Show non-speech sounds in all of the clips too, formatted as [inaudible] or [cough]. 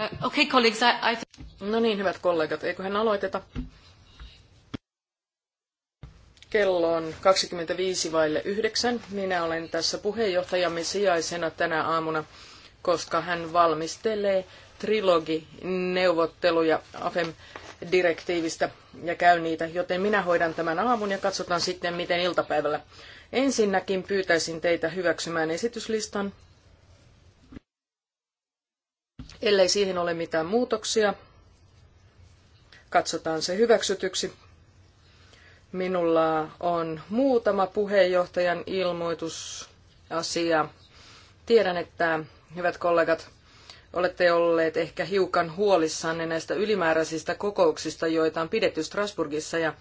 Uh, okay, colleagues, I, I... No niin, hyvät kollegat, eiköhän aloiteta. Kello on 25 vaille 9. Minä olen tässä puheenjohtajamme sijaisena tänä aamuna, koska hän valmistelee trilogineuvotteluja AFEM direktiivistä ja käy niitä, joten minä hoidan tämän aamun ja katsotaan sitten, miten iltapäivällä. Ensinnäkin pyytäisin teitä hyväksymään esityslistan ellei siihen ole mitään muutoksia, katsotaan se hyväksytyksi. Minulla on muutama puheenjohtajan ilmoitusasia. Tiedän, että hyvät kollegat, olette olleet ehkä hiukan huolissanne näistä ylimääräisistä kokouksista, joita on pidetty Strasbourgissa ja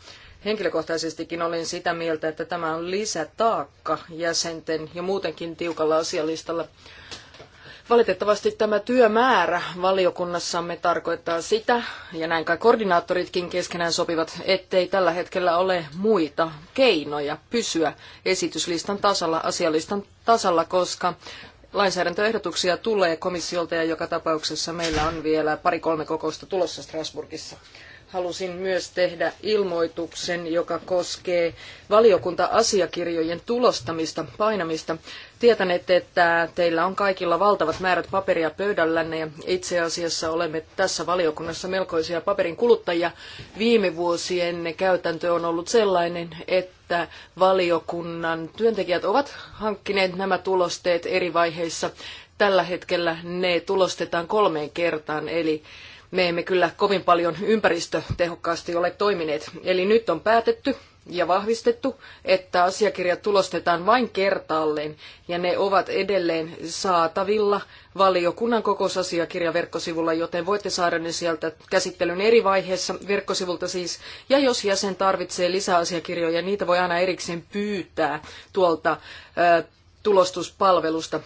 henkilökohtaisestikin olin sitä mieltä, että tämä on lisätaakka jäsenten ja muutenkin tiukalla asialistalla Valitettavasti tämä työmäärä valiokunnassamme tarkoittaa sitä, ja näin kai koordinaattoritkin keskenään sopivat, ettei tällä hetkellä ole muita keinoja pysyä esityslistan tasalla, asialistan tasalla, koska lainsäädäntöehdotuksia tulee komissiolta ja joka tapauksessa meillä on vielä pari-kolme kokousta tulossa Strasbourgissa halusin myös tehdä ilmoituksen, joka koskee valiokunta-asiakirjojen tulostamista, painamista. Tietänet, että teillä on kaikilla valtavat määrät paperia pöydällänne ja itse asiassa olemme tässä valiokunnassa melkoisia paperin kuluttajia. Viime vuosien käytäntö on ollut sellainen, että valiokunnan työntekijät ovat hankkineet nämä tulosteet eri vaiheissa. Tällä hetkellä ne tulostetaan kolmeen kertaan, eli me emme kyllä kovin paljon ympäristötehokkaasti ole toimineet. Eli nyt on päätetty ja vahvistettu, että asiakirjat tulostetaan vain kertaalleen ja ne ovat edelleen saatavilla valiokunnan kokousasiakirja verkkosivulla, joten voitte saada ne sieltä käsittelyn eri vaiheessa verkkosivulta siis. Ja jos jäsen tarvitsee lisäasiakirjoja, niitä voi aina erikseen pyytää tuolta tulostuspalvelusta.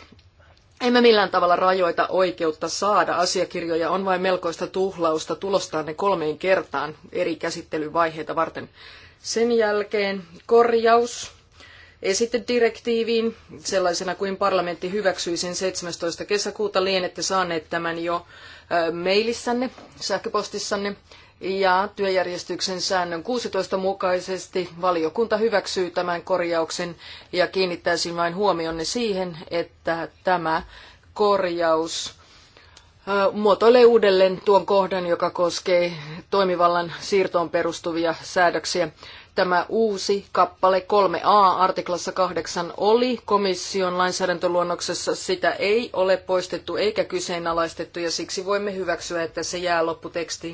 Emme millään tavalla rajoita oikeutta saada asiakirjoja, on vain melkoista tuhlausta tulostaa ne kolmeen kertaan eri käsittelyvaiheita varten. Sen jälkeen korjaus esitedirektiiviin, sellaisena kuin parlamentti hyväksyi sen 17. kesäkuuta, lienette saaneet tämän jo mailissanne sähköpostissanne ja työjärjestyksen säännön 16 mukaisesti valiokunta hyväksyy tämän korjauksen ja kiinnittäisin vain huomionne siihen, että tämä korjaus muotoilee uudelleen tuon kohdan, joka koskee toimivallan siirtoon perustuvia säädöksiä. Tämä uusi kappale 3a artiklassa 8 oli komission lainsäädäntöluonnoksessa. Sitä ei ole poistettu eikä kyseenalaistettu ja siksi voimme hyväksyä, että se jää lopputekstiin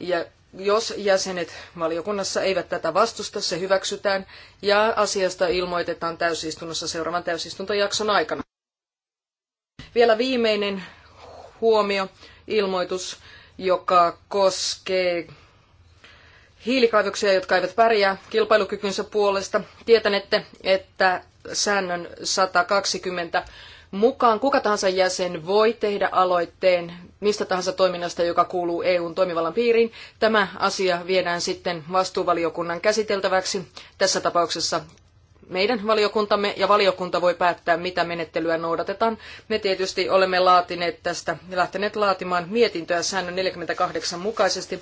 ja jos jäsenet valiokunnassa eivät tätä vastusta, se hyväksytään ja asiasta ilmoitetaan täysistunnossa seuraavan täysistuntojakson aikana. Vielä viimeinen huomio, ilmoitus, joka koskee hiilikaivoksia, jotka eivät pärjää kilpailukykynsä puolesta. Tietänette, että säännön 120 mukaan kuka tahansa jäsen voi tehdä aloitteen mistä tahansa toiminnasta, joka kuuluu EUn toimivallan piiriin. Tämä asia viedään sitten vastuuvaliokunnan käsiteltäväksi, tässä tapauksessa meidän valiokuntamme, ja valiokunta voi päättää, mitä menettelyä noudatetaan. Me tietysti olemme laatineet tästä, lähteneet laatimaan mietintöä säännön 48 mukaisesti,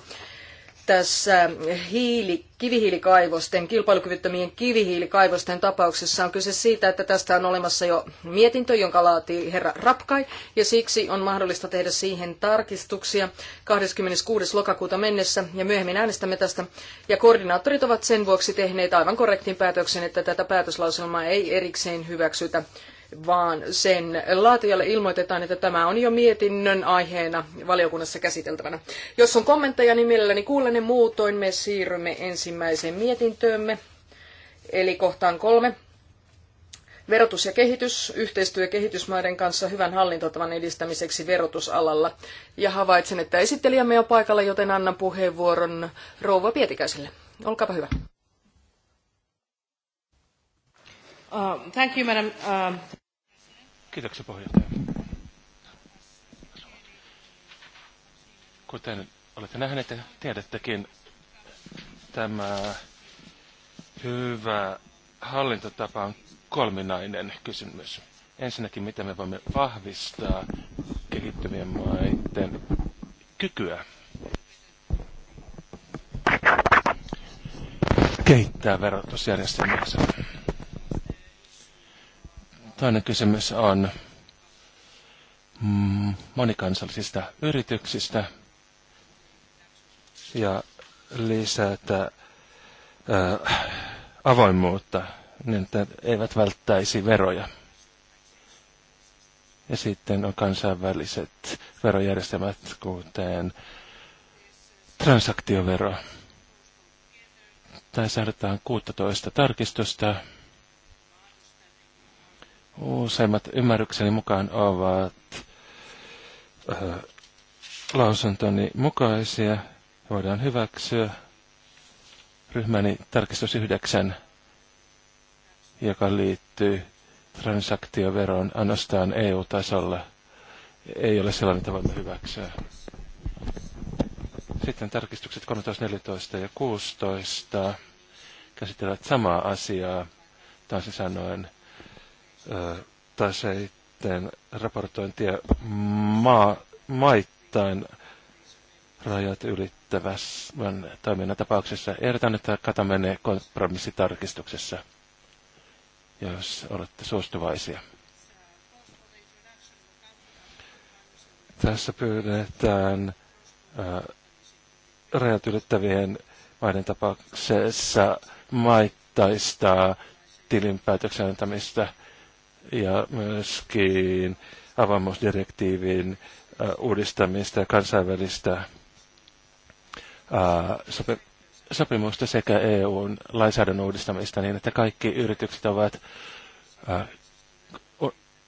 tässä hiili, kivihiilikaivosten, kilpailukyvyttömien kivihiilikaivosten tapauksessa on kyse siitä, että tästä on olemassa jo mietintö, jonka laatii herra Rapkai, ja siksi on mahdollista tehdä siihen tarkistuksia 26. lokakuuta mennessä, ja myöhemmin äänestämme tästä. Ja koordinaattorit ovat sen vuoksi tehneet aivan korrektin päätöksen, että tätä päätöslauselmaa ei erikseen hyväksytä vaan sen laatijalle ilmoitetaan, että tämä on jo mietinnön aiheena valiokunnassa käsiteltävänä. Jos on kommentteja, niin mielelläni kuulen ne muutoin. Me siirrymme ensimmäiseen mietintöömme, eli kohtaan kolme. Verotus ja kehitys, yhteistyö kehitysmaiden kanssa hyvän hallintotavan edistämiseksi verotusalalla. Ja havaitsen, että esittelijämme on paikalla, joten annan puheenvuoron rouva Pietikäiselle. Olkaapa hyvä. Uh, thank you, madam. Uh... Kiitoksia puheenjohtaja. Kuten olette nähneet ja tiedättekin, tämä hyvä hallintotapa on kolminainen kysymys. Ensinnäkin, miten me voimme vahvistaa kehittyvien maiden kykyä kehittää verotusjärjestelmää. Toinen kysymys on mm, monikansallisista yrityksistä ja lisätä äh, avoimuutta, niin että eivät välttäisi veroja. Ja sitten on kansainväliset verojärjestelmät, kuten transaktiovero. Tässä ehdotetaan 16 tarkistusta useimmat ymmärrykseni mukaan ovat äh, lausuntoni mukaisia. Voidaan hyväksyä ryhmäni tarkistus 9, joka liittyy transaktioveroon ainoastaan EU-tasolla. Ei ole sellainen, että voimme hyväksyä. Sitten tarkistukset 13, 14 ja 16 käsittelevät samaa asiaa, taas sanoen – taseiden raportointia maa, maittain rajat ylittävän toiminnan tapauksessa. Ehdotan, että kata menee kompromissitarkistuksessa, jos olette suostuvaisia. Tässä pyydetään äh, rajat ylittävien maiden tapauksessa maittaista tilinpäätöksen antamista – ja myöskin avaamusdirektiivin äh, uudistamista ja kansainvälistä äh, sopimusta sekä EUn lainsäädännön uudistamista niin, että kaikki yritykset ovat äh,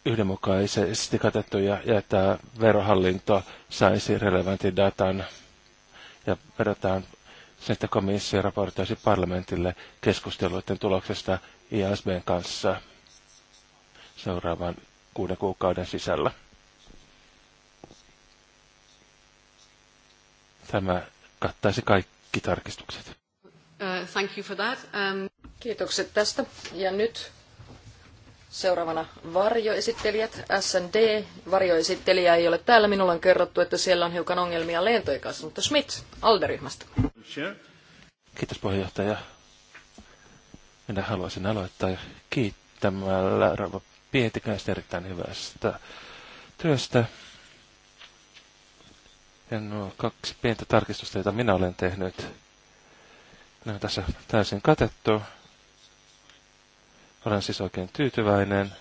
yhdenmukaisesti katettuja ja että verohallinto saisi relevantin datan ja vedotaan sen, että komissio raportoisi parlamentille keskusteluiden tuloksesta ISBn kanssa seuraavan kuuden kuukauden sisällä. Tämä kattaisi kaikki tarkistukset. Uh, thank you for that. Um, Kiitokset tästä. Ja nyt Seuraavana varjoesittelijät. SND, varjoesittelijä ei ole täällä. Minulla on kerrottu, että siellä on hiukan ongelmia lentojen kanssa, mutta Schmidt, Alderyhmästä. Kiitos puheenjohtaja. Minä haluaisin aloittaa kiittämällä rouva Pietikäistä erittäin hyvästä työstä. Ja nuo kaksi pientä tarkistusta, joita minä olen tehnyt, ne on tässä täysin katettu. Olen siis oikein tyytyväinen.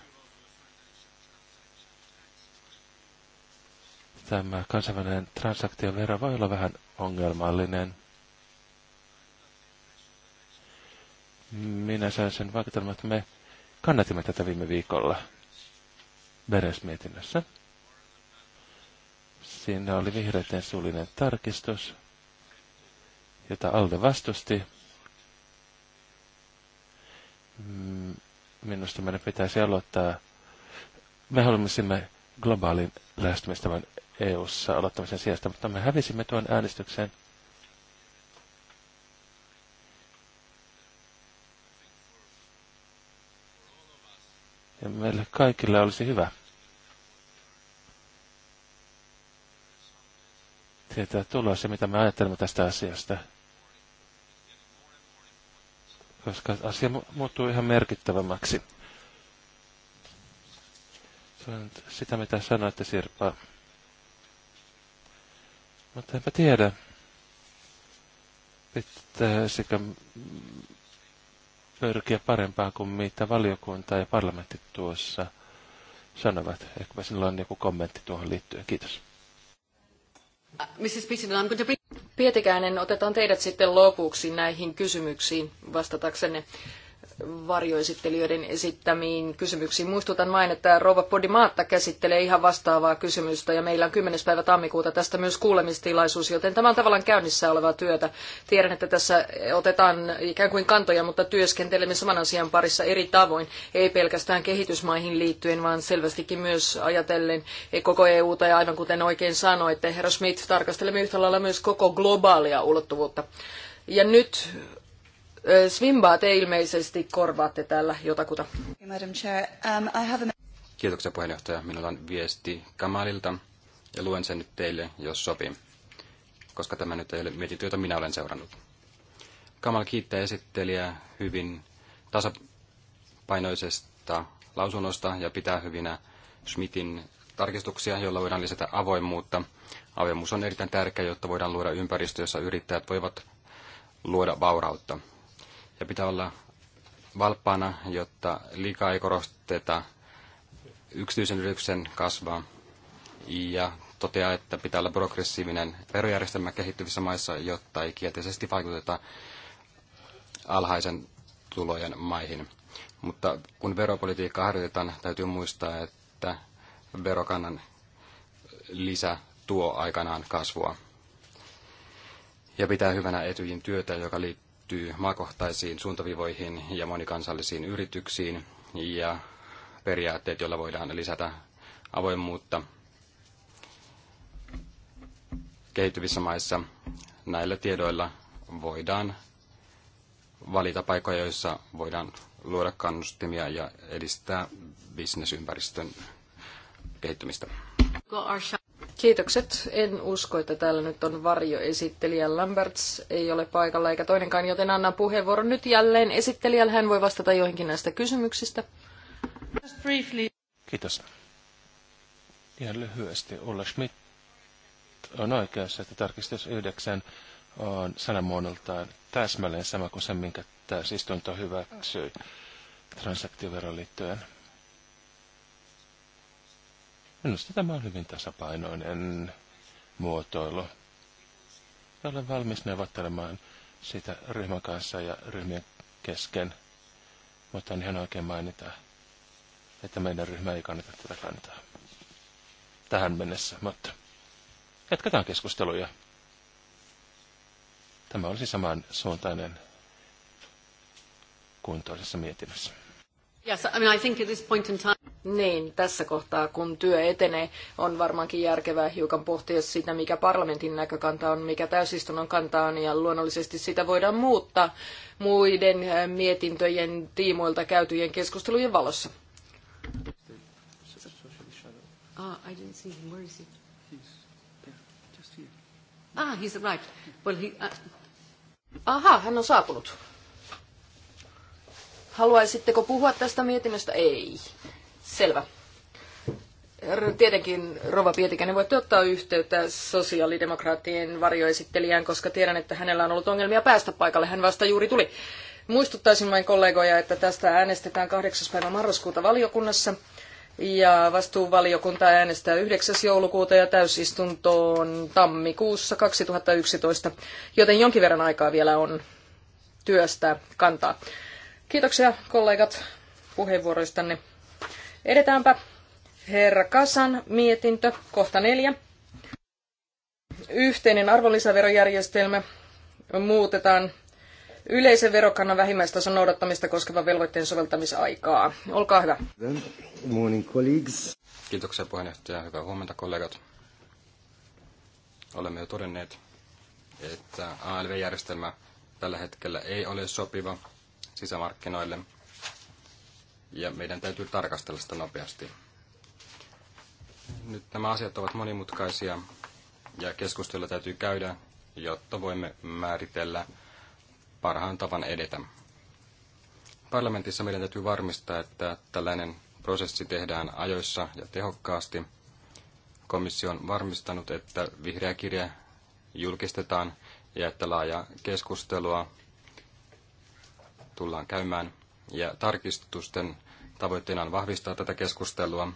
Tämä kansainvälinen transaktiovero voi olla vähän ongelmallinen. Minä sain sen vaikutelman, että me Kannatimme tätä viime viikolla veresmietinnössä. Siinä oli vihreiden suullinen tarkistus, jota Alde vastusti. Mm, minusta meidän pitäisi aloittaa. Me haluaisimme globaalin lähestymistavan EU-ssa aloittamisen sijasta, mutta me hävisimme tuon äänestyksen Ja meille kaikille olisi hyvä tietää tulla se, mitä me ajattelemme tästä asiasta. Koska asia muuttuu ihan merkittävämmäksi. Se on sitä, mitä sanoitte, Sirpa. Mutta enpä tiedä, pitäisikö pyrkiä parempaan kuin mitä valiokunta ja parlamentti tuossa sanovat. Ehkä sinulla on joku kommentti tuohon liittyen. Kiitos. Mrs. Pietikäinen, otetaan teidät sitten lopuksi näihin kysymyksiin vastataksenne varjoesittelijöiden esittämiin kysymyksiin. Muistutan vain, että Rova Podimaatta käsittelee ihan vastaavaa kysymystä ja meillä on 10. päivä tammikuuta tästä myös kuulemistilaisuus, joten tämä on tavallaan käynnissä olevaa työtä. Tiedän, että tässä otetaan ikään kuin kantoja, mutta työskentelemme saman asian parissa eri tavoin, ei pelkästään kehitysmaihin liittyen, vaan selvästikin myös ajatellen koko EUta ja aivan kuten oikein sanoitte, herra Schmidt, tarkastelemme yhtä lailla myös koko globaalia ulottuvuutta. Ja nyt Svimbaa te ilmeisesti korvaatte täällä jotakuta. Um, Kiitoksia puheenjohtaja. Minulla on viesti Kamalilta ja luen sen nyt teille, jos sopii, koska tämä nyt ei ole mietitty, jota minä olen seurannut. Kamal kiittää esittelijää hyvin tasapainoisesta lausunnosta ja pitää hyvinä Schmidtin tarkistuksia, joilla voidaan lisätä avoimuutta. Avoimuus on erittäin tärkeä, jotta voidaan luoda ympäristö, jossa yrittäjät voivat luoda vaurautta ja pitää olla valppaana, jotta liikaa ei korosteta yksityisen yrityksen kasvaa ja toteaa, että pitää olla progressiivinen verojärjestelmä kehittyvissä maissa, jotta ei kielteisesti vaikuteta alhaisen tulojen maihin. Mutta kun veropolitiikkaa harjoitetaan, täytyy muistaa, että verokannan lisä tuo aikanaan kasvua. Ja pitää hyvänä etyjin työtä, joka liittyy liittyy maakohtaisiin suuntaviivoihin ja monikansallisiin yrityksiin ja periaatteet, joilla voidaan lisätä avoimuutta kehittyvissä maissa. Näillä tiedoilla voidaan valita paikkoja, joissa voidaan luoda kannustimia ja edistää bisnesympäristön kehittymistä. Kiitokset. En usko, että täällä nyt on varjoesittelijä. Lamberts ei ole paikalla eikä toinenkaan, joten annan puheenvuoron nyt jälleen esittelijälle. Hän voi vastata joihinkin näistä kysymyksistä. Kiitos. Ihan lyhyesti. Ulla Schmidt on oikeassa, että tarkistus 9 on sanamuodoltaan täsmälleen sama kuin se, minkä täysistunto hyväksyi transaktioveroon liittyen. Minusta tämä on hyvin tasapainoinen muotoilu. Ja olen valmis neuvottelemaan sitä ryhmän kanssa ja ryhmien kesken. Mutta on ihan oikein mainita, että meidän ryhmä ei kannata tätä kantaa tähän mennessä, mutta jatketaan keskusteluja. Tämä olisi samansuuntainen kuin toisessa mietinnössä. Yes, I mean, I think at this point in time... Niin, tässä kohtaa kun työ etenee, on varmaankin järkevää hiukan pohtia sitä, mikä parlamentin näkökanta on, mikä täysistunnon kanta on, ja luonnollisesti sitä voidaan muuttaa muiden äh, mietintöjen tiimoilta käytyjen keskustelujen valossa. Ah, ah uh, Aha, hän on saapunut. Haluaisitteko puhua tästä mietinnöstä? Ei. Selvä. Tietenkin Rova Pietikäinen voitte ottaa yhteyttä sosiaalidemokraattien varjoesittelijään, koska tiedän, että hänellä on ollut ongelmia päästä paikalle. Hän vasta juuri tuli. Muistuttaisin vain kollegoja, että tästä äänestetään 8. päivä marraskuuta valiokunnassa ja vastuuvaliokunta äänestää 9. joulukuuta ja täysistuntoon tammikuussa 2011, joten jonkin verran aikaa vielä on työstää kantaa. Kiitoksia kollegat puheenvuoroistanne. Edetäänpä. Herra Kasan mietintö, kohta neljä. Yhteinen arvonlisäverojärjestelmä muutetaan yleisen verokannan vähimmäistason noudattamista koskevan velvoitteen soveltamisaikaa. Olkaa hyvä. morning, colleagues. Kiitoksia puheenjohtaja. Hyvää huomenta kollegat. Olemme jo todenneet, että ALV-järjestelmä tällä hetkellä ei ole sopiva sisämarkkinoille – ja meidän täytyy tarkastella sitä nopeasti. Nyt nämä asiat ovat monimutkaisia ja keskustelua täytyy käydä, jotta voimme määritellä parhaan tavan edetä. Parlamentissa meidän täytyy varmistaa, että tällainen prosessi tehdään ajoissa ja tehokkaasti. Komissio on varmistanut, että vihreä kirja julkistetaan ja että laaja keskustelua tullaan käymään. Ja tarkistusten Tavoitteena on vahvistaa tätä keskustelua.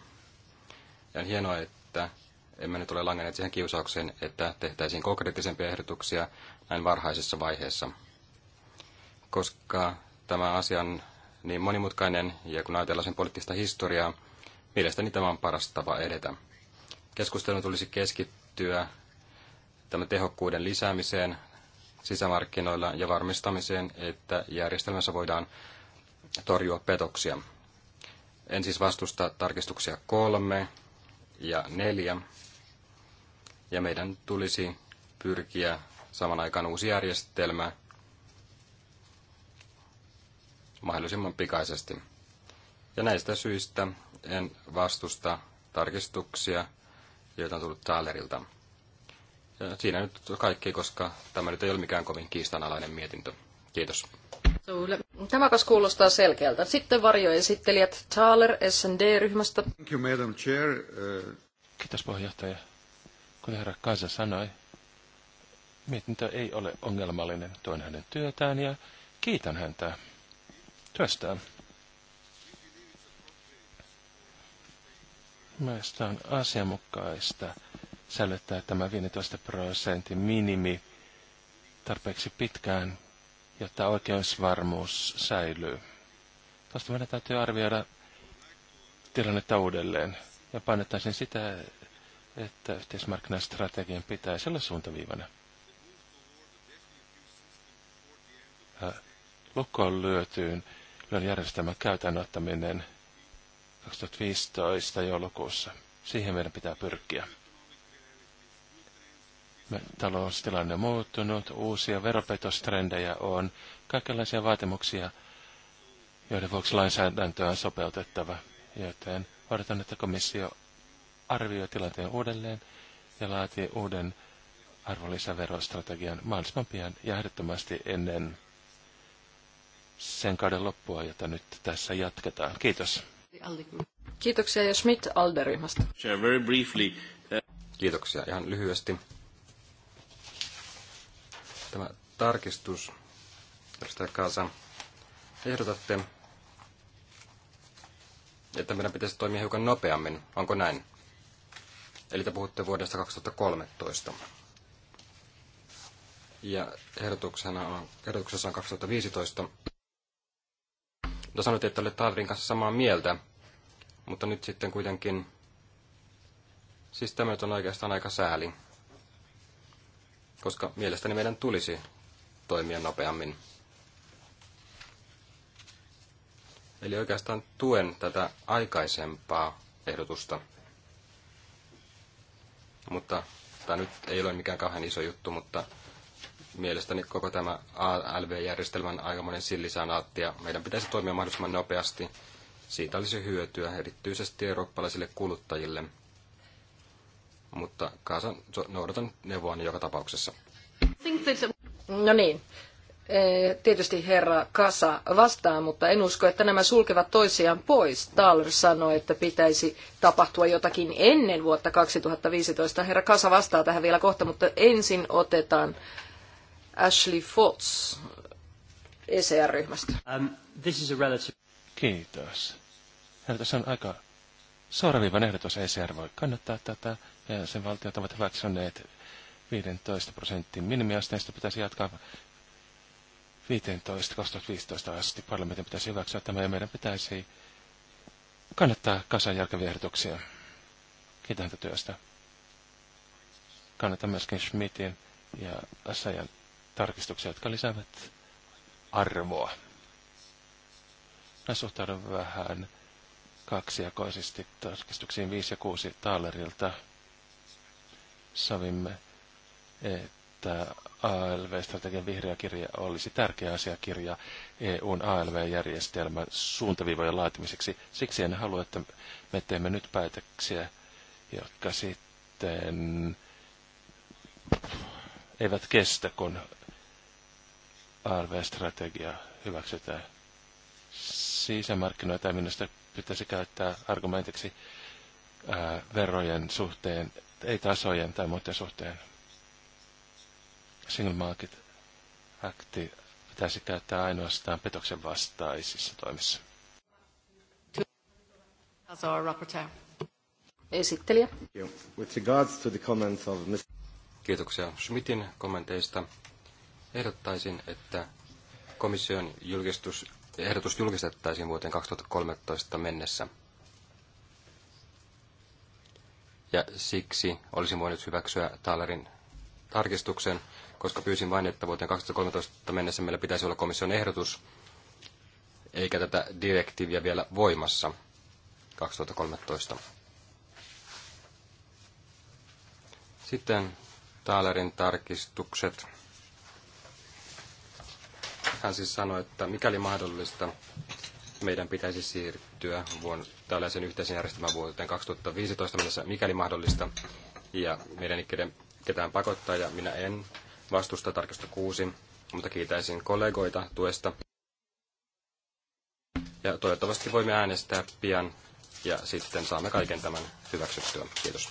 Ja on hienoa, että emme nyt ole langenneet siihen kiusaukseen, että tehtäisiin konkreettisempia ehdotuksia näin varhaisessa vaiheessa. Koska tämä asia on niin monimutkainen ja kun ajatellaan sen poliittista historiaa, mielestäni tämä on paras tapa edetä. Keskustelun tulisi keskittyä tämän tehokkuuden lisäämiseen sisämarkkinoilla ja varmistamiseen, että järjestelmässä voidaan torjua petoksia. En siis vastusta tarkistuksia kolme ja neljä. Ja meidän tulisi pyrkiä saman aikaan uusi järjestelmä mahdollisimman pikaisesti. Ja näistä syistä en vastusta tarkistuksia, joita on tullut Taalerilta. Ja siinä nyt kaikki, koska tämä nyt ei ole mikään kovin kiistanalainen mietintö. Kiitos. Tämä kas kuulostaa selkeältä. Sitten varjoesittelijät Thaler SND-ryhmästä. Thank you, Madam Chair. Uh, Kiitos puheenjohtaja. Kuten herra Kaisa sanoi, mietintö ei ole ongelmallinen. Tuen hänen työtään ja kiitän häntä työstään. Mielestäni on asianmukaista säilyttää tämä 15 prosentin minimi tarpeeksi pitkään jotta oikeusvarmuus säilyy. Tuosta meidän täytyy arvioida tilannetta uudelleen ja painettaisiin sitä, että yhteismarkkinastrategian pitäisi olla suuntaviivana. Lukkoon lyötyyn lyön järjestelmän käytännön ottaminen 2015 joulukuussa. Siihen meidän pitää pyrkiä. Me, taloustilanne on muuttunut, uusia veropetostrendejä on, kaikenlaisia vaatimuksia, joiden vuoksi lainsäädäntöä on sopeutettava. Joten odotan, että komissio arvioi tilanteen uudelleen ja laatii uuden arvonlisäverostrategian mahdollisimman pian ja ehdottomasti ennen sen kauden loppua, jota nyt tässä jatketaan. Kiitos. Kiitoksia ja Schmidt Alderyhmästä. Kiitoksia ihan lyhyesti. Tämä tarkistus, edustaja Kaasa, ehdotatte, että meidän pitäisi toimia hiukan nopeammin. Onko näin? Eli te puhutte vuodesta 2013. Ja ehdotuksena on, ehdotuksessa on 2015. Mutta sanoitte, että olette Taavrin kanssa samaa mieltä, mutta nyt sitten kuitenkin... Siis tämä on oikeastaan aika sääli koska mielestäni meidän tulisi toimia nopeammin. Eli oikeastaan tuen tätä aikaisempaa ehdotusta. Mutta tämä nyt ei ole mikään kauhean iso juttu, mutta mielestäni koko tämä ALV-järjestelmän aikamoinen sillisanaatti ja meidän pitäisi toimia mahdollisimman nopeasti. Siitä olisi hyötyä erityisesti eurooppalaisille kuluttajille, mutta Kaasan noudatan neuvoani joka tapauksessa. No niin, e, Tietysti herra Kasa vastaa, mutta en usko, että nämä sulkevat toisiaan pois. Taller sanoi, että pitäisi tapahtua jotakin ennen vuotta 2015. Herra Kasa vastaa tähän vielä kohta, mutta ensin otetaan Ashley Fox ECR-ryhmästä. Um, this is a relative... Kiitos. tässä on aika suoraviivan ehdotus. ECR voi kannattaa tätä ja sen valtiot ovat hyväksyneet 15 prosentin minimiasteesta pitäisi jatkaa 15 2015 asti. Parlamentin pitäisi hyväksyä tämä ja meidän pitäisi kannattaa kasan järkeviä ehdotuksia. Kiitän häntä työstä. Kannatan myöskin Schmidtin ja Assajan tarkistuksia, jotka lisäävät arvoa. Mä suhtaudun vähän kaksijakoisesti tarkistuksiin 5 ja 6 taalerilta sovimme, että ALV-strategian vihreä kirja olisi tärkeä asiakirja EUn ALV-järjestelmän suuntaviivojen laatimiseksi. Siksi en halua, että me teemme nyt päätöksiä, jotka sitten eivät kestä, kun ALV-strategia hyväksytään. Sisämarkkinoita minusta pitäisi käyttää argumentiksi ää, verojen suhteen ei tasojen tai muiden suhteen. Single Market Acti pitäisi käyttää ainoastaan petoksen vastaisissa toimissa. As our rapporteur. Esittelijä. With regards to the comments of Mr. Kiitoksia Schmidtin kommenteista. Ehdottaisin, että komission julkistus, ehdotus julkistettaisiin vuoteen 2013 mennessä ja siksi olisin voinut hyväksyä Taalerin tarkistuksen, koska pyysin vain, että vuoteen 2013 mennessä meillä pitäisi olla komission ehdotus, eikä tätä direktiiviä vielä voimassa 2013. Sitten Taalerin tarkistukset. Hän siis sanoi, että mikäli mahdollista, meidän pitäisi siirtyä päättyä vuon, tällaisen yhteisen järjestelmän vuoteen 2015 mennessä, mikäli mahdollista. Ja meidän ei ketään pakottaa, ja minä en vastusta tarkistusta kuusi, mutta kiitäisin kollegoita tuesta. Ja toivottavasti voimme äänestää pian ja sitten saamme kaiken tämän hyväksyttyä. Kiitos.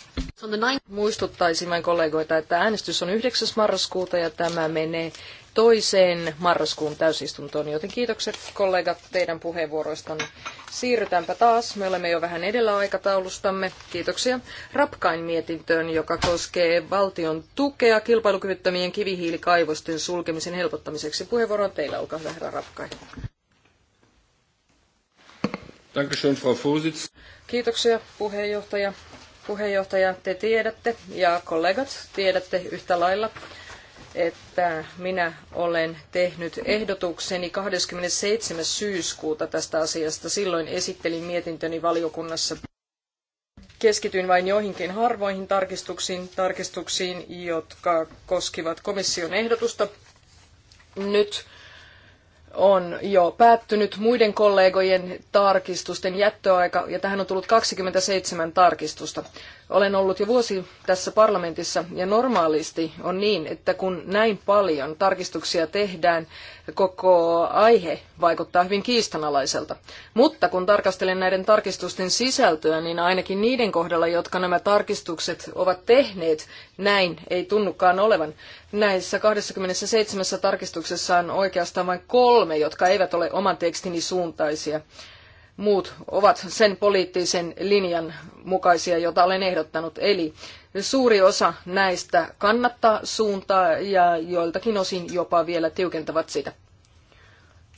Muistuttaisimme kollegoita, että äänestys on 9. marraskuuta ja tämä menee toiseen marraskuun täysistuntoon, joten kiitokset kollegat teidän puheenvuoroistanne. Siirrytäänpä taas, me olemme jo vähän edellä aikataulustamme. Kiitoksia Rapkain mietintöön, joka koskee valtion tukea kilpailukyvyttömien kivihiilikaivosten sulkemisen helpottamiseksi. Puheenvuoro on teillä, olkaa hyvä herra Rapkain. Dankeschön, Frau Kiitoksia puheenjohtaja. Puheenjohtaja, te tiedätte ja kollegat tiedätte yhtä lailla, että minä olen tehnyt ehdotukseni 27. syyskuuta tästä asiasta. Silloin esittelin mietintöni valiokunnassa. Keskityin vain joihinkin harvoihin tarkistuksiin, tarkistuksiin, jotka koskivat komission ehdotusta. Nyt on jo päättynyt muiden kollegojen tarkistusten jättöaika, ja tähän on tullut 27 tarkistusta. Olen ollut jo vuosi tässä parlamentissa ja normaalisti on niin, että kun näin paljon tarkistuksia tehdään, koko aihe vaikuttaa hyvin kiistanalaiselta. Mutta kun tarkastelen näiden tarkistusten sisältöä, niin ainakin niiden kohdalla, jotka nämä tarkistukset ovat tehneet, näin ei tunnukaan olevan. Näissä 27 tarkistuksessa on oikeastaan vain kolme, jotka eivät ole oman tekstini suuntaisia muut ovat sen poliittisen linjan mukaisia, jota olen ehdottanut. Eli suuri osa näistä kannattaa suuntaa ja joiltakin osin jopa vielä tiukentavat sitä.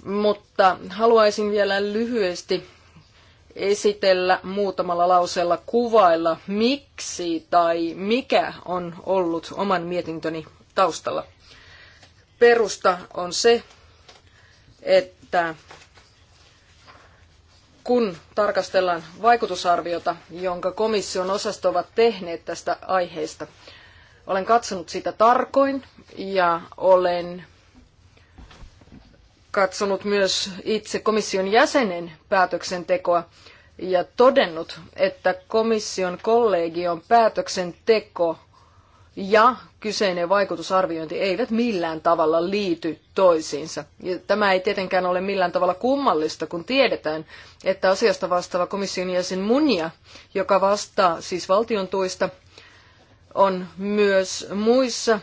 Mutta haluaisin vielä lyhyesti esitellä muutamalla lauseella kuvailla, miksi tai mikä on ollut oman mietintöni taustalla. Perusta on se, että kun tarkastellaan vaikutusarviota, jonka komission osasto ovat tehneet tästä aiheesta. Olen katsonut sitä tarkoin ja olen katsonut myös itse komission jäsenen päätöksentekoa ja todennut, että komission kollegion päätöksenteko ja kyseinen vaikutusarviointi eivät millään tavalla liity toisiinsa. Ja tämä ei tietenkään ole millään tavalla kummallista, kun tiedetään, että asiasta vastaava komission jäsen Munia, joka vastaa siis valtion tuista, on myös muissa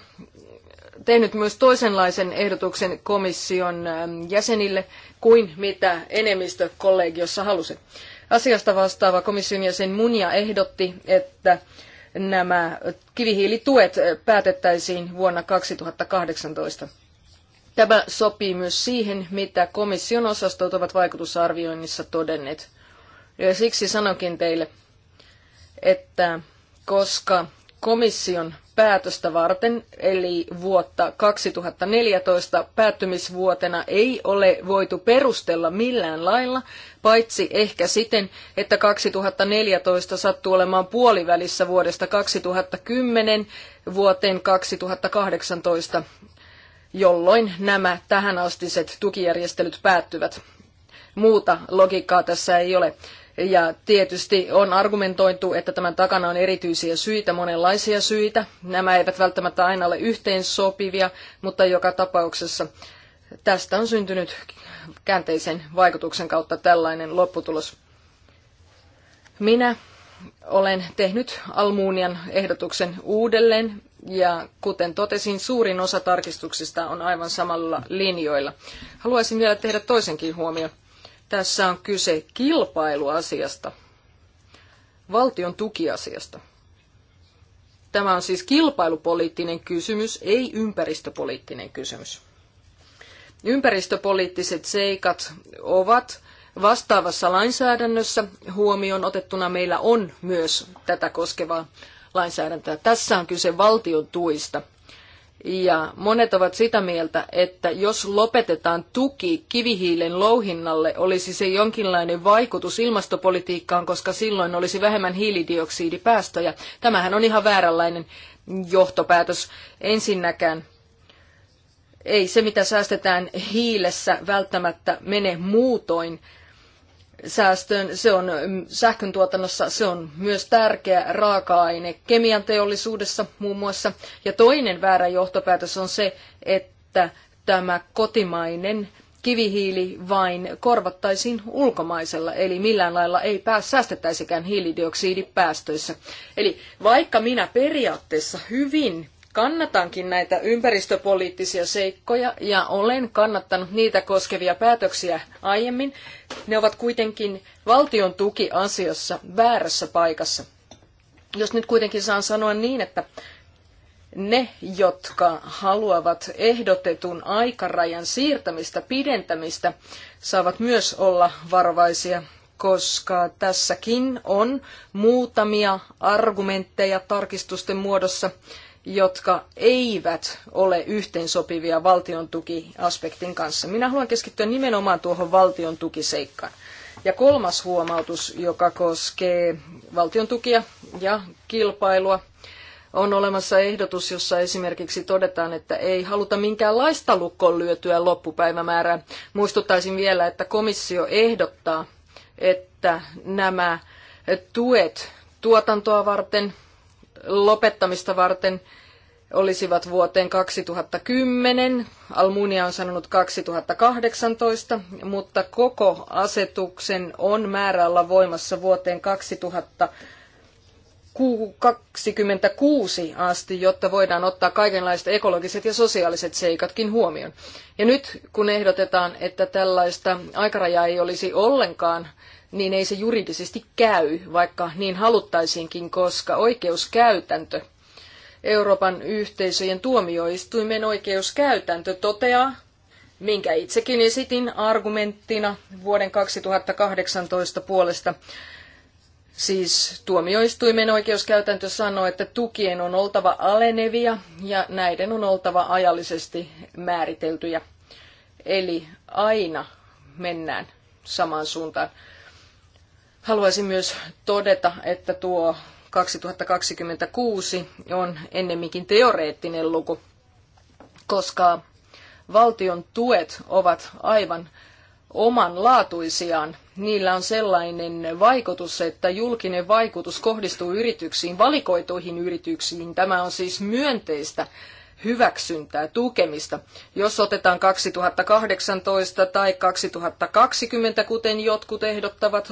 tehnyt myös toisenlaisen ehdotuksen komission ähm, jäsenille kuin mitä enemmistö kollegiossa halusi. Asiasta vastaava komission jäsen Munia ehdotti, että nämä kivihiilituet päätettäisiin vuonna 2018. Tämä sopii myös siihen, mitä komission osastot ovat vaikutusarvioinnissa todenneet. Ja siksi sanonkin teille, että koska komission päätöstä varten, eli vuotta 2014 päättymisvuotena ei ole voitu perustella millään lailla, paitsi ehkä siten, että 2014 sattuu olemaan puolivälissä vuodesta 2010 vuoteen 2018, jolloin nämä tähänastiset tukijärjestelyt päättyvät. Muuta logiikkaa tässä ei ole. Ja tietysti on argumentoitu, että tämän takana on erityisiä syitä, monenlaisia syitä. Nämä eivät välttämättä aina ole yhteensopivia, mutta joka tapauksessa tästä on syntynyt käänteisen vaikutuksen kautta tällainen lopputulos. Minä olen tehnyt Almunian ehdotuksen uudelleen ja kuten totesin, suurin osa tarkistuksista on aivan samalla linjoilla. Haluaisin vielä tehdä toisenkin huomion. Tässä on kyse kilpailuasiasta, valtion tukiasiasta. Tämä on siis kilpailupoliittinen kysymys, ei ympäristöpoliittinen kysymys. Ympäristöpoliittiset seikat ovat vastaavassa lainsäädännössä huomioon otettuna meillä on myös tätä koskevaa lainsäädäntöä. Tässä on kyse valtion tuista – ja monet ovat sitä mieltä, että jos lopetetaan tuki kivihiilen louhinnalle, olisi se jonkinlainen vaikutus ilmastopolitiikkaan, koska silloin olisi vähemmän hiilidioksidipäästöjä. Tämähän on ihan vääränlainen johtopäätös ensinnäkään. Ei se, mitä säästetään hiilessä, välttämättä mene muutoin säästöön. Se on mm, sähköntuotannossa, se on myös tärkeä raaka-aine kemian teollisuudessa muun muassa. Ja toinen väärä johtopäätös on se, että tämä kotimainen kivihiili vain korvattaisiin ulkomaisella, eli millään lailla ei pääs, säästettäisikään hiilidioksidipäästöissä. Eli vaikka minä periaatteessa hyvin kannatankin näitä ympäristöpoliittisia seikkoja ja olen kannattanut niitä koskevia päätöksiä aiemmin. Ne ovat kuitenkin valtion tuki-asiassa väärässä paikassa. Jos nyt kuitenkin saan sanoa niin, että ne, jotka haluavat ehdotetun aikarajan siirtämistä, pidentämistä, saavat myös olla varovaisia, koska tässäkin on muutamia argumentteja tarkistusten muodossa, jotka eivät ole yhteensopivia valtion tukiaspektin kanssa. Minä haluan keskittyä nimenomaan tuohon valtion tukiseikkaan. Ja kolmas huomautus, joka koskee valtion tukia ja kilpailua, on olemassa ehdotus, jossa esimerkiksi todetaan, että ei haluta minkäänlaista lukkoon lyötyä loppupäivämäärää. Muistuttaisin vielä, että komissio ehdottaa, että nämä tuet tuotantoa varten – lopettamista varten olisivat vuoteen 2010, Almunia on sanonut 2018, mutta koko asetuksen on määrä olla voimassa vuoteen 2026 asti, jotta voidaan ottaa kaikenlaiset ekologiset ja sosiaaliset seikatkin huomioon. Ja nyt kun ehdotetaan, että tällaista aikarajaa ei olisi ollenkaan, niin ei se juridisesti käy, vaikka niin haluttaisiinkin, koska oikeuskäytäntö, Euroopan yhteisöjen tuomioistuimen oikeuskäytäntö toteaa, minkä itsekin esitin argumenttina vuoden 2018 puolesta, Siis tuomioistuimen oikeuskäytäntö sanoo, että tukien on oltava alenevia ja näiden on oltava ajallisesti määriteltyjä. Eli aina mennään samaan suuntaan. Haluaisin myös todeta, että tuo 2026 on ennemminkin teoreettinen luku, koska valtion tuet ovat aivan omanlaatuisiaan. Niillä on sellainen vaikutus, että julkinen vaikutus kohdistuu yrityksiin, valikoituihin yrityksiin. Tämä on siis myönteistä hyväksyntää, tukemista. Jos otetaan 2018 tai 2020, kuten jotkut ehdottavat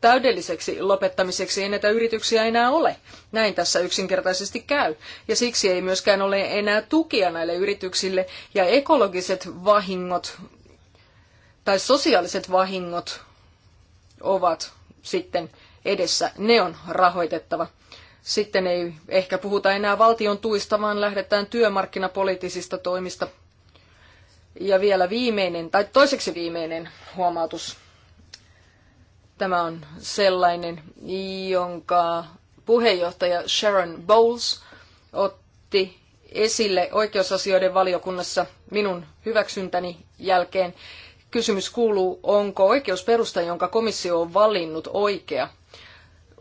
täydelliseksi lopettamiseksi, ei näitä yrityksiä enää ole. Näin tässä yksinkertaisesti käy. Ja siksi ei myöskään ole enää tukia näille yrityksille ja ekologiset vahingot tai sosiaaliset vahingot ovat sitten edessä. Ne on rahoitettava. Sitten ei ehkä puhuta enää valtion tuista, vaan lähdetään työmarkkinapoliittisista toimista. Ja vielä viimeinen, tai toiseksi viimeinen huomautus. Tämä on sellainen, jonka puheenjohtaja Sharon Bowles otti esille oikeusasioiden valiokunnassa minun hyväksyntäni jälkeen. Kysymys kuuluu, onko oikeusperusta, jonka komissio on valinnut, oikea?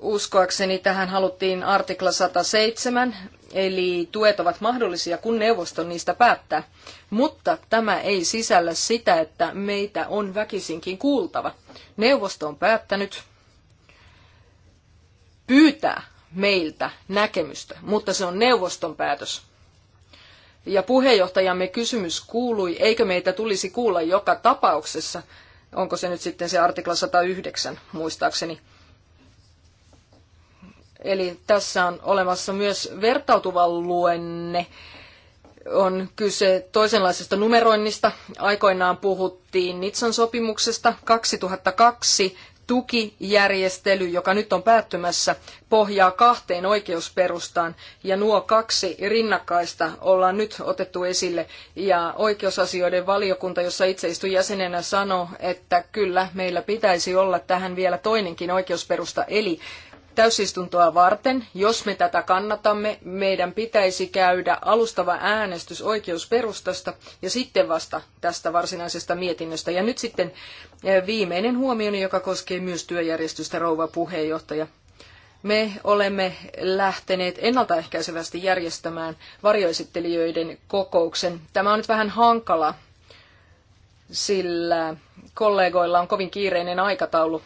uskoakseni tähän haluttiin artikla 107, eli tuet ovat mahdollisia, kun neuvosto niistä päättää. Mutta tämä ei sisällä sitä, että meitä on väkisinkin kuultava. Neuvosto on päättänyt pyytää meiltä näkemystä, mutta se on neuvoston päätös. Ja puheenjohtajamme kysymys kuului, eikö meitä tulisi kuulla joka tapauksessa, onko se nyt sitten se artikla 109 muistaakseni. Eli tässä on olemassa myös vertautuva luenne. On kyse toisenlaisesta numeroinnista. Aikoinaan puhuttiin Nitsan sopimuksesta 2002 tukijärjestely, joka nyt on päättymässä, pohjaa kahteen oikeusperustaan, ja nuo kaksi rinnakkaista ollaan nyt otettu esille, ja oikeusasioiden valiokunta, jossa itse istun jäsenenä, sanoo, että kyllä, meillä pitäisi olla tähän vielä toinenkin oikeusperusta, eli täysistuntoa varten, jos me tätä kannatamme, meidän pitäisi käydä alustava äänestys oikeusperustasta ja sitten vasta tästä varsinaisesta mietinnöstä. Ja nyt sitten eh, viimeinen huomioni, joka koskee myös työjärjestystä, rouva puheenjohtaja. Me olemme lähteneet ennaltaehkäisevästi järjestämään varjoesittelijöiden kokouksen. Tämä on nyt vähän hankala, sillä kollegoilla on kovin kiireinen aikataulu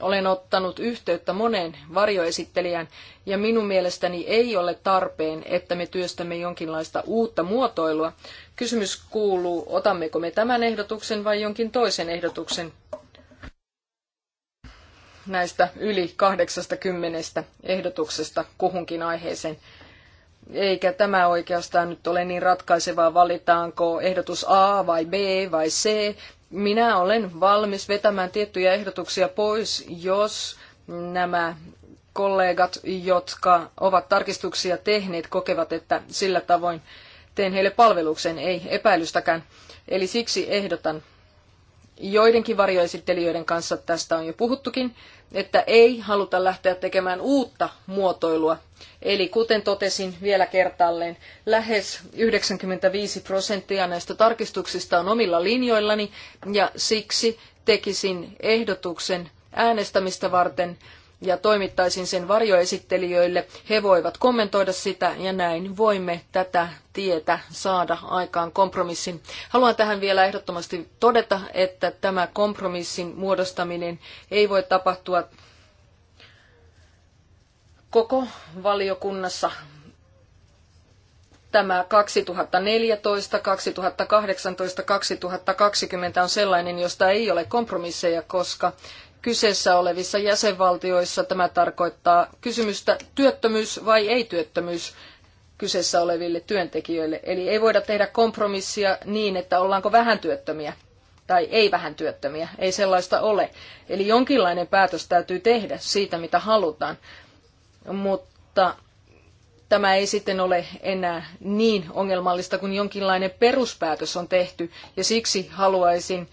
olen ottanut yhteyttä moneen varjoesittelijään ja minun mielestäni ei ole tarpeen, että me työstämme jonkinlaista uutta muotoilua. Kysymys kuuluu, otammeko me tämän ehdotuksen vai jonkin toisen ehdotuksen näistä yli 80 ehdotuksesta kuhunkin aiheeseen eikä tämä oikeastaan nyt ole niin ratkaisevaa, valitaanko ehdotus A vai B vai C. Minä olen valmis vetämään tiettyjä ehdotuksia pois, jos nämä kollegat, jotka ovat tarkistuksia tehneet, kokevat, että sillä tavoin teen heille palveluksen, ei epäilystäkään. Eli siksi ehdotan joidenkin varjoesittelijöiden kanssa tästä on jo puhuttukin, että ei haluta lähteä tekemään uutta muotoilua. Eli kuten totesin vielä kertaalleen, lähes 95 prosenttia näistä tarkistuksista on omilla linjoillani ja siksi tekisin ehdotuksen äänestämistä varten, ja toimittaisin sen varjoesittelijöille. He voivat kommentoida sitä ja näin voimme tätä tietä saada aikaan kompromissin. Haluan tähän vielä ehdottomasti todeta, että tämä kompromissin muodostaminen ei voi tapahtua koko valiokunnassa tämä 2014, 2018, 2020 on sellainen, josta ei ole kompromisseja, koska kyseessä olevissa jäsenvaltioissa tämä tarkoittaa kysymystä työttömyys vai ei-työttömyys kyseessä oleville työntekijöille. Eli ei voida tehdä kompromissia niin, että ollaanko vähän työttömiä tai ei vähän työttömiä. Ei sellaista ole. Eli jonkinlainen päätös täytyy tehdä siitä, mitä halutaan. Mutta tämä ei sitten ole enää niin ongelmallista, kun jonkinlainen peruspäätös on tehty. Ja siksi haluaisin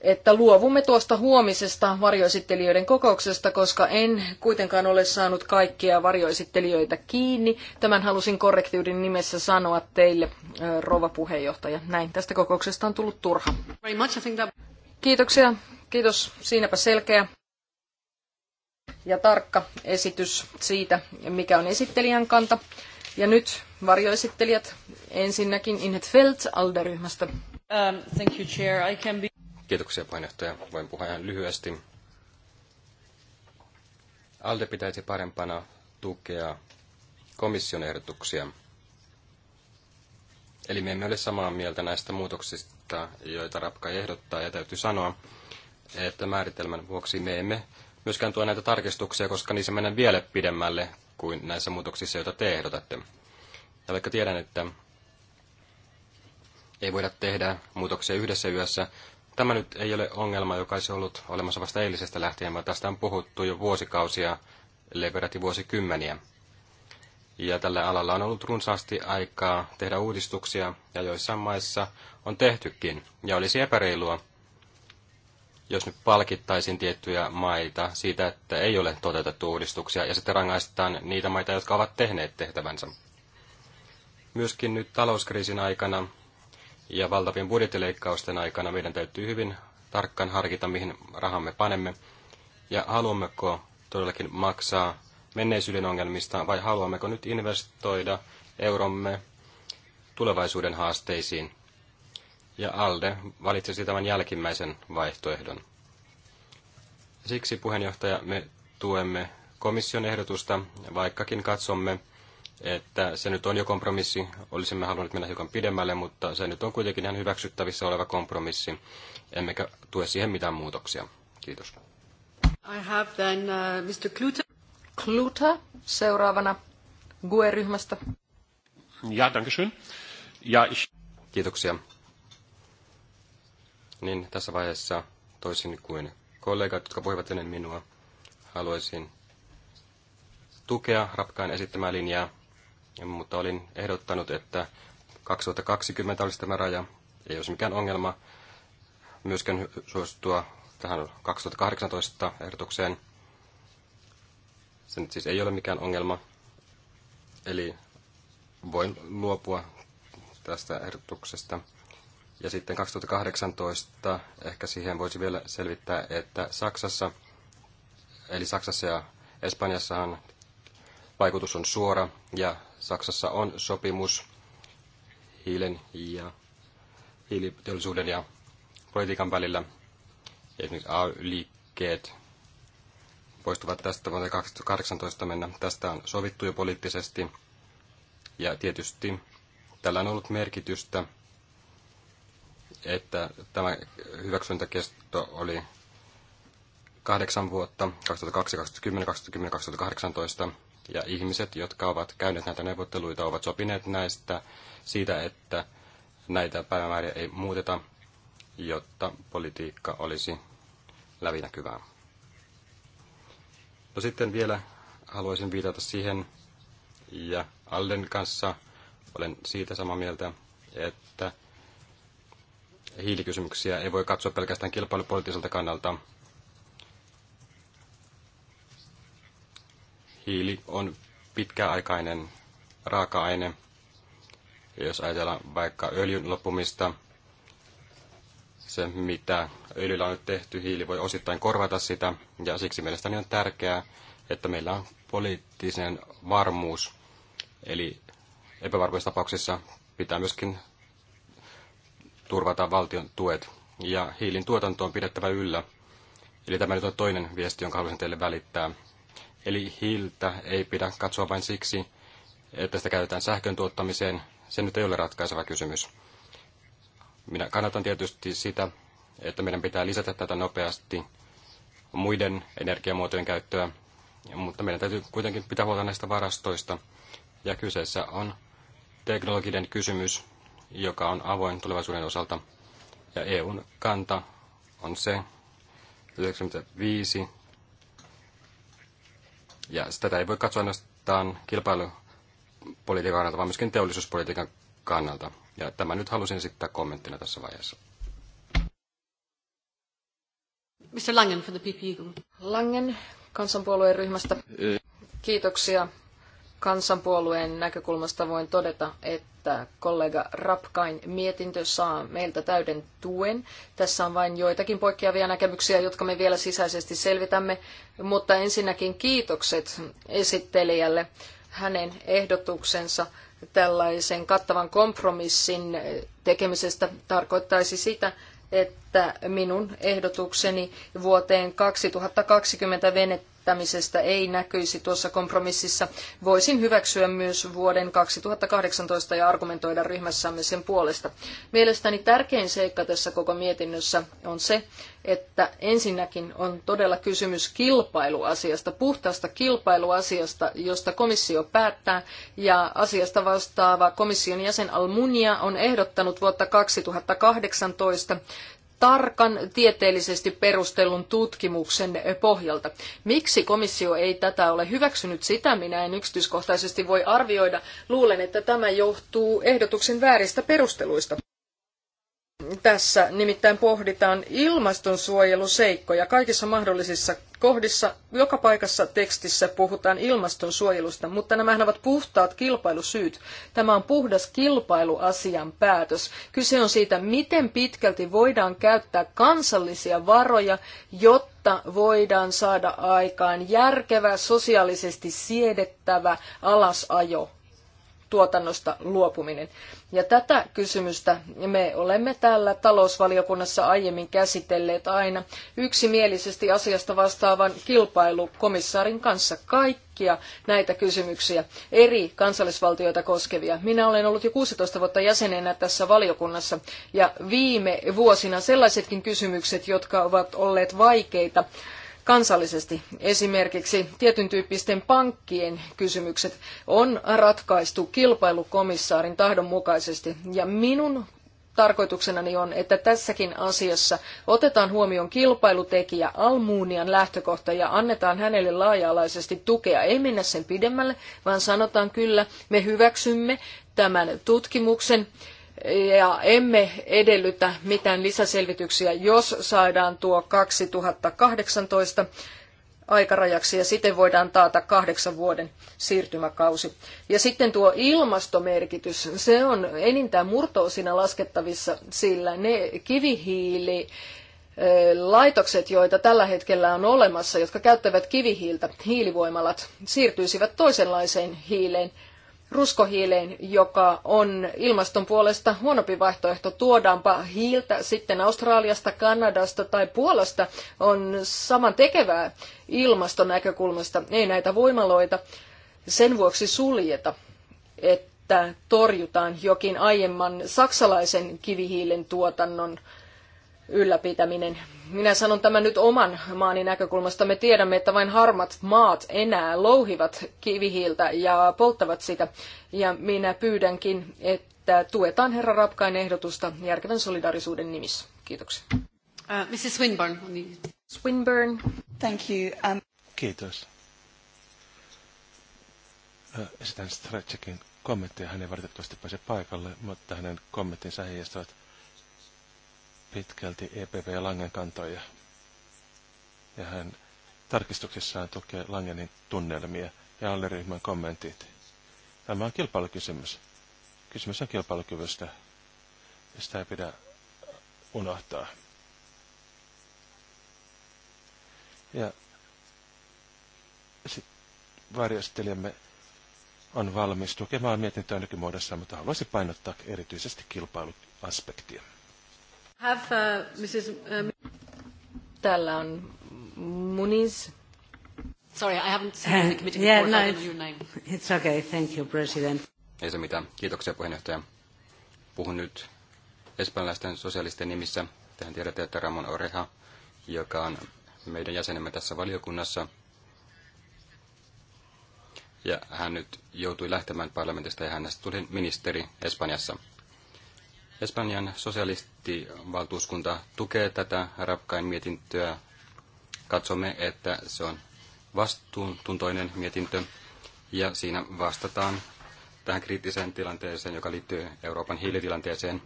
että luovumme tuosta huomisesta varjoesittelijöiden kokouksesta, koska en kuitenkaan ole saanut kaikkia varjoesittelijöitä kiinni. Tämän halusin korrektiuden nimessä sanoa teille, rouva puheenjohtaja. Näin, tästä kokouksesta on tullut turha. Kiitoksia, kiitos, siinäpä selkeä ja tarkka esitys siitä, mikä on esittelijän kanta. Ja nyt varjoesittelijät, ensinnäkin Inhet Feld Alderyhmästä. Um, thank you, Chair. I can be... Kiitoksia painehtoja. Voin puhua ihan lyhyesti. ALDE pitäisi parempana tukea komission ehdotuksia. Eli me emme ole samaa mieltä näistä muutoksista, joita Rapka ehdottaa, ja täytyy sanoa, että määritelmän vuoksi me emme myöskään tuo näitä tarkistuksia, koska niissä mennään vielä pidemmälle kuin näissä muutoksissa, joita te ehdotatte. Ja vaikka tiedän, että ei voida tehdä muutoksia yhdessä yössä, Tämä nyt ei ole ongelma, joka olisi ollut olemassa vasta eilisestä lähtien, vaan tästä on puhuttu jo vuosikausia, eli peräti vuosikymmeniä. Ja tällä alalla on ollut runsaasti aikaa tehdä uudistuksia, ja joissain maissa on tehtykin. Ja olisi epäreilua, jos nyt palkittaisiin tiettyjä maita siitä, että ei ole toteutettu uudistuksia, ja sitten rangaistaan niitä maita, jotka ovat tehneet tehtävänsä. Myöskin nyt talouskriisin aikana ja valtavien budjettileikkausten aikana meidän täytyy hyvin tarkkaan harkita, mihin rahamme panemme, ja haluammeko todellakin maksaa menneisyyden ongelmista, vai haluammeko nyt investoida euromme tulevaisuuden haasteisiin. Ja ALDE valitsisi tämän jälkimmäisen vaihtoehdon. Siksi puheenjohtaja, me tuemme komission ehdotusta, vaikkakin katsomme, että se nyt on jo kompromissi. Olisimme halunneet mennä hiukan pidemmälle, mutta se nyt on kuitenkin ihan hyväksyttävissä oleva kompromissi. Emmekä tue siihen mitään muutoksia. Kiitos. I have then, uh, Mr. Kluta. Kluta seuraavana GUE-ryhmästä. Ja, danke schön. Ja, ich... Kiitoksia. Niin, tässä vaiheessa toisin kuin kollegat, jotka puhuivat ennen minua, haluaisin tukea Rapkaan esittämää linjaa mutta olin ehdottanut, että 2020 olisi tämä raja. Ei olisi mikään ongelma myöskään suostua tähän 2018 ehdotukseen. Se nyt siis ei ole mikään ongelma. Eli voin luopua tästä ehdotuksesta. Ja sitten 2018 ehkä siihen voisi vielä selvittää, että Saksassa, eli Saksassa ja Espanjassahan vaikutus on suora ja Saksassa on sopimus hiilen ja hiiliteollisuuden ja politiikan välillä. Esimerkiksi AY-liikkeet poistuvat tästä vuonna 2018 mennä. Tästä on sovittu jo poliittisesti ja tietysti tällä on ollut merkitystä, että tämä hyväksyntäkesto oli kahdeksan vuotta, 2002, 2010, 2010, 2018. Ja ihmiset, jotka ovat käyneet näitä neuvotteluita, ovat sopineet näistä siitä, että näitä päivämääriä ei muuteta, jotta politiikka olisi läpinäkyvää. No sitten vielä haluaisin viitata siihen, ja Allen kanssa olen siitä samaa mieltä, että hiilikysymyksiä ei voi katsoa pelkästään kilpailupoliittiselta kannalta, hiili on pitkäaikainen raaka-aine. Ja jos ajatellaan vaikka öljyn loppumista, se mitä öljyllä on nyt tehty, hiili voi osittain korvata sitä. Ja siksi mielestäni on tärkeää, että meillä on poliittisen varmuus. Eli epävarmuissa tapauksissa pitää myöskin turvata valtion tuet. Ja hiilin tuotanto on pidettävä yllä. Eli tämä nyt on toinen viesti, jonka haluaisin teille välittää. Eli hiiltä ei pidä katsoa vain siksi, että sitä käytetään sähkön tuottamiseen. Se nyt ei ole ratkaiseva kysymys. Minä kannatan tietysti sitä, että meidän pitää lisätä tätä nopeasti muiden energiamuotojen käyttöä, mutta meidän täytyy kuitenkin pitää huolta näistä varastoista. Ja kyseessä on teknologinen kysymys, joka on avoin tulevaisuuden osalta. Ja EUn kanta on se, 95 ja tätä ei voi katsoa ainoastaan kilpailupolitiikan kannalta, vaan myöskin teollisuuspolitiikan kannalta. Ja tämä nyt halusin esittää kommenttina tässä vaiheessa. Mr. Langen from the PP e Langen kansanpuolueen ryhmästä. Kiitoksia Kansanpuolueen näkökulmasta voin todeta, että kollega Rapkain mietintö saa meiltä täyden tuen. Tässä on vain joitakin poikkeavia näkemyksiä, jotka me vielä sisäisesti selvitämme, mutta ensinnäkin kiitokset esittelijälle hänen ehdotuksensa tällaisen kattavan kompromissin tekemisestä tarkoittaisi sitä, että minun ehdotukseni vuoteen 2020 kehittämisestä ei näkyisi tuossa kompromississa. Voisin hyväksyä myös vuoden 2018 ja argumentoida ryhmässämme sen puolesta. Mielestäni tärkein seikka tässä koko mietinnössä on se, että ensinnäkin on todella kysymys kilpailuasiasta, puhtaasta kilpailuasiasta, josta komissio päättää, ja asiasta vastaava komission jäsen Almunia on ehdottanut vuotta 2018 tarkan tieteellisesti perustelun tutkimuksen pohjalta. Miksi komissio ei tätä ole hyväksynyt, sitä minä en yksityiskohtaisesti voi arvioida. Luulen, että tämä johtuu ehdotuksen vääristä perusteluista. Tässä nimittäin pohditaan ilmastonsuojeluseikkoja kaikissa mahdollisissa kohdissa. Joka paikassa tekstissä puhutaan ilmastonsuojelusta, mutta nämähän ovat puhtaat kilpailusyyt. Tämä on puhdas kilpailuasian päätös. Kyse on siitä, miten pitkälti voidaan käyttää kansallisia varoja, jotta voidaan saada aikaan järkevä, sosiaalisesti siedettävä alasajo tuotannosta luopuminen. Ja tätä kysymystä me olemme täällä talousvaliokunnassa aiemmin käsitelleet aina yksimielisesti asiasta vastaavan kilpailukomissaarin kanssa kaikkia näitä kysymyksiä, eri kansallisvaltioita koskevia. Minä olen ollut jo 16 vuotta jäsenenä tässä valiokunnassa ja viime vuosina sellaisetkin kysymykset, jotka ovat olleet vaikeita, kansallisesti. Esimerkiksi tietyn tyyppisten pankkien kysymykset on ratkaistu kilpailukomissaarin tahdon mukaisesti. Ja minun tarkoituksenani on, että tässäkin asiassa otetaan huomioon kilpailutekijä Almuunian lähtökohta ja annetaan hänelle laaja-alaisesti tukea. Ei mennä sen pidemmälle, vaan sanotaan kyllä, me hyväksymme tämän tutkimuksen ja emme edellytä mitään lisäselvityksiä, jos saadaan tuo 2018 aikarajaksi ja siten voidaan taata kahdeksan vuoden siirtymäkausi. Ja sitten tuo ilmastomerkitys, se on enintään murtoosina laskettavissa, sillä ne kivihiili laitokset, joita tällä hetkellä on olemassa, jotka käyttävät kivihiiltä, hiilivoimalat, siirtyisivät toisenlaiseen hiileen, ruskohiileen, joka on ilmaston puolesta huonompi vaihtoehto. Tuodaanpa hiiltä sitten Australiasta, Kanadasta tai Puolasta on saman tekevää ilmaston näkökulmasta. Ei näitä voimaloita sen vuoksi suljeta, että torjutaan jokin aiemman saksalaisen kivihiilen tuotannon ylläpitäminen. Minä sanon tämän nyt oman maani näkökulmasta. Me tiedämme, että vain harmat maat enää louhivat kivihiiltä ja polttavat sitä. Ja minä pyydänkin, että tuetaan herra Rapkain ehdotusta järkevän solidaarisuuden nimissä. Kiitoksia. Uh, Mrs. Swinburne. Swinburne. Thank you. Um... Kiitos. Esitän Stretchekin kommentteja. Hän ei valitettavasti pääse paikalle, mutta hänen kommenttinsa heijastavat pitkälti EPV Langen kantoja. Ja hän tarkistuksissaan tukee Langenin tunnelmia ja alleryhmän kommentit. Tämä on kilpailukysymys. Kysymys on kilpailukyvystä, ja sitä ei pidä unohtaa. Ja sitten varjostelijamme on valmis tukemaan mietintöä nykymuodossa, mutta haluaisin painottaa erityisesti kilpailuaspektia. Have, uh, Mrs. Um... Täällä on Muniz. Sorry, I haven't seen eh, the committee yeah, no, it's, your name. It's okay, thank you, President. Ei se mitään. Kiitoksia puheenjohtaja. Puhun nyt espanjalaisten sosialisten nimissä. Tehän tiedätte, että Ramon Oreja, joka on meidän jäsenemme tässä valiokunnassa, ja hän nyt joutui lähtemään parlamentista ja hänestä tuli ministeri Espanjassa. Espanjan sosialistivaltuuskunta tukee tätä Rapkain mietintöä. Katsomme, että se on vastuuntuntoinen mietintö ja siinä vastataan tähän kriittiseen tilanteeseen, joka liittyy Euroopan hiilitilanteeseen.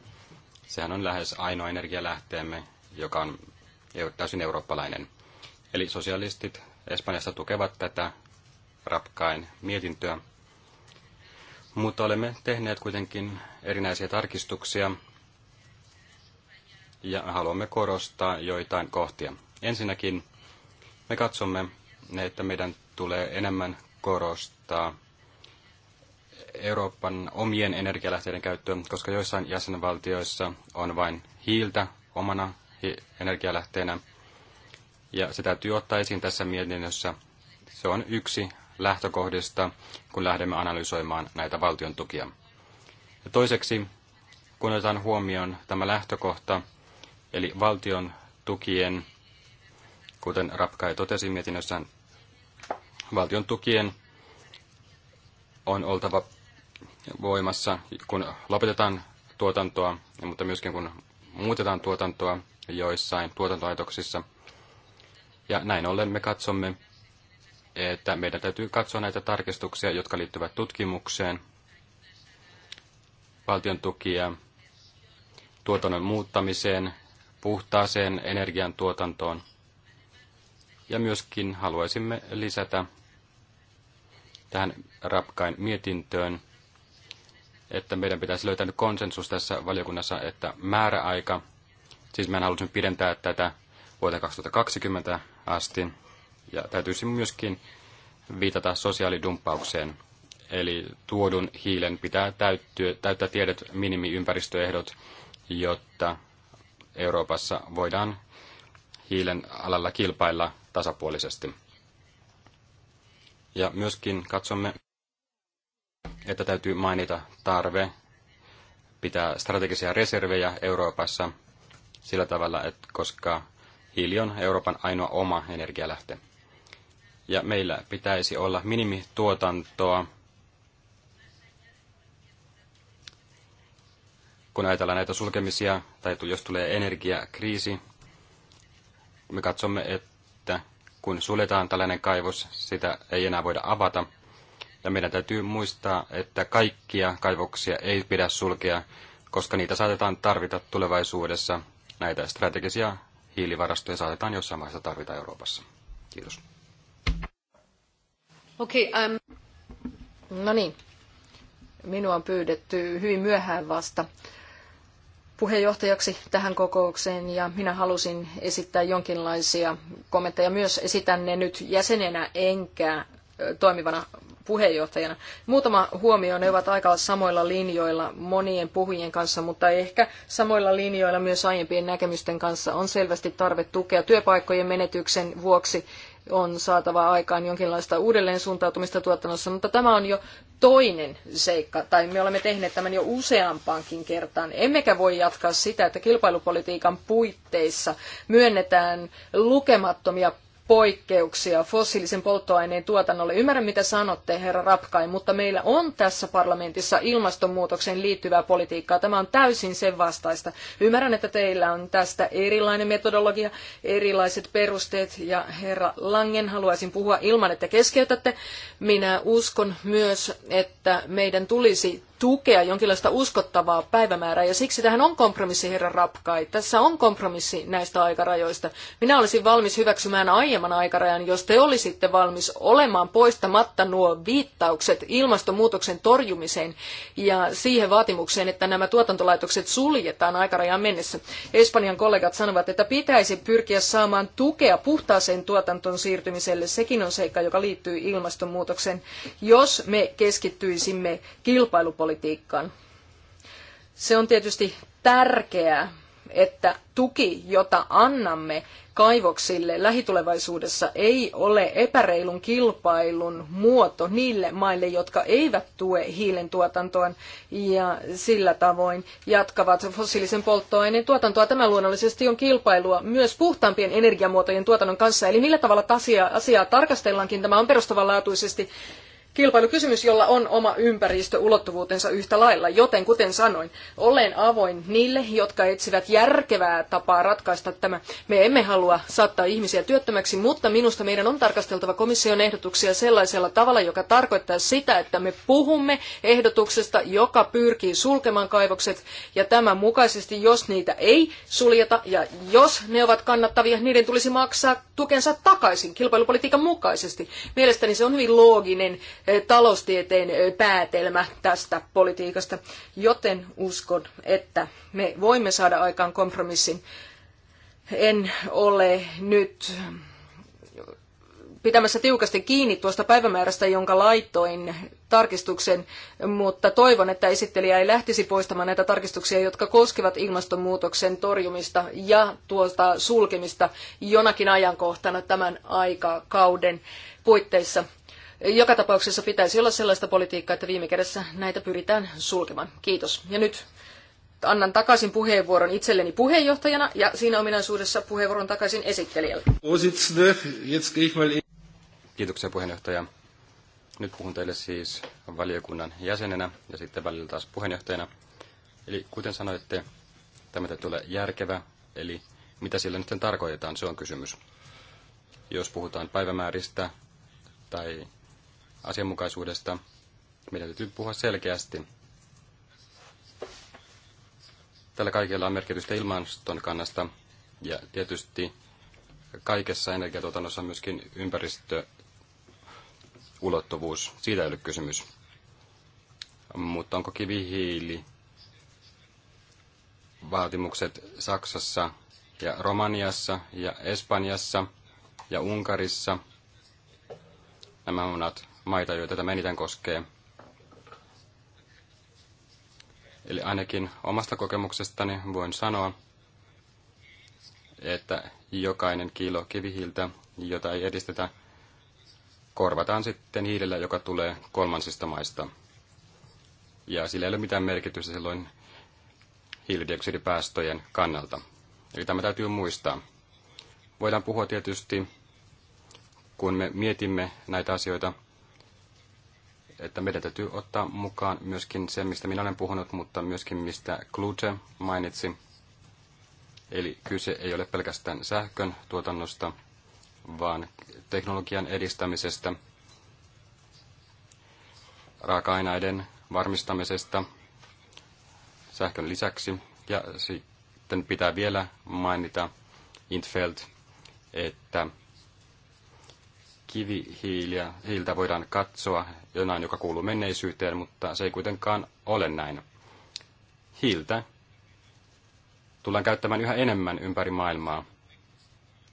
Sehän on lähes ainoa energialähteemme, joka on täysin eurooppalainen. Eli sosialistit Espanjassa tukevat tätä Rapkain mietintöä mutta olemme tehneet kuitenkin erinäisiä tarkistuksia ja haluamme korostaa joitain kohtia. Ensinnäkin me katsomme, että meidän tulee enemmän korostaa Euroopan omien energialähteiden käyttöä, koska joissain jäsenvaltioissa on vain hiiltä omana hi- energialähteenä. Ja se täytyy ottaa esiin tässä mietinnössä. Se on yksi lähtökohdista, kun lähdemme analysoimaan näitä valtion tukia. Ja toiseksi, kun otetaan huomioon tämä lähtökohta, eli valtion tukien, kuten Rapkai totesi mietinnössään, valtion tukien on oltava voimassa, kun lopetetaan tuotantoa, mutta myöskin kun muutetaan tuotantoa joissain tuotantolaitoksissa. Ja näin ollen me katsomme, että meidän täytyy katsoa näitä tarkistuksia, jotka liittyvät tutkimukseen, valtion tukia, tuotannon muuttamiseen, puhtaaseen energiantuotantoon. Ja myöskin haluaisimme lisätä tähän rapkain mietintöön, että meidän pitäisi löytää nyt konsensus tässä valiokunnassa, että määräaika, siis mehän halusimme pidentää tätä vuoteen 2020 asti, ja täytyisi myöskin viitata sosiaalidumppaukseen. Eli tuodun hiilen pitää täyttyä, täyttää tiedet minimiympäristöehdot, jotta Euroopassa voidaan hiilen alalla kilpailla tasapuolisesti. Ja myöskin katsomme, että täytyy mainita tarve pitää strategisia reservejä Euroopassa sillä tavalla, että koska hiili on Euroopan ainoa oma energialähte ja meillä pitäisi olla minimituotantoa, kun ajatellaan näitä sulkemisia, tai jos tulee energiakriisi, me katsomme, että kun suljetaan tällainen kaivos, sitä ei enää voida avata. Ja meidän täytyy muistaa, että kaikkia kaivoksia ei pidä sulkea, koska niitä saatetaan tarvita tulevaisuudessa. Näitä strategisia hiilivarastoja saatetaan jossain vaiheessa tarvita Euroopassa. Kiitos. Okei, okay, um... Ähm. No niin, minua on pyydetty hyvin myöhään vasta puheenjohtajaksi tähän kokoukseen ja minä halusin esittää jonkinlaisia kommentteja. Myös esitän ne nyt jäsenenä enkä toimivana puheenjohtajana. Muutama huomio, ne ovat aika samoilla linjoilla monien puhujien kanssa, mutta ehkä samoilla linjoilla myös aiempien näkemysten kanssa on selvästi tarve tukea työpaikkojen menetyksen vuoksi on saatava aikaan jonkinlaista uudelleensuuntautumista tuotannossa, mutta tämä on jo toinen seikka, tai me olemme tehneet tämän jo useampaankin kertaan. Emmekä voi jatkaa sitä, että kilpailupolitiikan puitteissa myönnetään lukemattomia poikkeuksia fossiilisen polttoaineen tuotannolle. Ymmärrän, mitä sanotte, herra Rapkai, mutta meillä on tässä parlamentissa ilmastonmuutokseen liittyvää politiikkaa. Tämä on täysin sen vastaista. Ymmärrän, että teillä on tästä erilainen metodologia, erilaiset perusteet, ja herra Langen, haluaisin puhua ilman, että keskeytätte. Minä uskon myös, että meidän tulisi tukea jonkinlaista uskottavaa päivämäärää, ja siksi tähän on kompromissi, herra Rapkai. Tässä on kompromissi näistä aikarajoista. Minä olisin valmis hyväksymään aiemman aikarajan, jos te olisitte valmis olemaan poistamatta nuo viittaukset ilmastonmuutoksen torjumiseen ja siihen vaatimukseen, että nämä tuotantolaitokset suljetaan aikarajaan mennessä. Espanjan kollegat sanovat, että pitäisi pyrkiä saamaan tukea puhtaaseen tuotantoon siirtymiselle. Sekin on seikka, joka liittyy ilmastonmuutokseen, jos me keskittyisimme kilpailupolitiikkaan politiikkaan. Se on tietysti tärkeää, että tuki, jota annamme kaivoksille lähitulevaisuudessa, ei ole epäreilun kilpailun muoto niille maille, jotka eivät tue hiilen tuotantoa ja sillä tavoin jatkavat fossiilisen polttoaineen tuotantoa. Tämä luonnollisesti on kilpailua myös puhtaampien energiamuotojen tuotannon kanssa. Eli millä tavalla asiaa, asiaa tarkastellaankin, tämä on perustavanlaatuisesti kilpailukysymys, jolla on oma ympäristöulottuvuutensa yhtä lailla. Joten kuten sanoin, olen avoin niille, jotka etsivät järkevää tapaa ratkaista tämä. Me emme halua saattaa ihmisiä työttömäksi, mutta minusta meidän on tarkasteltava komission ehdotuksia sellaisella tavalla, joka tarkoittaa sitä, että me puhumme ehdotuksesta, joka pyrkii sulkemaan kaivokset. Ja tämän mukaisesti, jos niitä ei suljeta ja jos ne ovat kannattavia, niiden tulisi maksaa tukensa takaisin kilpailupolitiikan mukaisesti. Mielestäni se on hyvin looginen taloustieteen päätelmä tästä politiikasta, joten uskon, että me voimme saada aikaan kompromissin. En ole nyt pitämässä tiukasti kiinni tuosta päivämäärästä, jonka laitoin tarkistuksen, mutta toivon, että esittelijä ei lähtisi poistamaan näitä tarkistuksia, jotka koskevat ilmastonmuutoksen torjumista ja tuosta sulkemista jonakin ajankohtana tämän aikakauden puitteissa. Joka tapauksessa pitäisi olla sellaista politiikkaa, että viime kädessä näitä pyritään sulkemaan. Kiitos. Ja nyt annan takaisin puheenvuoron itselleni puheenjohtajana ja siinä ominaisuudessa puheenvuoron takaisin esittelijälle. Kiitoksia puheenjohtaja. Nyt puhun teille siis valiokunnan jäsenenä ja sitten välillä taas puheenjohtajana. Eli kuten sanoitte, tämä täytyy olla järkevä, eli mitä sillä nyt tarkoitetaan, se on kysymys. Jos puhutaan päivämääristä tai asianmukaisuudesta. Meidän täytyy puhua selkeästi. Tällä kaikella on merkitystä ilmaston kannasta ja tietysti kaikessa energiatuotannossa on myöskin ympäristöulottuvuus. Siitä ei ole kysymys. Mutta onko kivihiili vaatimukset Saksassa ja Romaniassa ja Espanjassa ja Unkarissa. Nämä ovat maita, joita tämä eniten koskee. Eli ainakin omasta kokemuksestani voin sanoa, että jokainen kilo kivihiiltä, jota ei edistetä, korvataan sitten hiilellä, joka tulee kolmansista maista. Ja sillä ei ole mitään merkitystä silloin hiilidioksidipäästöjen kannalta. Eli tämä täytyy muistaa. Voidaan puhua tietysti, kun me mietimme näitä asioita, että meidän täytyy ottaa mukaan myöskin se, mistä minä olen puhunut, mutta myöskin mistä Klute mainitsi. Eli kyse ei ole pelkästään sähkön tuotannosta, vaan teknologian edistämisestä, raaka-aineiden varmistamisesta sähkön lisäksi. Ja sitten pitää vielä mainita Intfeld, että kivihiiliä, hiiltä voidaan katsoa jonain, joka kuuluu menneisyyteen, mutta se ei kuitenkaan ole näin. Hiiltä tullaan käyttämään yhä enemmän ympäri maailmaa,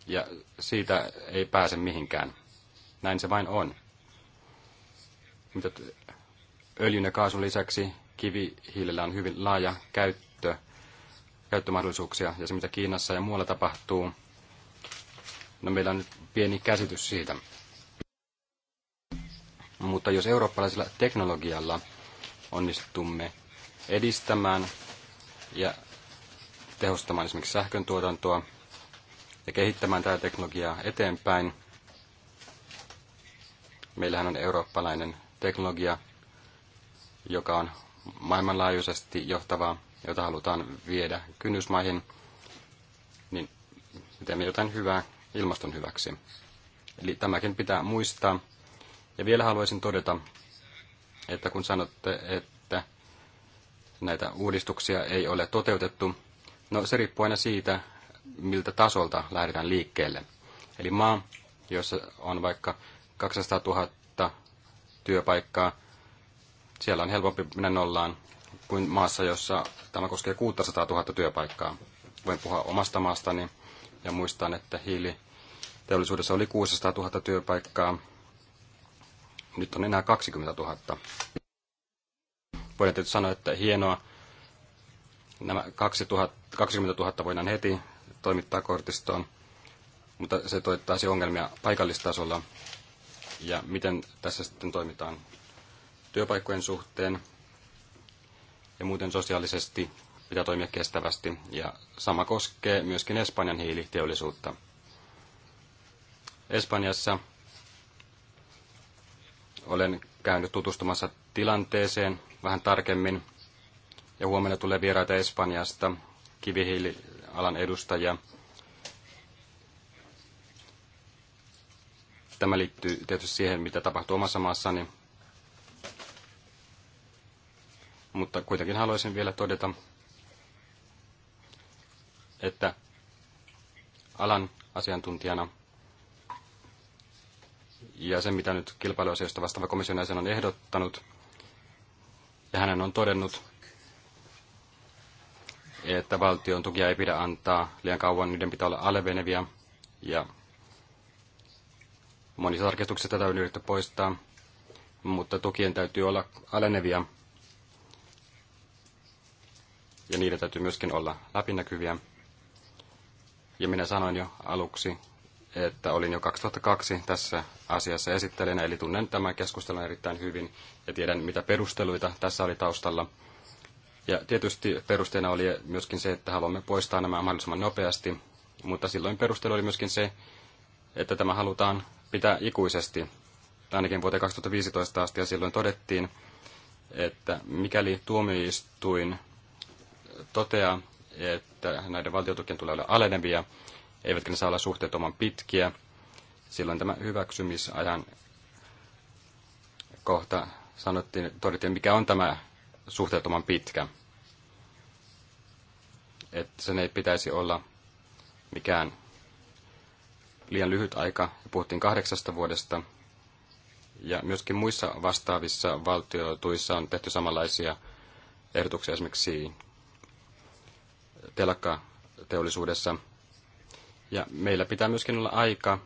ja siitä ei pääse mihinkään. Näin se vain on. Mutta öljyn ja kaasun lisäksi kivihiilellä on hyvin laaja käyttö, käyttömahdollisuuksia, ja se mitä Kiinassa ja muualla tapahtuu, no meillä on nyt pieni käsitys siitä. Mutta jos eurooppalaisella teknologialla onnistumme edistämään ja tehostamaan esimerkiksi sähkön tuotantoa ja kehittämään tätä teknologiaa eteenpäin, meillähän on eurooppalainen teknologia, joka on maailmanlaajuisesti johtavaa, jota halutaan viedä kynnysmaihin, niin teemme jotain hyvää ilmaston hyväksi. Eli tämäkin pitää muistaa, ja vielä haluaisin todeta, että kun sanotte, että näitä uudistuksia ei ole toteutettu, no se riippuu aina siitä, miltä tasolta lähdetään liikkeelle. Eli maa, jossa on vaikka 200 000 työpaikkaa, siellä on helpompi mennä nollaan kuin maassa, jossa tämä koskee 600 000 työpaikkaa. Voin puhua omasta maastani ja muistan, että hiiliteollisuudessa oli 600 000 työpaikkaa nyt on enää 20 000. Voidaan tietysti sanoa, että hienoa, nämä 2000, 20 000 voidaan heti toimittaa kortistoon, mutta se toittaisi ongelmia paikallistasolla. Ja miten tässä sitten toimitaan työpaikkojen suhteen ja muuten sosiaalisesti pitää toimia kestävästi. Ja sama koskee myöskin Espanjan hiiliteollisuutta. Espanjassa olen käynyt tutustumassa tilanteeseen vähän tarkemmin ja huomenna tulee vieraita Espanjasta, kivihiilialan edustajia. Tämä liittyy tietysti siihen, mitä tapahtuu omassa maassani. Mutta kuitenkin haluaisin vielä todeta, että alan asiantuntijana – ja se, mitä nyt kilpailuasioista vastaava komission jäsen on ehdottanut. Ja hänen on todennut, että valtion tukia ei pidä antaa liian kauan, niiden pitää olla aleveneviä. Ja monissa tarkistuksissa tätä on yritetty poistaa, mutta tukien täytyy olla alenevia. Ja niiden täytyy myöskin olla läpinäkyviä. Ja minä sanoin jo aluksi, että olin jo 2002 tässä asiassa esittelijänä, eli tunnen tämän keskustelun erittäin hyvin ja tiedän, mitä perusteluita tässä oli taustalla. Ja tietysti perusteena oli myöskin se, että haluamme poistaa nämä mahdollisimman nopeasti, mutta silloin perustelu oli myöskin se, että tämä halutaan pitää ikuisesti, ainakin vuoteen 2015 asti, ja silloin todettiin, että mikäli tuomioistuin toteaa, että näiden valtiotukien tulee olla alenevia, eivätkä ne saa olla suhteettoman pitkiä. Silloin tämä hyväksymisajan kohta sanottiin, todettiin, mikä on tämä suhteettoman pitkä. Että sen ei pitäisi olla mikään liian lyhyt aika. Puhuttiin kahdeksasta vuodesta. Ja myöskin muissa vastaavissa valtioituissa on tehty samanlaisia ehdotuksia esimerkiksi telakkateollisuudessa – ja meillä pitää myöskin olla aika,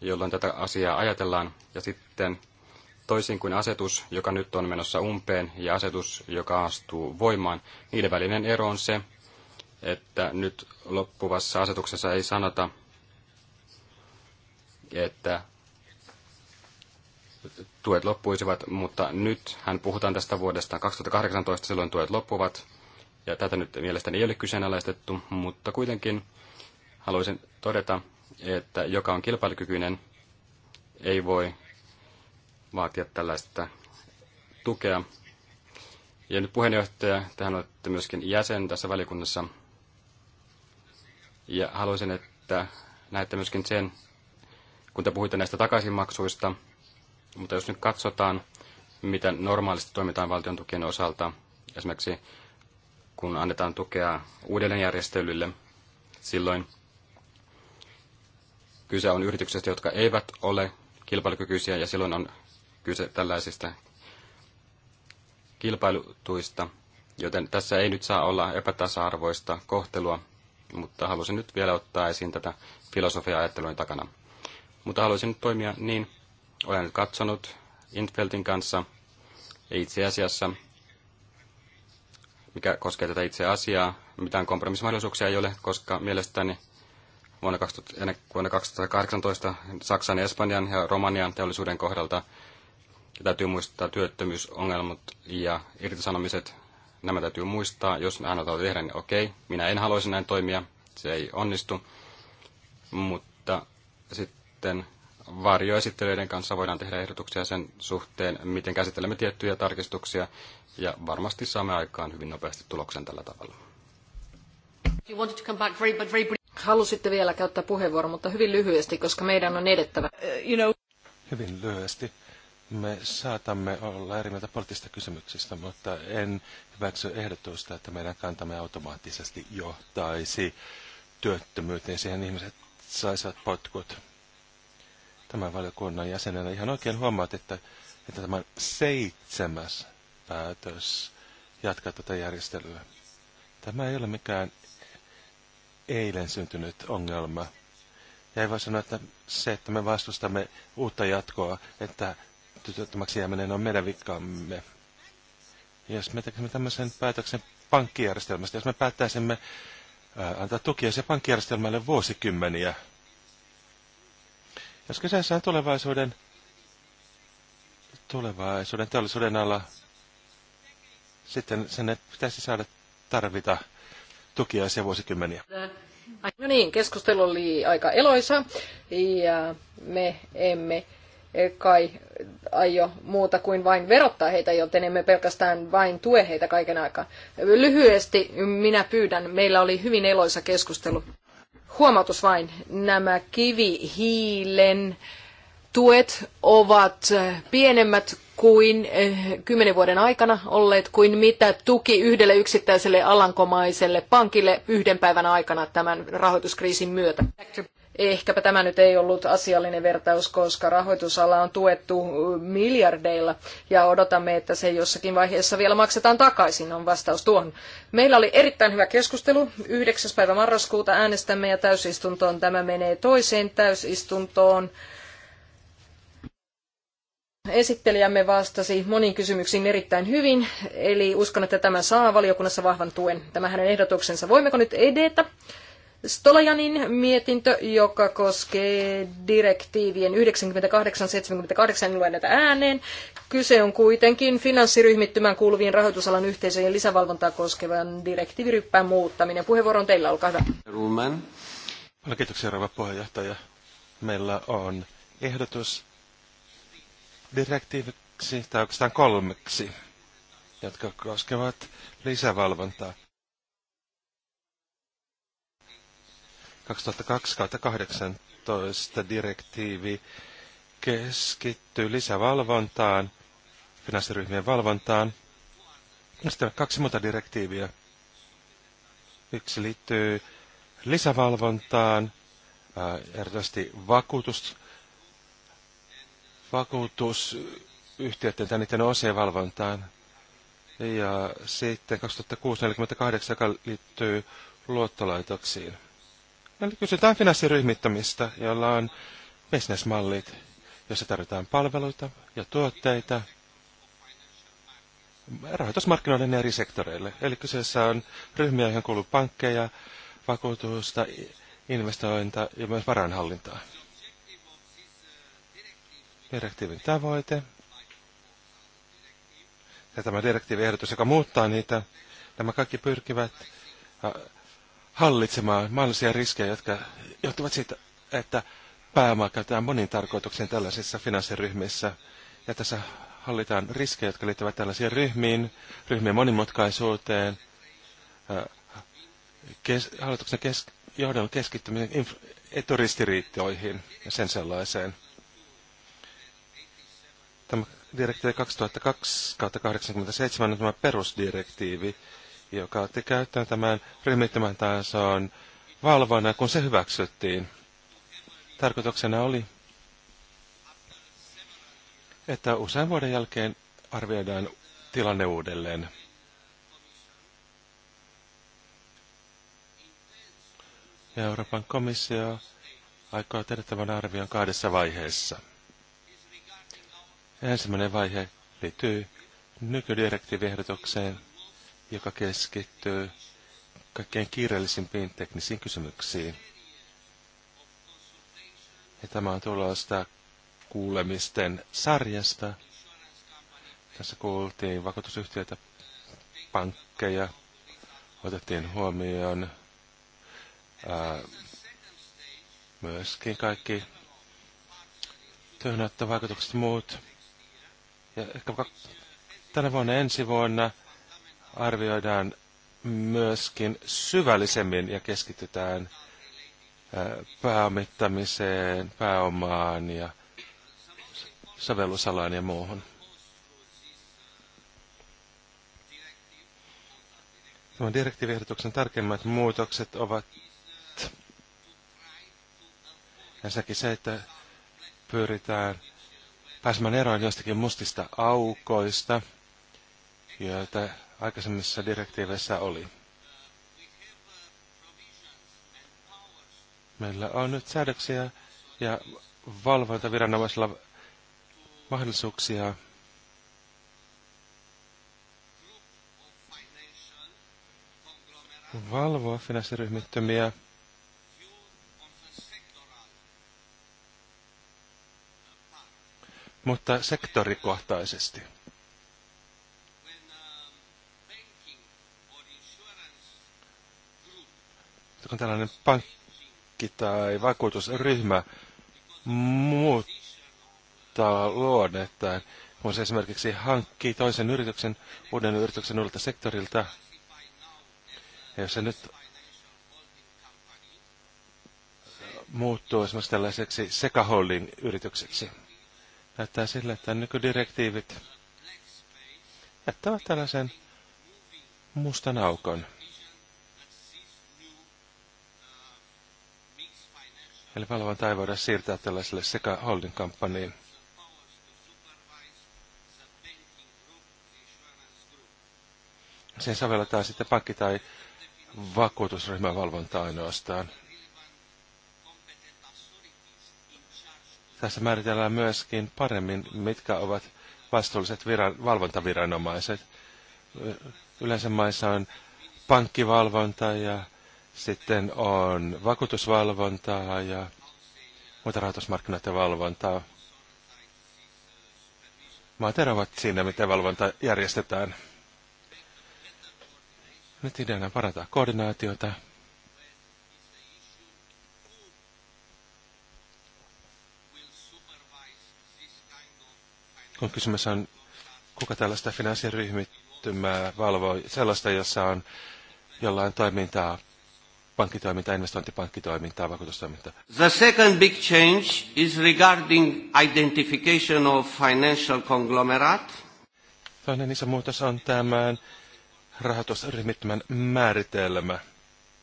jolloin tätä asiaa ajatellaan. Ja sitten toisin kuin asetus, joka nyt on menossa umpeen, ja asetus, joka astuu voimaan, niiden välinen ero on se, että nyt loppuvassa asetuksessa ei sanota, että tuet loppuisivat, mutta nyt hän puhutaan tästä vuodesta 2018, silloin tuet loppuvat. Ja tätä nyt mielestäni ei ole kyseenalaistettu, mutta kuitenkin Haluaisin todeta, että joka on kilpailukykyinen, ei voi vaatia tällaista tukea. Ja nyt puheenjohtaja, tähän olette myöskin jäsen tässä valikunnassa. Ja haluaisin, että näette myöskin sen, kun te puhuitte näistä takaisinmaksuista, mutta jos nyt katsotaan, miten normaalisti toimitaan valtion tukien osalta, esimerkiksi kun annetaan tukea uudelleenjärjestelylle, silloin – Kyse on yrityksistä, jotka eivät ole kilpailukykyisiä ja silloin on kyse tällaisista kilpailutuista, joten tässä ei nyt saa olla epätasa-arvoista kohtelua, mutta halusin nyt vielä ottaa esiin tätä filosofia-ajattelun takana. Mutta haluaisin nyt toimia niin, olen nyt katsonut Intfeltin kanssa ja itse asiassa, mikä koskee tätä itse asiaa, mitään kompromissimahdollisuuksia ei ole, koska mielestäni vuonna 2018 Saksan, Espanjan ja Romanian teollisuuden kohdalta. Ja täytyy muistaa työttömyysongelmat ja irtisanomiset. Nämä täytyy muistaa. Jos me on tehdä, niin okei, minä en haluaisi näin toimia. Se ei onnistu. Mutta sitten varjoesittelijöiden kanssa voidaan tehdä ehdotuksia sen suhteen, miten käsittelemme tiettyjä tarkistuksia, ja varmasti saamme aikaan hyvin nopeasti tuloksen tällä tavalla. Halusitte vielä käyttää puheenvuoron, mutta hyvin lyhyesti, koska meidän on edettävä. You know. Hyvin lyhyesti. Me saatamme olla eri mieltä poliittisista kysymyksistä, mutta en hyväksy ehdotusta, että meidän kantamme automaattisesti johtaisi työttömyyteen. Siihen ihmiset saisivat potkut. Tämän valiokunnan jäsenenä ihan oikein huomaat, että, että tämä on seitsemäs päätös jatkaa tätä järjestelyä. Tämä ei ole mikään eilen syntynyt ongelma. Ja ei voi sanoa, että se, että me vastustamme uutta jatkoa, että tytöttömäksi jääminen on meidän vikkaamme. Jos me tekisimme tämmöisen päätöksen pankkijärjestelmästä, jos me päättäisimme ää, antaa tukia se pankkijärjestelmälle vuosikymmeniä, jos kyseessä on tulevaisuuden, tulevaisuuden teollisuuden ala, sitten sen pitäisi saada tarvita tukiaisia vuosikymmeniä. No niin, keskustelu oli aika eloisa ja me emme kai aio muuta kuin vain verottaa heitä, joten emme pelkästään vain tue heitä kaiken aikaa. Lyhyesti minä pyydän, meillä oli hyvin eloisa keskustelu. Huomautus vain, nämä kivihiilen tuet ovat pienemmät kuin eh, kymmenen vuoden aikana olleet kuin mitä tuki yhdelle yksittäiselle alankomaiselle pankille yhden päivän aikana tämän rahoituskriisin myötä. Ehkäpä tämä nyt ei ollut asiallinen vertaus, koska rahoitusala on tuettu eh, miljardeilla ja odotamme, että se jossakin vaiheessa vielä maksetaan takaisin, on vastaus tuohon. Meillä oli erittäin hyvä keskustelu. 9. päivä marraskuuta äänestämme ja täysistuntoon tämä menee toiseen täysistuntoon esittelijämme vastasi moniin kysymyksiin erittäin hyvin, eli uskon, että tämä saa valiokunnassa vahvan tuen. Tämä hänen ehdotuksensa. Voimmeko nyt edetä? Stolajanin mietintö, joka koskee direktiivien 98-78, luen näitä ääneen. Kyse on kuitenkin finanssiryhmittymään kuuluvien rahoitusalan yhteisöjen lisävalvontaa koskevan direktiiviryppään muuttaminen. Puheenvuoro on teillä, olkaa hyvä. Ruman. Kiitoksia, rouva puheenjohtaja. Meillä on ehdotus direktiiviksi tai oikeastaan kolmeksi, jotka koskevat lisävalvontaa. 2002-18 direktiivi keskittyy lisävalvontaan, finanssiryhmien valvontaan. Sitten on kaksi muuta direktiiviä. Yksi liittyy lisävalvontaan, erityisesti vakuutus vakuutusyhtiöiden tai niiden osien valvontaan. Ja sitten 2648, joka liittyy luottolaitoksiin. No, eli kysytään finanssiryhmittämistä, jolla on bisnesmallit, jossa tarvitaan palveluita ja tuotteita rahoitusmarkkinoiden eri sektoreille. Eli kyseessä on ryhmiä, joihin kuuluu pankkeja, vakuutusta, investointa ja myös varainhallintaa direktiivin tavoite. Ja tämä direktiiviehdotus, joka muuttaa niitä, nämä kaikki pyrkivät äh, hallitsemaan mahdollisia riskejä, jotka johtuvat siitä, että pääomaa käytetään monin tarkoituksiin tällaisissa finanssiryhmissä. Ja tässä hallitaan riskejä, jotka liittyvät tällaisiin ryhmiin, ryhmien monimutkaisuuteen, äh, kes, hallituksen kes, johdon keskittyminen eturistiriittoihin ja sen sellaiseen. Tämä direktiivi 2002-87 on tämä perusdirektiivi, joka otti käyttöön tämän ryhmittymän tason valvonnan, kun se hyväksyttiin. Tarkoituksena oli, että usean vuoden jälkeen arvioidaan tilanne uudelleen. Ja Euroopan komissio aikoo tehdä tämän arvion kahdessa vaiheessa. Ensimmäinen vaihe liittyy nykydirektiiviehdotukseen, joka keskittyy kaikkein kiireellisimpiin teknisiin kysymyksiin. Ja tämä on tulosta kuulemisten sarjasta. Tässä kuultiin vakuutusyhtiöitä, pankkeja, otettiin huomioon ää, myöskin kaikki työnottovaikutukset muut ja ehkä tänä vuonna ensi vuonna arvioidaan myöskin syvällisemmin ja keskitytään pääomittamiseen, pääomaan ja sovellusalaan ja muuhun. Tämän direktiiviehdotuksen tarkemmat muutokset ovat ensinnäkin se, että pyritään pääsemään eroon jostakin mustista aukoista, joita aikaisemmissa direktiiveissä oli. Meillä on nyt säädöksiä ja valvontaviranomaisilla mahdollisuuksia valvoa finanssiryhmittymiä mutta sektorikohtaisesti. Kun tällainen pankki tai vakuutusryhmä muuttaa luonnettaan, kun se esimerkiksi hankkii toisen yrityksen, uuden yrityksen uudelta sektorilta, ja jos se nyt muuttuu esimerkiksi tällaiseksi sekaholding yritykseksi, Näyttää sille, että nykydirektiivit jättävät tällaisen mustan aukon. Eli valvonta ei voida siirtää tällaiselle sekä holding-kampanjiin. Sen sovelletaan sitten pankki- tai vakuutusryhmän valvonta ainoastaan. Tässä määritellään myöskin paremmin, mitkä ovat vastuulliset viran, valvontaviranomaiset. Yleensä maissa on pankkivalvonta ja sitten on vakuutusvalvontaa ja muita rahoitusmarkkinoiden valvontaa. Maat eroavat siinä, miten valvonta järjestetään. Nyt ideana parantaa koordinaatiota, kun kysymys on, kuka tällaista finanssiryhmittymää valvoi, sellaista, jossa on jollain toimintaa, pankkitoimintaa, investointipankkitoimintaa, vakuutustoimintaa. The second big change is regarding identification of financial conglomerate. Toinen iso muutos on tämän rahoitusryhmittymän määritelmä.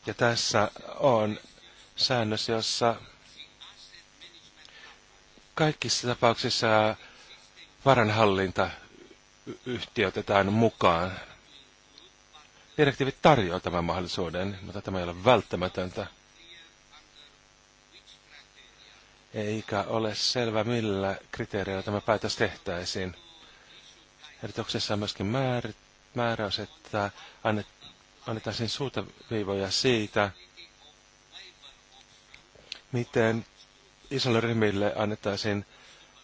Ja tässä on säännös, jossa kaikissa tapauksissa varanhallinta yhtiötetään mukaan. Direktiivi tarjoaa tämän mahdollisuuden, mutta tämä ei ole välttämätöntä. Eikä ole selvä, millä kriteereillä tämä päätös tehtäisiin. Erityksessä on myöskin määr, määräys, että annet, annettaisiin viivoja siitä, miten isolle ryhmille annettaisiin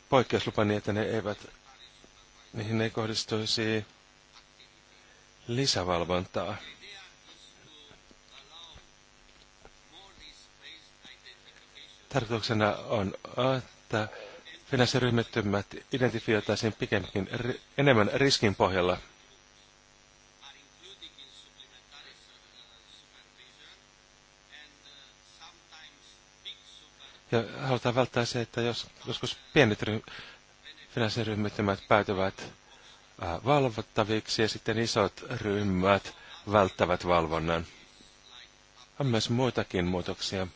poikkeuslupa niin, että ne eivät Mihin ei kohdistuisi lisävalvontaa. Tarkoituksena on, että finanssiryhmittymät identifioitaisiin pikemminkin enemmän riskin pohjalla. Ja halutaan välttää se, että jos, joskus pienet ryhmät finanssiryhmittymät päätyvät äh, valvottaviksi ja sitten isot ryhmät välttävät valvonnan. On myös muitakin muutoksia,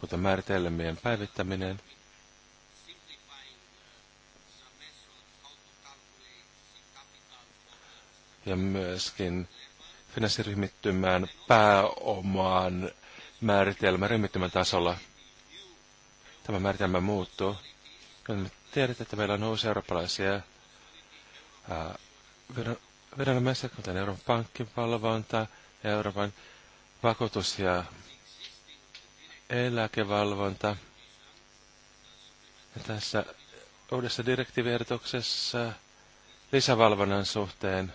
mutta määritelmien päivittäminen, ja myöskin finanssiryhmittymään pääomaan määritelmä ryhmittymän tasolla. Tämä määritelmä muuttuu tiedät, että meillä on uusia eurooppalaisia viranomaisia, kuten Euroopan pankin valvonta, Euroopan vakuutus- ja eläkevalvonta. Ja tässä uudessa direktiiviehdotuksessa lisävalvonnan suhteen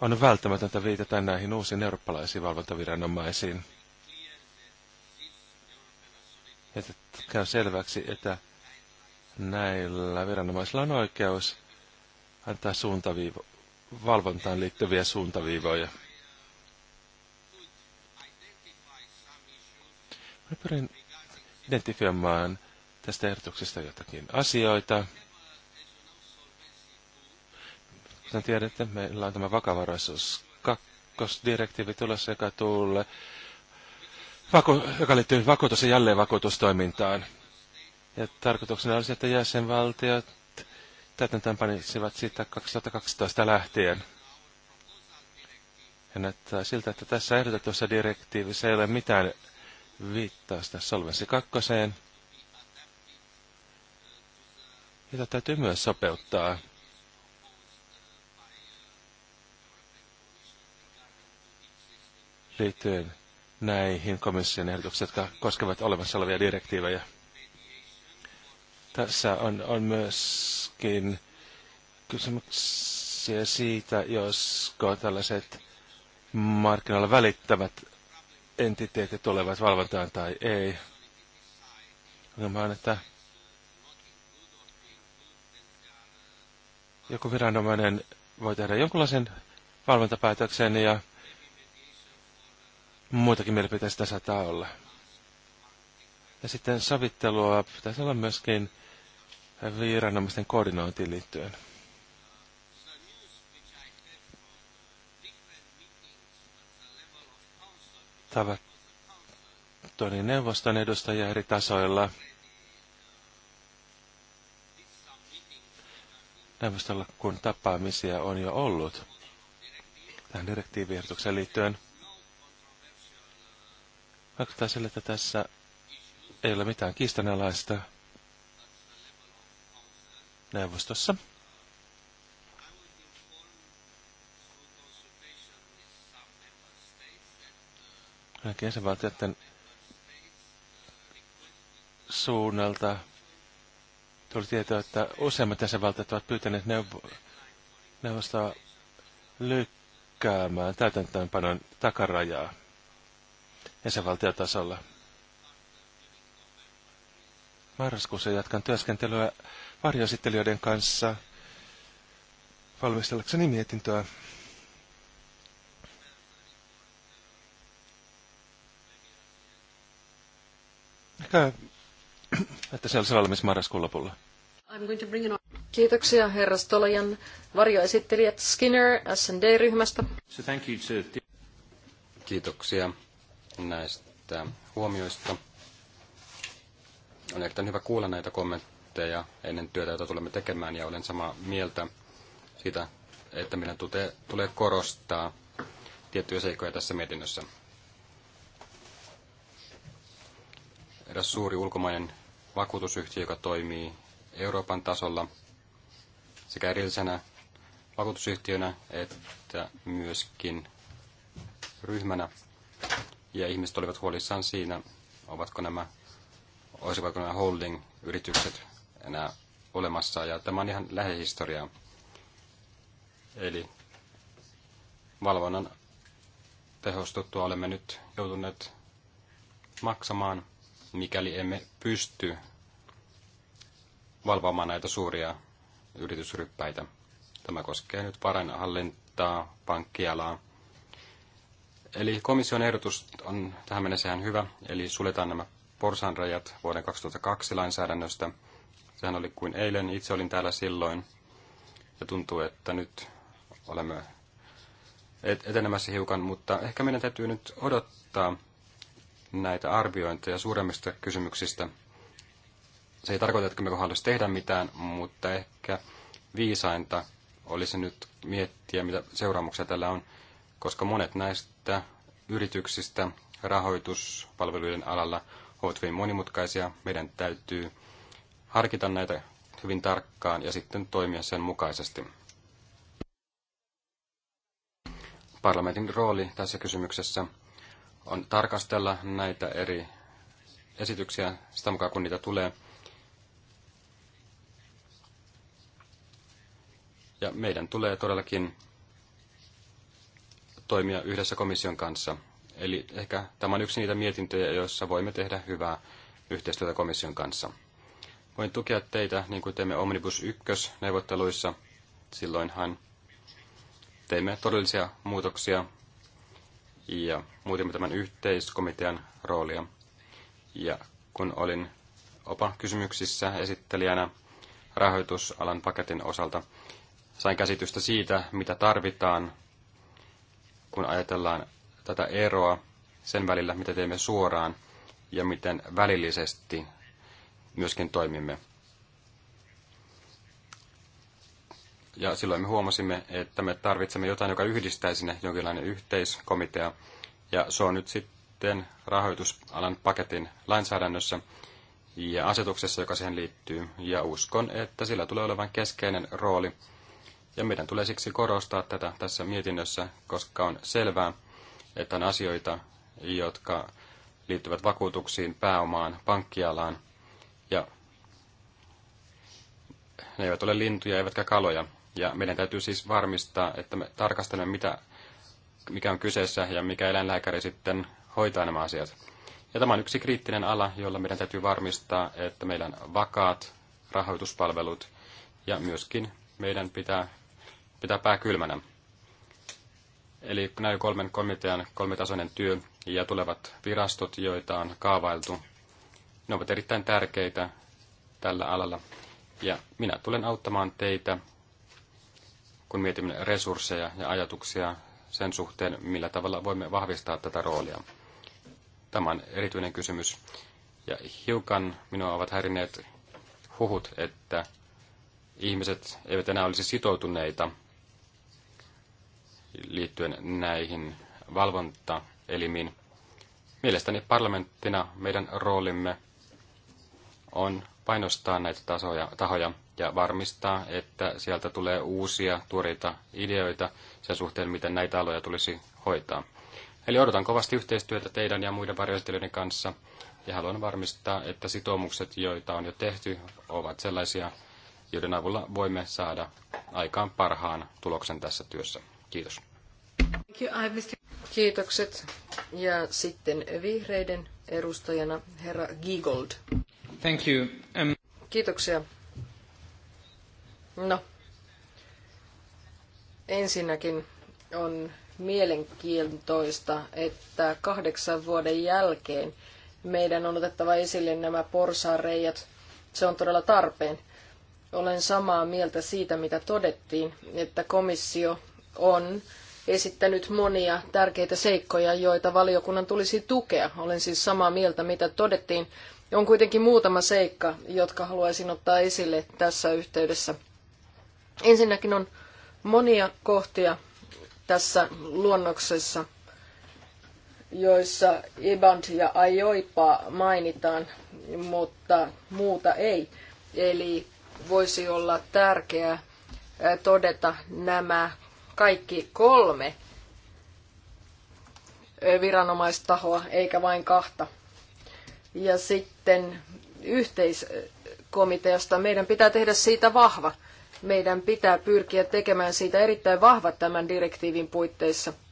on välttämätöntä viitata näihin uusiin eurooppalaisiin valvontaviranomaisiin että käy selväksi, että näillä viranomaisilla on oikeus antaa suuntaviivo, valvontaan liittyviä suuntaviivoja. Mä pyrin identifioimaan tästä ehdotuksesta jotakin asioita. Kuten tiedätte, meillä on tämä vakavaraisuus kakkosdirektiivi tulossa, joka tulee vako, joka liittyy vakuutus- ja jälleenvakuutustoimintaan. Ja tarkoituksena olisi, että jäsenvaltiot täytäntöön panisivat siitä 2012 lähtien. Ja näyttää siltä, että tässä ehdotetussa direktiivissä ei ole mitään viittausta Solvensi kakkoseen, jota täytyy myös sopeuttaa. Liittyen näihin komission ehdotuksiin, jotka koskevat olemassa olevia direktiivejä. Tässä on, on myöskin kysymyksiä siitä, josko tällaiset markkinoilla välittävät entiteetit tulevat valvontaan tai ei. Ongelma on, että joku viranomainen voi tehdä jonkinlaisen valvontapäätöksen ja Muitakin sitä saattaa olla. Ja sitten savittelua pitäisi olla myöskin viranomaisten koordinointiin liittyen. Tavattuani neuvoston edustajia eri tasoilla. Neuvostolla kun tapaamisia on jo ollut tähän direktiiviehdotukseen liittyen. Vaikuttaa sille, että tässä ei ole mitään kiistanalaista neuvostossa. Ainakin jäsenvaltioiden suunnalta tuli tietoa, että useimmat jäsenvaltiot ovat pyytäneet neuvo- neuvostoa lykkäämään täytäntöönpanon takarajaa jäsenvaltiotasolla. Marraskuussa jatkan työskentelyä varjoesittelijöiden kanssa valmistellakseni mietintöä. Ehkä, että se olisi valmis marraskuun lopulla. Kiitoksia herra Stolajan varjoesittelijät Skinner S&D-ryhmästä. Kiitoksia näistä huomioista. On erittäin hyvä kuulla näitä kommentteja ennen työtä, jota tulemme tekemään, ja olen samaa mieltä siitä, että meidän tulee korostaa tiettyjä seikkoja tässä mietinnössä. Eräs suuri ulkomainen vakuutusyhtiö, joka toimii Euroopan tasolla sekä erillisenä vakuutusyhtiönä että myöskin ryhmänä, ja ihmiset olivat huolissaan siinä, ovatko nämä, olisivatko nämä holding-yritykset enää olemassa, ja tämä on ihan lähihistoriaa. Eli valvonnan tehostuttua olemme nyt joutuneet maksamaan, mikäli emme pysty valvomaan näitä suuria yritysryppäitä. Tämä koskee nyt varainhallintaa, pankkialaa, Eli komission ehdotus on tähän mennessä ihan hyvä, eli suljetaan nämä porsanrajat vuoden 2002 lainsäädännöstä. Sehän oli kuin eilen, itse olin täällä silloin, ja tuntuu, että nyt olemme etenemässä hiukan, mutta ehkä meidän täytyy nyt odottaa näitä arviointeja suuremmista kysymyksistä. Se ei tarkoita, että me haluaisi tehdä mitään, mutta ehkä viisainta olisi nyt miettiä, mitä seuraamuksia tällä on, koska monet näistä että yrityksistä rahoituspalveluiden alalla ovat hyvin monimutkaisia. Meidän täytyy harkita näitä hyvin tarkkaan ja sitten toimia sen mukaisesti. Parlamentin rooli tässä kysymyksessä on tarkastella näitä eri esityksiä sitä mukaan, kun niitä tulee. Ja meidän tulee todellakin toimia yhdessä komission kanssa. Eli ehkä tämä on yksi niitä mietintöjä, joissa voimme tehdä hyvää yhteistyötä komission kanssa. Voin tukea teitä, niin kuin teimme Omnibus 1 neuvotteluissa. Silloinhan teimme todellisia muutoksia ja muutimme tämän yhteiskomitean roolia. Ja kun olin opa kysymyksissä esittelijänä rahoitusalan paketin osalta, sain käsitystä siitä, mitä tarvitaan kun ajatellaan tätä eroa sen välillä, mitä teemme suoraan ja miten välillisesti myöskin toimimme. Ja silloin me huomasimme, että me tarvitsemme jotain, joka yhdistää sinne jonkinlainen yhteiskomitea. Ja se on nyt sitten rahoitusalan paketin lainsäädännössä ja asetuksessa, joka siihen liittyy. Ja uskon, että sillä tulee olevan keskeinen rooli – ja meidän tulee siksi korostaa tätä tässä mietinnössä, koska on selvää, että on asioita, jotka liittyvät vakuutuksiin, pääomaan, pankkialaan. Ja ne eivät ole lintuja eivätkä kaloja. Ja meidän täytyy siis varmistaa, että me tarkastelemme, mitä, mikä on kyseessä ja mikä eläinlääkäri sitten hoitaa nämä asiat. Ja tämä on yksi kriittinen ala, jolla meidän täytyy varmistaa, että meillä on vakaat rahoituspalvelut ja myöskin meidän pitää pitää pää kylmänä. Eli näin kolmen komitean kolmitasoinen työ ja tulevat virastot, joita on kaavailtu, ne ovat erittäin tärkeitä tällä alalla. Ja minä tulen auttamaan teitä, kun mietimme resursseja ja ajatuksia sen suhteen, millä tavalla voimme vahvistaa tätä roolia. Tämä on erityinen kysymys. Ja hiukan minua ovat häirineet huhut, että ihmiset eivät enää olisi sitoutuneita – liittyen näihin valvontaelimiin. Mielestäni parlamenttina meidän roolimme on painostaa näitä tasoja, tahoja ja varmistaa, että sieltä tulee uusia tuoreita ideoita sen suhteen, miten näitä aloja tulisi hoitaa. Eli odotan kovasti yhteistyötä teidän ja muiden varjoistelijoiden kanssa ja haluan varmistaa, että sitoumukset, joita on jo tehty, ovat sellaisia, joiden avulla voimme saada aikaan parhaan tuloksen tässä työssä. Kiitos. Kiitokset. Ja sitten vihreiden edustajana herra Giegold. Thank you. Um... Kiitoksia. No, ensinnäkin on mielenkiintoista, että kahdeksan vuoden jälkeen meidän on otettava esille nämä porsareijat. Se on todella tarpeen. Olen samaa mieltä siitä, mitä todettiin, että komissio on esittänyt monia tärkeitä seikkoja, joita valiokunnan tulisi tukea. Olen siis samaa mieltä, mitä todettiin. On kuitenkin muutama seikka, jotka haluaisin ottaa esille tässä yhteydessä. Ensinnäkin on monia kohtia tässä luonnoksessa, joissa Eband ja Ajoipa mainitaan, mutta muuta ei. Eli voisi olla tärkeää todeta nämä kaikki kolme viranomaistahoa, eikä vain kahta. Ja sitten yhteiskomiteasta meidän pitää tehdä siitä vahva. Meidän pitää pyrkiä tekemään siitä erittäin vahva tämän direktiivin puitteissa –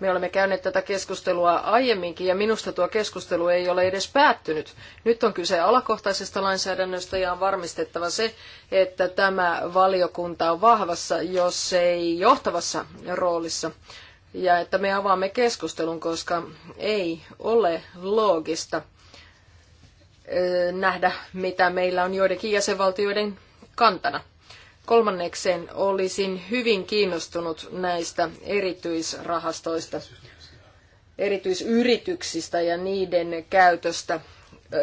me olemme käyneet tätä keskustelua aiemminkin ja minusta tuo keskustelu ei ole edes päättynyt. Nyt on kyse alakohtaisesta lainsäädännöstä ja on varmistettava se, että tämä valiokunta on vahvassa, jos ei johtavassa roolissa. Ja että me avaamme keskustelun, koska ei ole loogista eh, nähdä, mitä meillä on joidenkin jäsenvaltioiden kantana. Kolmannekseen olisin hyvin kiinnostunut näistä erityisrahastoista, erityisyrityksistä ja niiden käytöstä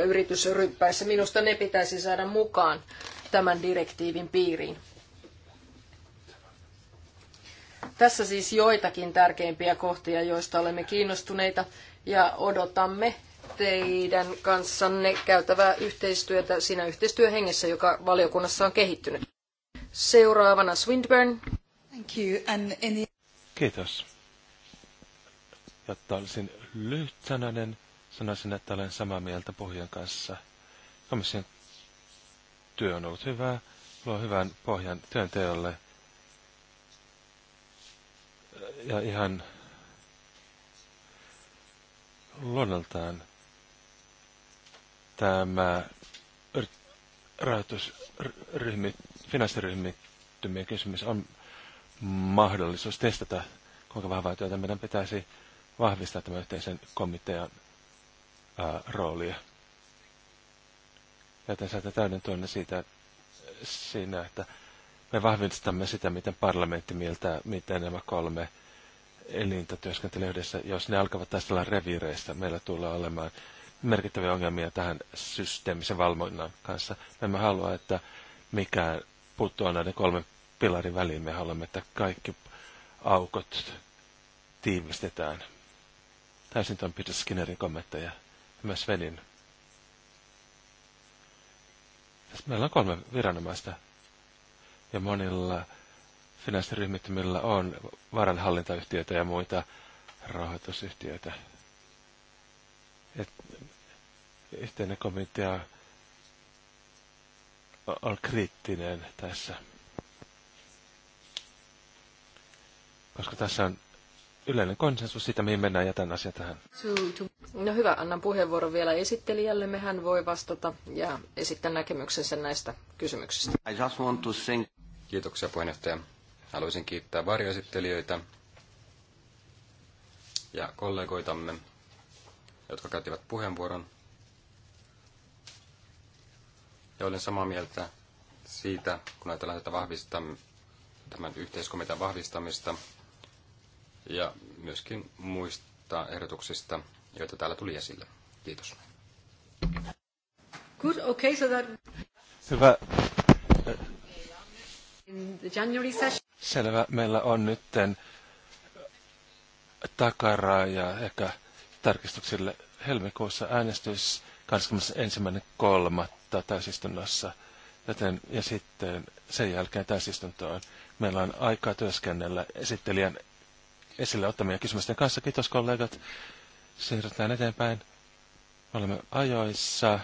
yritysryppäissä. Minusta ne pitäisi saada mukaan tämän direktiivin piiriin. Tässä siis joitakin tärkeimpiä kohtia, joista olemme kiinnostuneita ja odotamme teidän kanssanne käytävää yhteistyötä siinä yhteistyöhengessä, joka valiokunnassa on kehittynyt. Seuraavana Swinburne. Thank you. And in the... Kiitos. Jotta olisin lyhytsanainen, sanoisin, että olen samaa mieltä pohjan kanssa. Komission työ on ollut hyvää, luo hyvän pohjan työnteolle. Ja ihan luonnoltaan tämä rahoitusryhmit finanssiryhmittymien kysymys on mahdollisuus testata, kuinka vahvaa työtä meidän pitäisi vahvistaa tämän yhteisen komitean ää, roolia. Joten saatte täyden tuonne siitä, siinä, että me vahvistamme sitä, miten parlamentti mieltää, miten nämä kolme elintä työskentelee yhdessä. Jos ne alkavat taistella reviireistä, meillä tulee olemaan merkittäviä ongelmia tähän systeemisen valvonnan kanssa. Me emme halua, että mikään puuttua näiden kolmen pilarin väliin. Me haluamme, että kaikki aukot tiivistetään. Täysin tuon Peter Skinnerin kommentteja. ja Svenin. Tässä meillä on kolme viranomaista. Ja monilla finanssiryhmittymillä on varanhallintayhtiöitä ja muita rahoitusyhtiöitä. Et yhteinen komitea on kriittinen tässä. Koska tässä on yleinen konsensus siitä, mihin mennään, tämän asia tähän. No hyvä, annan puheenvuoron vielä esittelijälle. Mehän voi vastata ja esittää näkemyksensä näistä kysymyksistä. I just want to sing. Kiitoksia puheenjohtaja. Haluaisin kiittää varjoesittelijöitä ja kollegoitamme, jotka käyttivät puheenvuoron. Ja olen samaa mieltä siitä, kun ajatellaan tätä vahvistaa, tämän yhteiskomitean vahvistamista ja myöskin muista ehdotuksista, joita täällä tuli esille. Kiitos. Good, okay, so that... Hyvä. In the January session. Selvä. Meillä on nyt takaraja ehkä tarkistuksille helmikuussa äänestys 21.3. täysistunnossa. Joten, ja sitten sen jälkeen täysistuntoon meillä on aikaa työskennellä esittelijän esille ottamia kysymysten kanssa. Kiitos kollegat. Siirrytään eteenpäin. Me olemme ajoissa.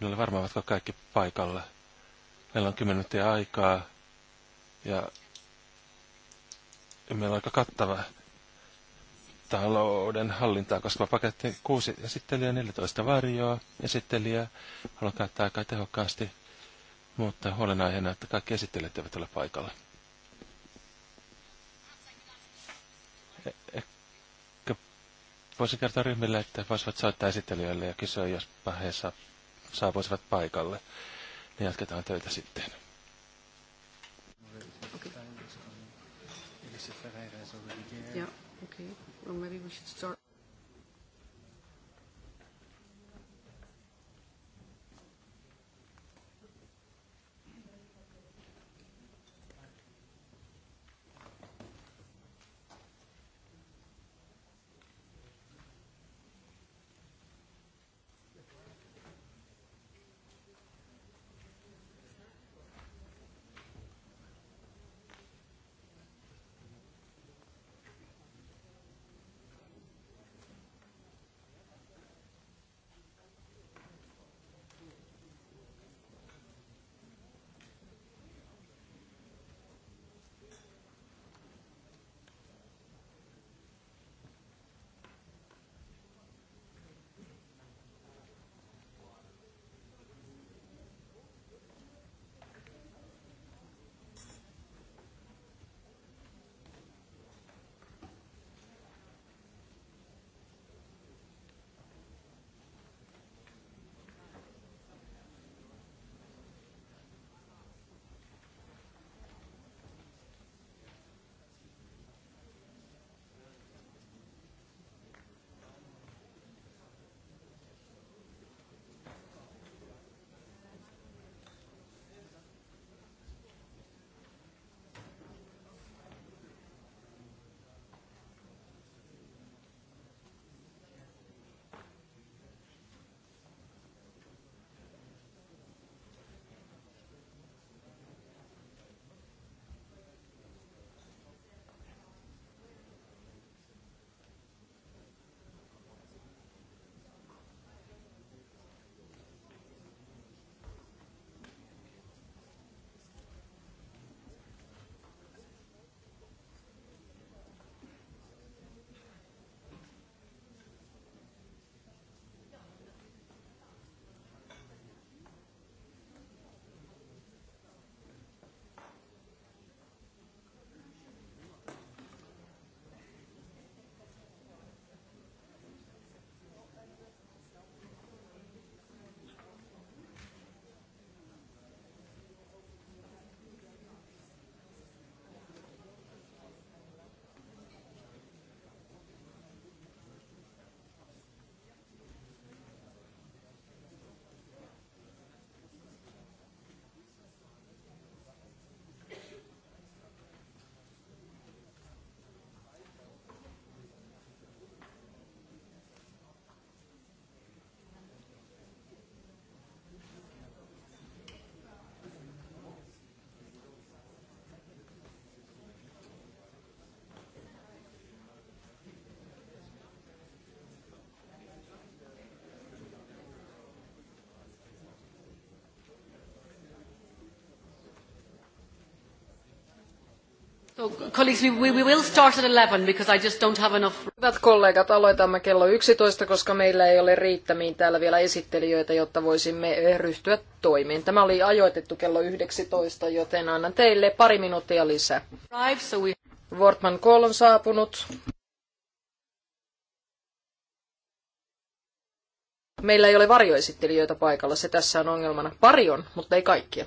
En ole varma, ovatko kaikki paikalla. Meillä on 10 minuuttia aikaa. Ja meillä on aika kattava talouden hallintaa koskeva paketti. Kuusi esittelijä, 14 varjoa esittelijä. Haluan käyttää aikaa tehokkaasti, mutta huolenaiheena, että kaikki esittelijät eivät ole paikalla. E- ehkä voisin kertoa ryhmille, että voisivat soittaa esittelijöille ja kysyä, jos he saapuisivat paikalle. Niin jatketaan töitä sitten. Well, maybe we should start. Hyvät kollegat, aloitamme kello 11, koska meillä ei ole riittämiin täällä vielä esittelijöitä, jotta voisimme eh, ryhtyä toimiin. Tämä oli ajoitettu kello 19, joten annan teille pari minuuttia lisää. Wortman Kohl on saapunut. Meillä ei ole varjoesittelijöitä paikalla, se tässä on ongelmana. Pari on, mutta ei kaikkia.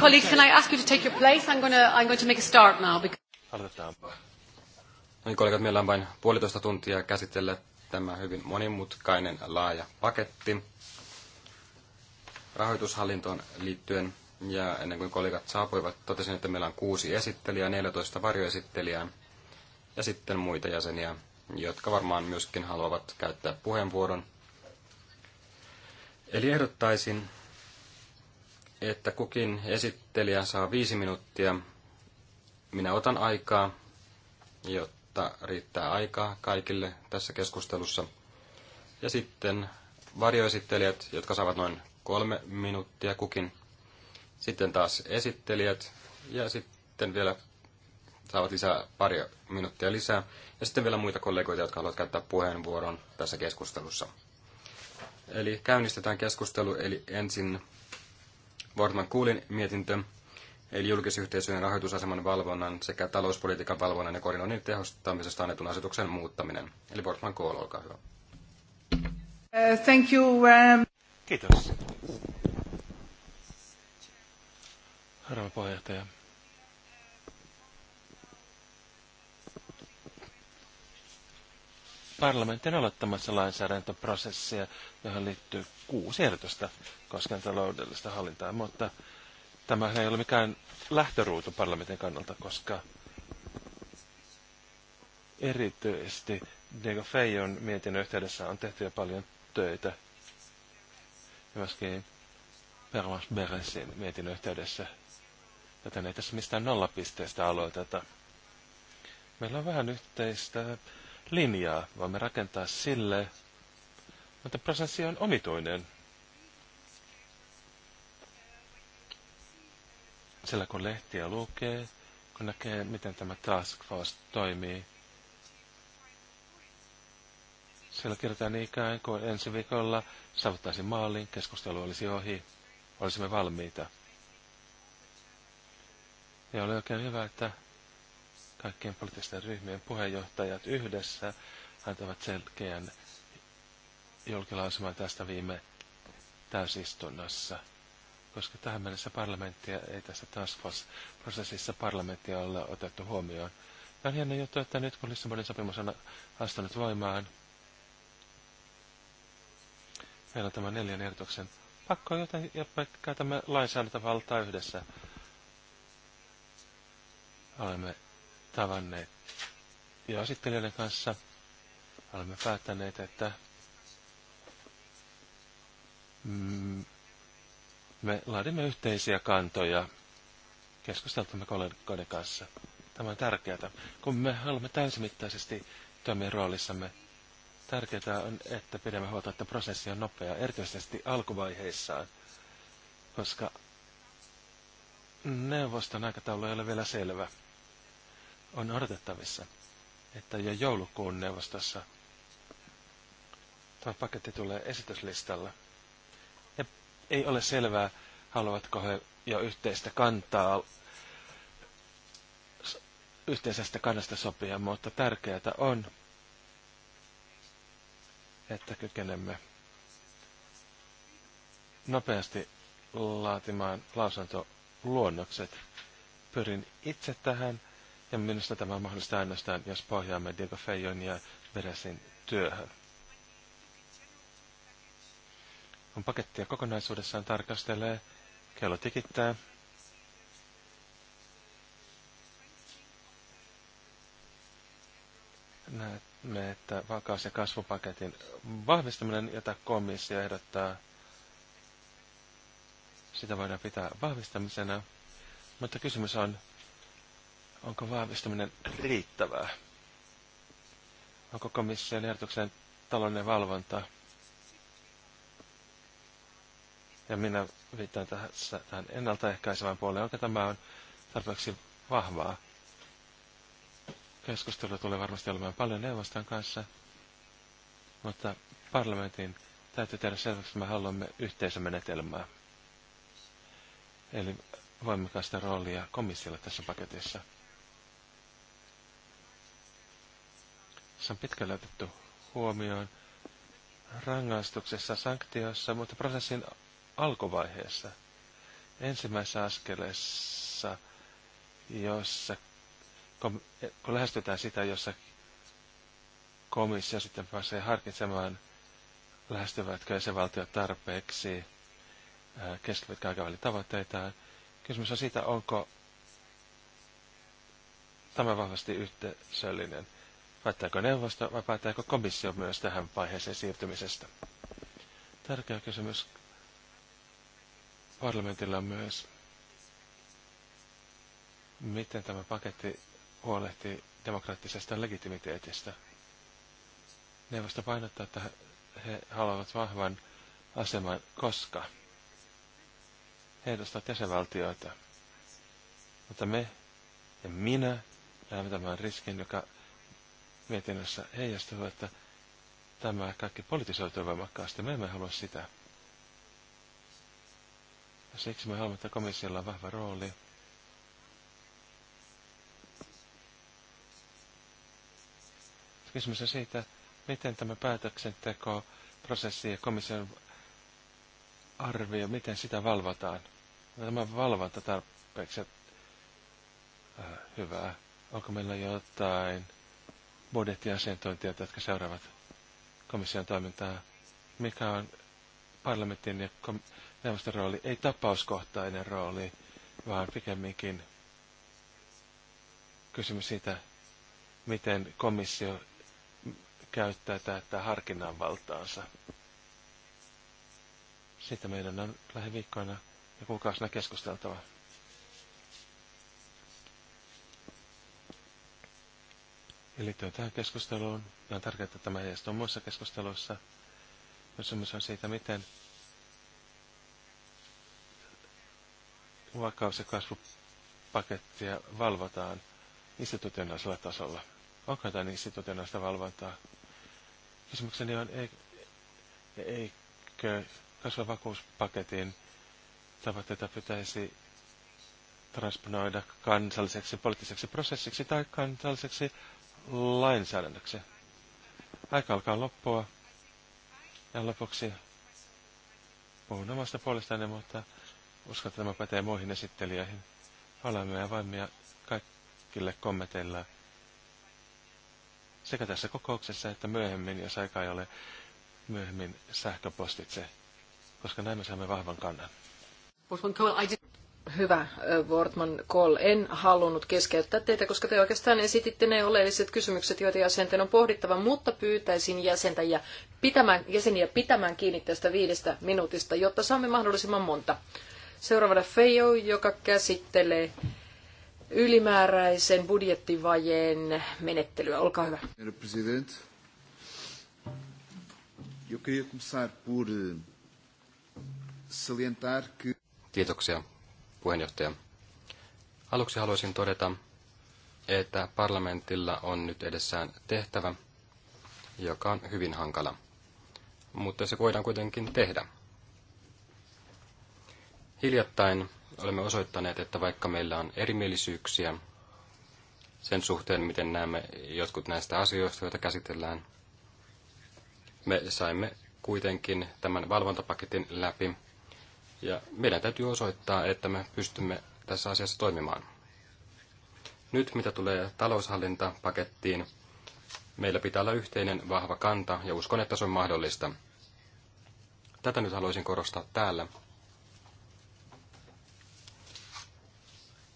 colleagues, can I ask you to take your place? I'm, to, I'm going to make a start now. Because... Niin kollegat, meillä on vain puolitoista tuntia käsitellä tämä hyvin monimutkainen laaja paketti rahoitushallintoon liittyen. Ja ennen kuin kollegat saapuivat, totesin, että meillä on kuusi esittelijää, 14 varjoesittelijää ja sitten muita jäseniä, jotka varmaan myöskin haluavat käyttää puheenvuoron. Eli ehdottaisin, että kukin esittelijä saa viisi minuuttia. Minä otan aikaa, jotta riittää aikaa kaikille tässä keskustelussa. Ja sitten varjoesittelijät, jotka saavat noin kolme minuuttia kukin. Sitten taas esittelijät ja sitten vielä saavat lisää pari minuuttia lisää. Ja sitten vielä muita kollegoita, jotka haluavat käyttää puheenvuoron tässä keskustelussa. Eli käynnistetään keskustelu, eli ensin Wortman Kuulin mietintö, eli julkisyhteisöjen rahoitusaseman valvonnan sekä talouspolitiikan valvonnan ja koordinoinnin tehostamisesta annetun asetuksen muuttaminen. Eli Wortman Kuul, olkaa hyvä. Uh, thank you. Um... Kiitos. Arvoisa puheenjohtaja. Parlamentin aloittamassa lainsäädäntöprosessia, johon liittyy kuusi ehdotusta koskien taloudellista hallintaa, mutta tämä ei ole mikään lähtöruutu parlamentin kannalta, koska erityisesti Diego Feijon mietinnön yhteydessä on tehty jo paljon töitä. Ja myöskin Permas Beresin mietinnön yhteydessä. Joten ei tässä mistään nollapisteestä aloiteta. Meillä on vähän yhteistä linjaa. Voimme rakentaa sille, mutta prosessi on omituinen. Sillä kun lehtiä lukee, kun näkee, miten tämä task force toimii, siellä kirjoitetaan niin ikään kuin ensi viikolla saavuttaisi maaliin, keskustelu olisi ohi, olisimme valmiita. Ja oli oikein hyvä, että kaikkien poliittisten ryhmien puheenjohtajat yhdessä antavat selkeän julkilausuman tästä viime täysistunnossa, koska tähän mennessä parlamenttia ei tässä task prosessissa parlamenttia ole otettu huomioon. Tämä on hieno juttu, että nyt kun Lissabonin sopimus on astunut voimaan, meillä on tämä neljän ehdotuksen pakko, joten ja käytämme lainsäädäntövaltaa yhdessä. Olemme tavanneet jo esittelijöiden kanssa. Olemme päättäneet, että Mm. me laadimme yhteisiä kantoja keskusteltamme kollegoiden kanssa. Tämä on tärkeää. Kun me haluamme täysimittaisesti toimia roolissamme, tärkeää on, että pidämme huolta, että prosessi on nopea, erityisesti alkuvaiheissaan, koska neuvoston aikataulu ei ole vielä selvä. On odotettavissa, että jo joulukuun neuvostossa tämä paketti tulee esityslistalla – ei ole selvää, haluavatko he jo yhteistä kantaa, yhteisestä kannasta sopia, mutta tärkeää on, että kykenemme nopeasti laatimaan lausuntoluonnokset. Pyrin itse tähän, ja minusta tämä on mahdollista ainoastaan, jos pohjaamme Diego Feijon ja Veresin työhön. Kun pakettia kokonaisuudessaan tarkastelee, kello tikittää. Näemme, että vakaus- ja kasvupaketin vahvistaminen, jota komissio ehdottaa, sitä voidaan pitää vahvistamisena, mutta kysymys on, onko vahvistaminen riittävää? Onko komission ehdotuksen talouden valvonta Ja minä viittaan tässä tähän ennaltaehkäisevään puoleen, onko tämä on tarpeeksi vahvaa. Keskustelua tulee varmasti olemaan paljon neuvoston kanssa, mutta parlamentin täytyy tehdä selväksi, että me haluamme yhteisömenetelmää. Eli voimakasta roolia komissiolla tässä paketissa. Se on pitkälle otettu huomioon rangaistuksessa, sanktioissa, mutta prosessin alkuvaiheessa, ensimmäisessä askeleessa, jossa, kun lähestytään sitä, jossa komissio sitten pääsee harkitsemaan, lähestyvätkö valtio tarpeeksi keskipitkän aikavälin tavoitteita. Kysymys on siitä, onko tämä vahvasti yhteisöllinen. Päättääkö neuvosto vai päättääkö komissio myös tähän vaiheeseen siirtymisestä? Tärkeä kysymys parlamentilla myös, miten tämä paketti huolehtii demokraattisesta legitimiteetistä. Neuvosto painottaa, että he haluavat vahvan aseman, koska he edustavat jäsenvaltioita. Mutta me ja minä näemme tämän riskin, joka mietinnössä heijastuu, että tämä kaikki politisoituu voimakkaasti. Me emme halua sitä. Ja siksi me haluamme, että komissiolla on vahva rooli. Kysymys on siitä, miten tämä päätöksenteko, prosessi ja komission arvio, miten sitä valvotaan. Tämä valvonta tarpeeksi äh, hyvää. Onko meillä jotain budjettiasiantuntijoita, jotka seuraavat komission toimintaa? Mikä on parlamentin ja kom- neuvoston rooli ei tapauskohtainen rooli, vaan pikemminkin kysymys siitä, miten komissio käyttää tätä harkinnanvaltaansa. Siitä meidän on lähiviikkoina ja kuukausina keskusteltava. Ja liittyen tähän keskusteluun, on tärkeää, että tämä heijastuu muissa keskusteluissa. Kysymys on siitä, miten vakaus- ja kasvupakettia valvotaan institutionaalisella tasolla. Onko jotain institutionaalista valvontaa? Kysymykseni on, eikö vakuuspaketin tavoitteita pitäisi transponoida kansalliseksi poliittiseksi prosessiksi tai kansalliseksi lainsäädännöksi? Aika alkaa loppua. Ja lopuksi puhun omasta puolestani, mutta Uskon, että tämä pätee muihin esittelijöihin. Olemme avaimia kaikille kommenteilla sekä tässä kokouksessa että myöhemmin, jos aika ei ole myöhemmin sähköpostitse, koska näin me saamme vahvan kannan. Hyvä, äh, Wortman Kohl. En halunnut keskeyttää teitä, koska te oikeastaan esititte ne oleelliset kysymykset, joita jäsenten on pohdittava, mutta pyytäisin jäsentäjä pitämään, jäseniä pitämään kiinni tästä viidestä minuutista, jotta saamme mahdollisimman monta Seuraavana FEIO, joka käsittelee ylimääräisen budjettivajeen menettelyä. Olkaa hyvä. Herra president, eu queria começar por eh, salientar que... Kiitoksia, puheenjohtaja. Aluksi haluaisin todeta, että parlamentilla on nyt edessään tehtävä, joka on hyvin hankala. Mutta se voidaan kuitenkin tehdä. Hiljattain olemme osoittaneet, että vaikka meillä on erimielisyyksiä sen suhteen, miten näemme jotkut näistä asioista, joita käsitellään, me saimme kuitenkin tämän valvontapaketin läpi. Ja meidän täytyy osoittaa, että me pystymme tässä asiassa toimimaan. Nyt mitä tulee taloushallintapakettiin, meillä pitää olla yhteinen vahva kanta ja uskon, että se on mahdollista. Tätä nyt haluaisin korostaa täällä,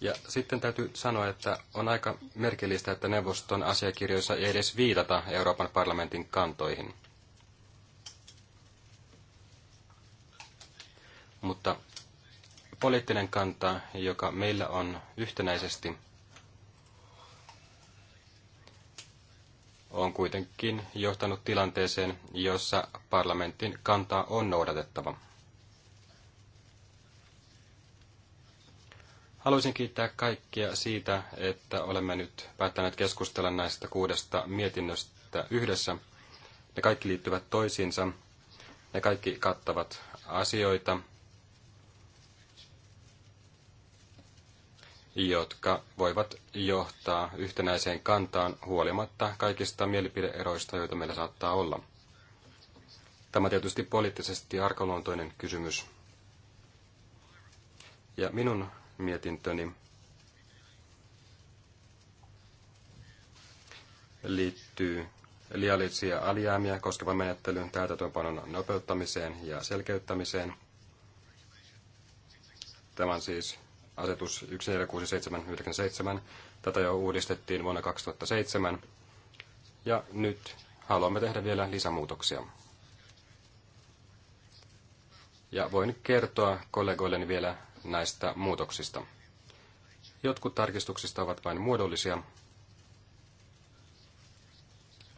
Ja sitten täytyy sanoa, että on aika merkillistä, että neuvoston asiakirjoissa ei edes viitata Euroopan parlamentin kantoihin. Mutta poliittinen kanta, joka meillä on yhtenäisesti, on kuitenkin johtanut tilanteeseen, jossa parlamentin kantaa on noudatettava. Haluaisin kiittää kaikkia siitä, että olemme nyt päättäneet keskustella näistä kuudesta mietinnöstä yhdessä. Ne kaikki liittyvät toisiinsa. Ne kaikki kattavat asioita, jotka voivat johtaa yhtenäiseen kantaan huolimatta kaikista mielipideeroista, joita meillä saattaa olla. Tämä tietysti poliittisesti arkaluontoinen kysymys. Ja minun mietintöni liittyy liiallisia alijäämiä koskevan menettelyn täytäntöönpanon nopeuttamiseen ja selkeyttämiseen. Tämä on siis asetus 146797. Tätä jo uudistettiin vuonna 2007. Ja nyt haluamme tehdä vielä lisämuutoksia. Ja voin kertoa kollegoilleni vielä näistä muutoksista. Jotkut tarkistuksista ovat vain muodollisia,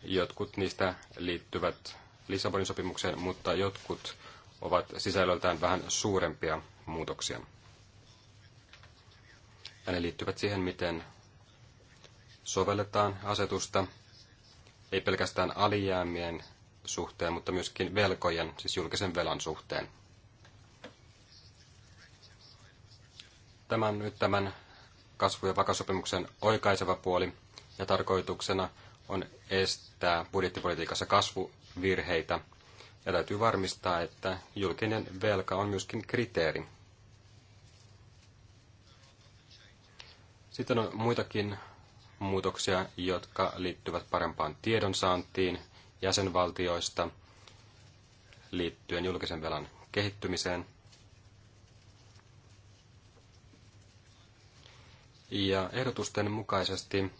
jotkut niistä liittyvät Lissabonin sopimukseen, mutta jotkut ovat sisällöltään vähän suurempia muutoksia. Ja ne liittyvät siihen, miten sovelletaan asetusta, ei pelkästään alijäämien suhteen, mutta myöskin velkojen, siis julkisen velan suhteen. Tämä on nyt tämän kasvu- ja vakaussopimuksen oikaiseva puoli, ja tarkoituksena on estää budjettipolitiikassa kasvuvirheitä, ja täytyy varmistaa, että julkinen velka on myöskin kriteeri. Sitten on muitakin muutoksia, jotka liittyvät parempaan tiedonsaantiin jäsenvaltioista liittyen julkisen velan kehittymiseen – Ja ehdotusten mukaisesti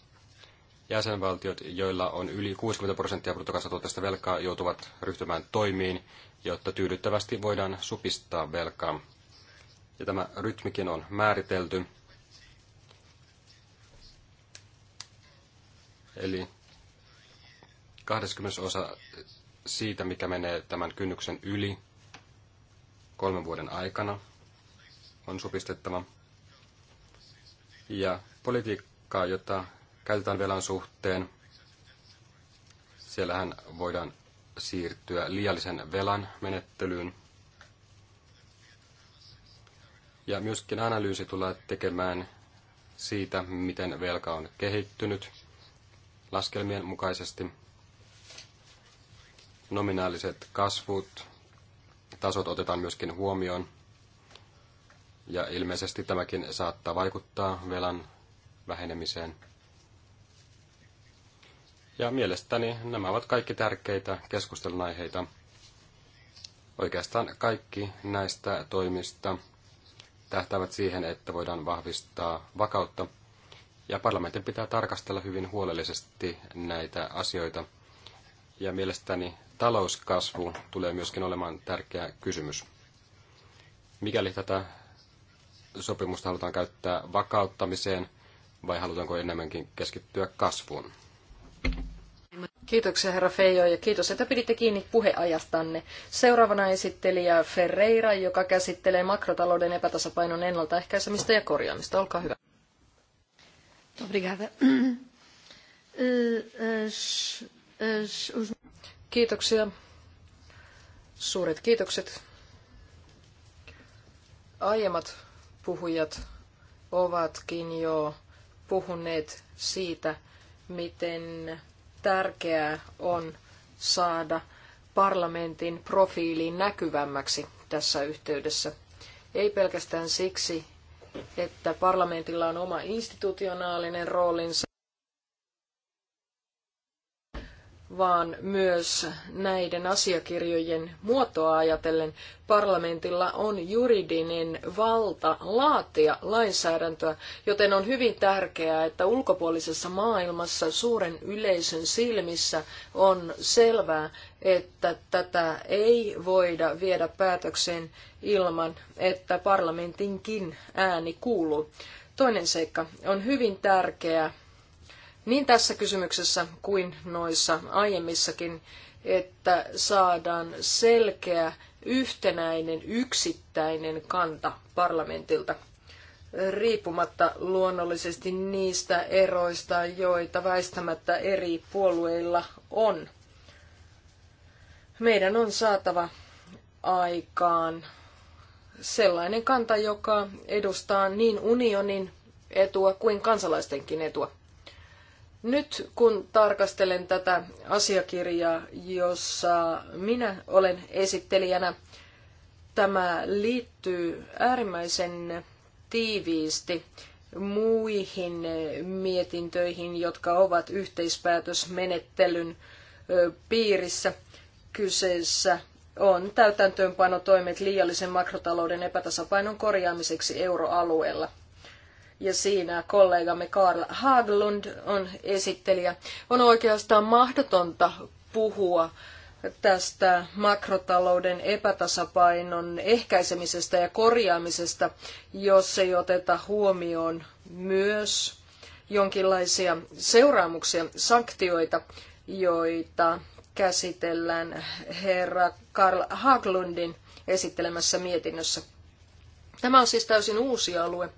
jäsenvaltiot, joilla on yli 60 prosenttia bruttokansantuotteesta velkaa, joutuvat ryhtymään toimiin, jotta tyydyttävästi voidaan supistaa velkaa. Ja tämä rytmikin on määritelty. Eli 20 osa siitä, mikä menee tämän kynnyksen yli kolmen vuoden aikana, on supistettava. Ja politiikkaa, jota käytetään velan suhteen, siellähän voidaan siirtyä liiallisen velan menettelyyn. Ja myöskin analyysi tulee tekemään siitä, miten velka on kehittynyt laskelmien mukaisesti. Nominaaliset kasvut, tasot otetaan myöskin huomioon ja ilmeisesti tämäkin saattaa vaikuttaa velan vähenemiseen. Ja mielestäni nämä ovat kaikki tärkeitä keskustelun aiheita. Oikeastaan kaikki näistä toimista tähtävät siihen, että voidaan vahvistaa vakautta. Ja parlamentin pitää tarkastella hyvin huolellisesti näitä asioita. Ja mielestäni talouskasvu tulee myöskin olemaan tärkeä kysymys. Mikäli tätä sopimusta halutaan käyttää vakauttamiseen vai halutaanko enemmänkin keskittyä kasvuun? Kiitoksia herra Feijo ja kiitos, että piditte kiinni puheajastanne. Seuraavana esittelijä Ferreira, joka käsittelee makrotalouden epätasapainon ennaltaehkäisemistä ja korjaamista. Olkaa hyvä. [clears throat] Kiitoksia. Suuret kiitokset. Aiemmat puhujat ovatkin jo puhuneet siitä, miten tärkeää on saada parlamentin profiili näkyvämmäksi tässä yhteydessä. Ei pelkästään siksi, että parlamentilla on oma institutionaalinen roolinsa, vaan myös näiden asiakirjojen muotoa ajatellen parlamentilla on juridinen valta laatia lainsäädäntöä, joten on hyvin tärkeää, että ulkopuolisessa maailmassa suuren yleisön silmissä on selvää, että tätä ei voida viedä päätökseen ilman, että parlamentinkin ääni kuuluu. Toinen seikka on hyvin tärkeää, niin tässä kysymyksessä kuin noissa aiemmissakin, että saadaan selkeä, yhtenäinen, yksittäinen kanta parlamentilta riippumatta luonnollisesti niistä eroista, joita väistämättä eri puolueilla on. Meidän on saatava aikaan sellainen kanta, joka edustaa niin unionin etua kuin kansalaistenkin etua. Nyt kun tarkastelen tätä asiakirjaa, jossa minä olen esittelijänä, tämä liittyy äärimmäisen tiiviisti muihin mietintöihin, jotka ovat yhteispäätösmenettelyn piirissä. Kyseessä on täytäntöönpanotoimet liiallisen makrotalouden epätasapainon korjaamiseksi euroalueella – ja siinä kollegamme Karl Haglund on esittelijä. On oikeastaan mahdotonta puhua tästä makrotalouden epätasapainon ehkäisemisestä ja korjaamisesta, jos ei oteta huomioon myös jonkinlaisia seuraamuksia, sanktioita, joita käsitellään herra Karl Haglundin esittelemässä mietinnössä. Tämä on siis täysin uusi alue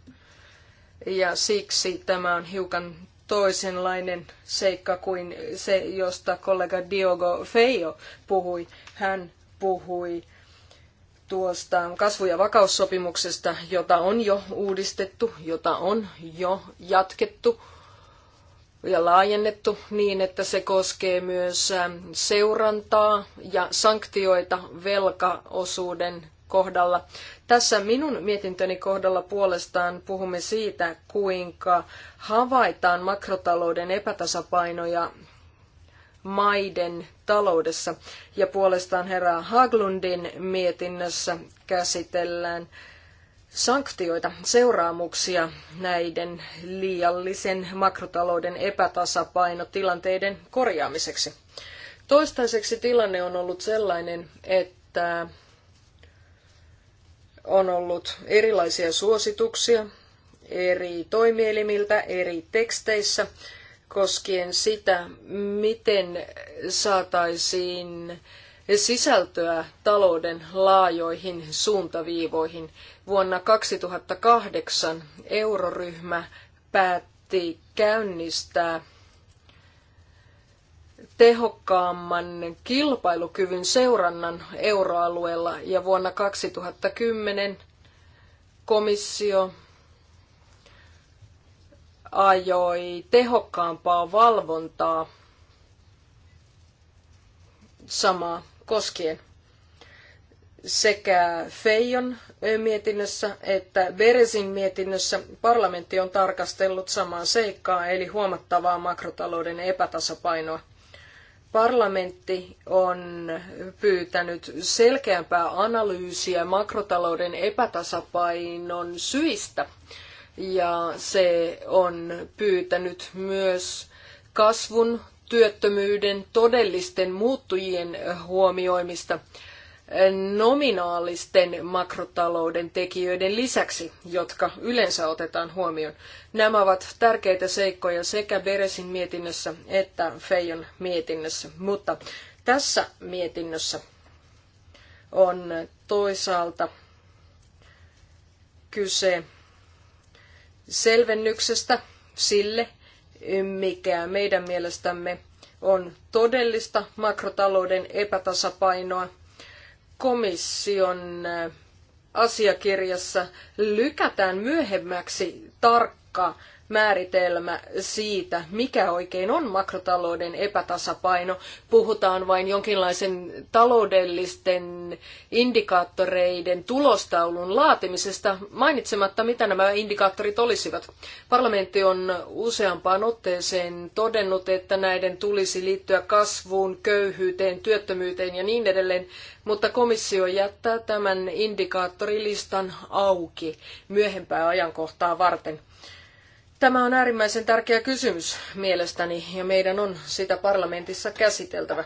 ja siksi tämä on hiukan toisenlainen seikka kuin se, josta kollega Diogo Feio puhui. Hän puhui tuosta kasvu- ja vakaussopimuksesta, jota on jo uudistettu, jota on jo jatkettu ja laajennettu niin, että se koskee myös ähm, seurantaa ja sanktioita velkaosuuden kohdalla. Tässä minun mietintöni kohdalla puolestaan puhumme siitä, kuinka havaitaan makrotalouden epätasapainoja maiden taloudessa. Ja puolestaan herra Haglundin mietinnössä käsitellään sanktioita, seuraamuksia näiden liiallisen makrotalouden epätasapainotilanteiden korjaamiseksi. Toistaiseksi tilanne on ollut sellainen, että on ollut erilaisia suosituksia eri toimielimiltä eri teksteissä koskien sitä, miten saataisiin sisältöä talouden laajoihin suuntaviivoihin. Vuonna 2008 euroryhmä päätti käynnistää tehokkaamman kilpailukyvyn seurannan euroalueella ja vuonna 2010 komissio ajoi tehokkaampaa valvontaa samaa koskien sekä Feijon mietinnössä että Beresin mietinnössä parlamentti on tarkastellut samaa seikkaa, eli huomattavaa makrotalouden epätasapainoa. Parlamentti on pyytänyt selkeämpää analyysiä makrotalouden epätasapainon syistä ja se on pyytänyt myös kasvun, työttömyyden, todellisten muuttujien huomioimista nominaalisten makrotalouden tekijöiden lisäksi, jotka yleensä otetaan huomioon. Nämä ovat tärkeitä seikkoja sekä Beresin mietinnössä että Feijon mietinnössä, mutta tässä mietinnössä on toisaalta kyse selvennyksestä sille, mikä meidän mielestämme on todellista makrotalouden epätasapainoa – komission äh, asiakirjassa lykätään myöhemmäksi tarkka määritelmä siitä, mikä oikein on makrotalouden epätasapaino. Puhutaan vain jonkinlaisen taloudellisten indikaattoreiden tulostaulun laatimisesta, mainitsematta mitä nämä indikaattorit olisivat. Parlamentti on useampaan otteeseen todennut, että näiden tulisi liittyä kasvuun, köyhyyteen, työttömyyteen ja niin edelleen, mutta komissio jättää tämän indikaattorilistan auki myöhempää ajankohtaa varten. Tämä on äärimmäisen tärkeä kysymys mielestäni ja meidän on sitä parlamentissa käsiteltävä.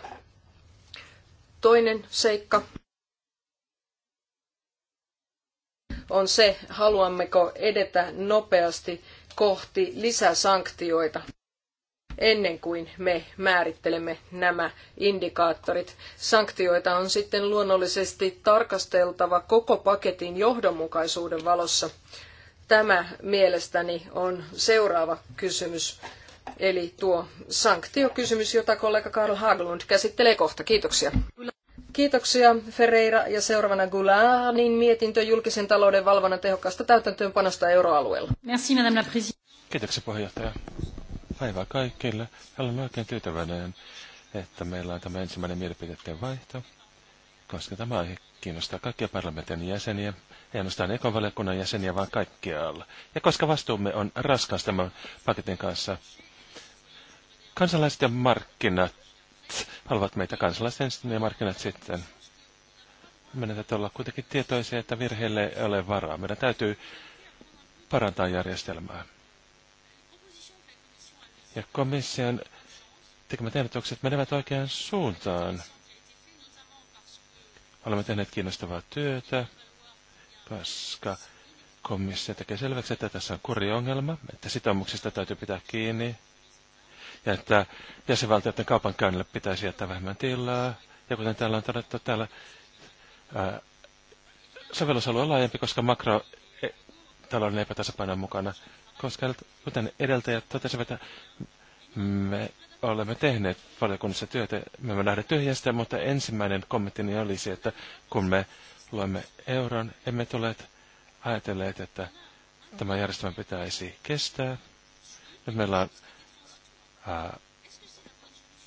Toinen seikka on se, haluammeko edetä nopeasti kohti lisäsanktioita ennen kuin me määrittelemme nämä indikaattorit. Sanktioita on sitten luonnollisesti tarkasteltava koko paketin johdonmukaisuuden valossa. Tämä mielestäni on seuraava kysymys, eli tuo sanktiokysymys, jota kollega Karl Haglund käsittelee kohta. Kiitoksia. Kiitoksia Ferreira ja seuraavana Goulardin mietintö julkisen talouden valvonnan tehokkaasta täytäntöönpanosta euroalueella. Merci, madame la Kiitoksia puheenjohtaja. Päivää kaikille. Olen oikein tyytyväinen, että meillä on tämä ensimmäinen mielipiteiden vaihto, koska tämä aihe kiinnostaa kaikkia parlamentin jäseniä, ei ainoastaan ekonvaliokunnan jäseniä, vaan kaikkialla. Ja koska vastuumme on raskas tämän paketin kanssa, kansalaiset ja markkinat haluavat meitä kansalaiset ensin ja markkinat sitten. Meidän täytyy olla kuitenkin tietoisia, että virheille ei ole varaa. Meidän täytyy parantaa järjestelmää. Ja komission tekemät ehdotukset menevät oikeaan suuntaan. Olemme tehneet kiinnostavaa työtä, koska komissio tekee selväksi, että tässä on kuriongelma, että sitoumuksista täytyy pitää kiinni, ja että jäsenvaltioiden kaupankäynnille pitäisi jättää vähemmän tilaa. Ja kuten täällä on todettu, täällä ää, sovellusalue on laajempi, koska makro e- talouden epätasapaino on mukana. Koska kuten edeltäjät totesivat, että me olemme tehneet valiokunnassa työtä. Me emme lähde tyhjästä, mutta ensimmäinen kommenttini olisi, että kun me luemme euron, emme tule ajatelleet, että tämä järjestelmä pitäisi kestää. Nyt meillä on ää,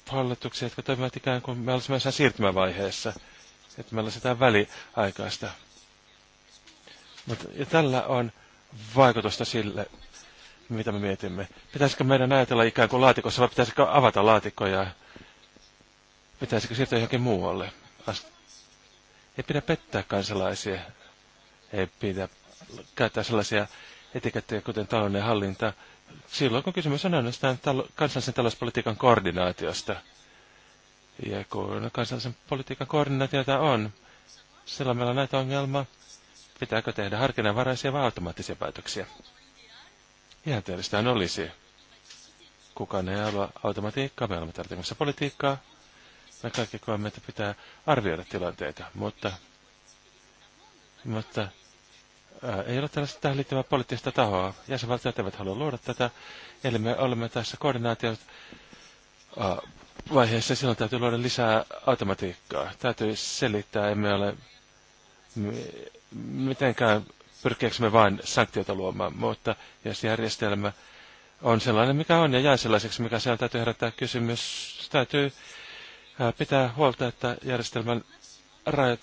hallituksia, jotka toimivat ikään kuin me olisimme jossain siirtymävaiheessa, että meillä on sitä väliaikaista. Mutta, ja tällä on vaikutusta sille, mitä me mietimme. Pitäisikö meidän ajatella ikään kuin laatikossa vai pitäisikö avata laatikkoja? Pitäisikö siirtyä johonkin muualle? Ei pidä pettää kansalaisia. Ei pidä käyttää sellaisia etikettejä kuten talouden hallinta. Silloin kun kysymys on ainoastaan talo- kansallisen talouspolitiikan koordinaatiosta. Ja kun kansallisen politiikan koordinaatiota on, silloin meillä on näitä ongelmaa. Pitääkö tehdä harkinnanvaraisia vai automaattisia päätöksiä? Ihanteellistähän olisi. Kukaan ei halua automatiikkaa, me olemme tarvitsemassa politiikkaa. Me kaikki koemme, että pitää arvioida tilanteita, mutta, mutta ää, ei ole tällaista tähän liittyvää poliittista tahoa. Jäsenvaltiot eivät halua luoda tätä, eli me olemme tässä koordinaatiot vaiheessa silloin täytyy luoda lisää automatiikkaa. Täytyy selittää, emme ole mitenkään pyrkiäkö me vain sanktiota luomaan, mutta jos järjestelmä on sellainen, mikä on, ja jää sellaiseksi, mikä siellä täytyy herättää kysymys, täytyy pitää huolta, että järjestelmän rajat,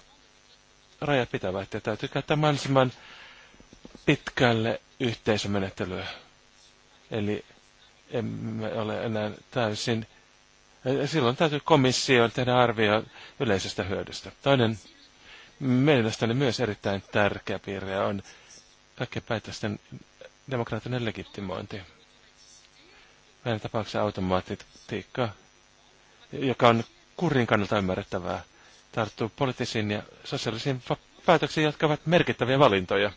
rajat pitävät, ja täytyy käyttää mahdollisimman pitkälle yhteisömenettelyä. Eli emme ole enää täysin. Silloin täytyy komissioon tehdä arvio yleisestä hyödystä. Toinen mielestäni myös erittäin tärkeä piirre on kaikkien päätösten demokraattinen legitimointi. Meidän tapauksessa automaattitiikka, joka on kurin kannalta ymmärrettävää, tarttuu poliittisiin ja sosiaalisiin päätöksiin, jotka ovat merkittäviä valintoja.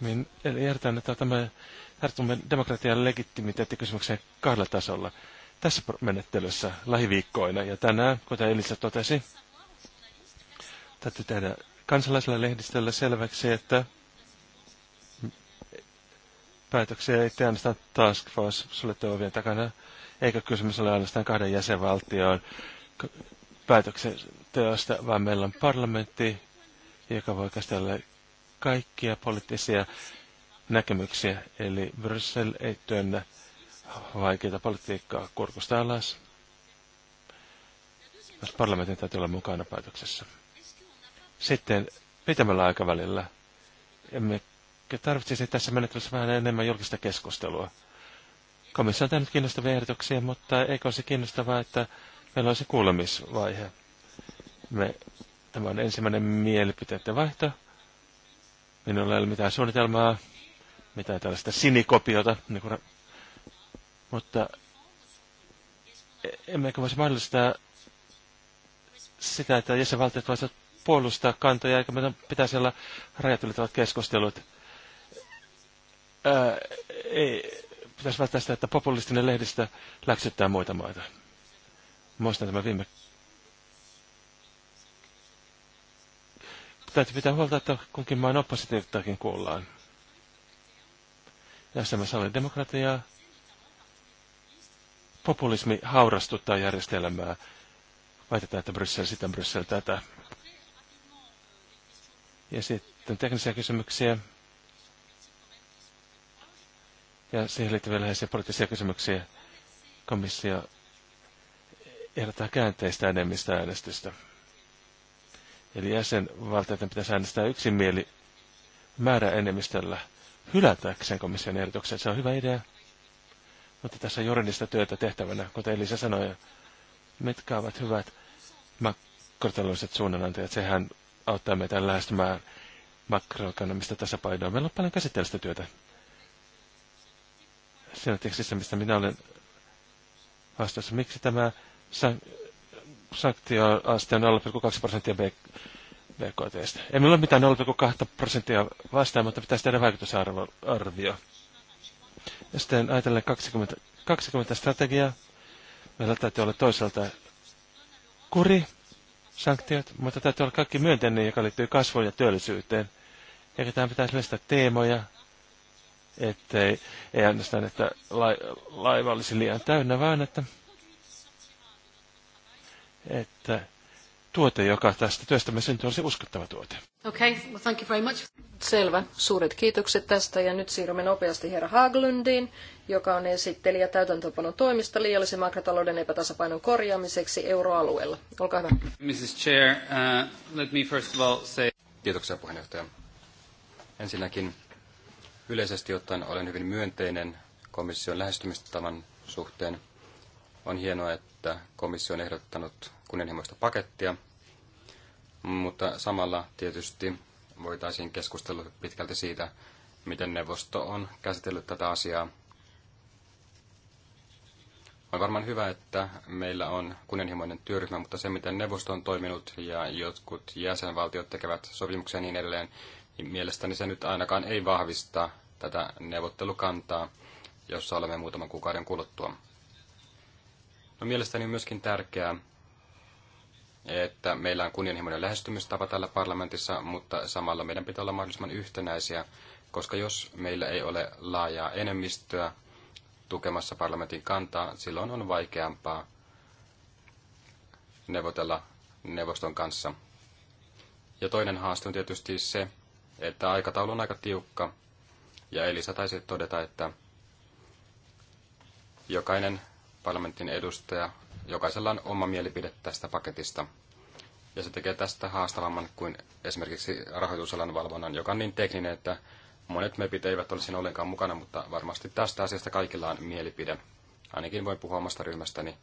Min, eli järjestän, että tämä tarttumme demokratian legitimiteettikysymykseen kahdella tasolla. Tässä menettelyssä lähiviikkoina ja tänään, kuten Elisa totesi, Täytyy tehdä kansalaisella lehdistöllä selväksi, että päätöksiä ei tee ainoastaan Task Force suljettu ovien takana, eikä kysymys ole ainoastaan kahden jäsenvaltion päätöksenteosta, vaan meillä on parlamentti, joka voi käsitellä kaikkia poliittisia näkemyksiä. Eli Bryssel ei työnnä vaikeita politiikkaa kurkusta alas. Myös parlamentin täytyy olla mukana päätöksessä sitten pitämällä aikavälillä. Emme tarvitsisi tässä menettelyssä vähän enemmän julkista keskustelua. Komissio on tehnyt kiinnostavia ehdotuksia, mutta eikö olisi kiinnostavaa, että meillä olisi kuulemisvaihe. Me, tämä on ensimmäinen mielipiteiden vaihto. Minulla ei ole mitään suunnitelmaa, mitään tällaista sinikopiota, niin kuin, mutta e- emmekö voisi mahdollistaa sitä, että jäsenvaltiot voisivat puolustaa kantoja, eikä meidän pitäisi olla rajat ylittävät keskustelut. Ää, ei, pitäisi välttää sitä, että populistinen lehdistö läksyttää muita maita. Muistan tämä viime... Täytyy pitää huolta, että kunkin maan oppositiivittakin kuullaan. Ja se oli demokratiaa. Populismi haurastuttaa järjestelmää. Väitetään, että Bryssel sitä, Bryssel tätä. Ja sitten teknisiä kysymyksiä. Ja siihen liittyviä läheisiä poliittisia kysymyksiä. Komissio ehdottaa käänteistä enemmistä äänestystä. Eli jäsenvaltioiden pitäisi äänestää yksin mieli määrä enemmistöllä hylätäkseen komission ehdotuksen. Se on hyvä idea. Mutta tässä on juridista työtä tehtävänä, kuten Elisa sanoi, mitkä ovat hyvät makrotaloudelliset suunnanantajat. Sehän auttaa meitä lähestymään makroekonomista tasapainoa. Meillä on paljon käsitteellistä työtä. Siinä tekstissä, mistä minä olen vastaus. Miksi tämä sanktioaste on 0,2 prosenttia BKT? Ei meillä ole mitään 0,2 prosenttia vastaan, mutta pitäisi tehdä vaikutusarvio. Ja sitten ajatellen 20, 20 strategiaa. Meillä täytyy olla toisaalta kuri, sanktiot, mutta täytyy olla kaikki myönteinen, joka liittyy kasvuun ja työllisyyteen. Eikä tämä pitäisi listata teemoja, ettei ei ainoastaan, että lai, laiva olisi liian täynnä, vaan että, että tuote, joka tästä me syntyy, olisi uskottava tuote. Okay, well, thank you very much. Selvä. Suuret kiitokset tästä ja nyt siirrymme nopeasti herra Haglundiin, joka on esittelijä täytäntöönpanon toimista liiallisen makrotalouden epätasapainon korjaamiseksi euroalueella. Olkaa hyvä. Mrs. Chair, uh, let me first of all say... Kiitoksia puheenjohtaja. Ensinnäkin yleisesti ottaen olen hyvin myönteinen komission lähestymistavan suhteen. On hienoa, että komissio on ehdottanut kunnianhimoista pakettia, mutta samalla tietysti voitaisiin keskustella pitkälti siitä, miten neuvosto on käsitellyt tätä asiaa on varmaan hyvä, että meillä on kunnianhimoinen työryhmä, mutta se, miten neuvosto on toiminut ja jotkut jäsenvaltiot tekevät sopimuksia ja niin edelleen, niin mielestäni se nyt ainakaan ei vahvista tätä neuvottelukantaa, jossa olemme muutaman kuukauden kuluttua. No, mielestäni on myöskin tärkeää, että meillä on kunnianhimoinen lähestymistapa täällä parlamentissa, mutta samalla meidän pitää olla mahdollisimman yhtenäisiä, koska jos meillä ei ole laajaa enemmistöä tukemassa parlamentin kantaa, silloin on vaikeampaa neuvotella neuvoston kanssa. Ja toinen haaste on tietysti se, että aikataulu on aika tiukka, ja Elisa taisi todeta, että jokainen parlamentin edustaja, jokaisella on oma mielipide tästä paketista. Ja se tekee tästä haastavamman kuin esimerkiksi rahoitusalan valvonnan, joka on niin tekninen, että Monet mepit eivät ole siinä ollenkaan mukana, mutta varmasti tästä asiasta kaikilla on mielipide. Ainakin voin puhua omasta ryhmästäni.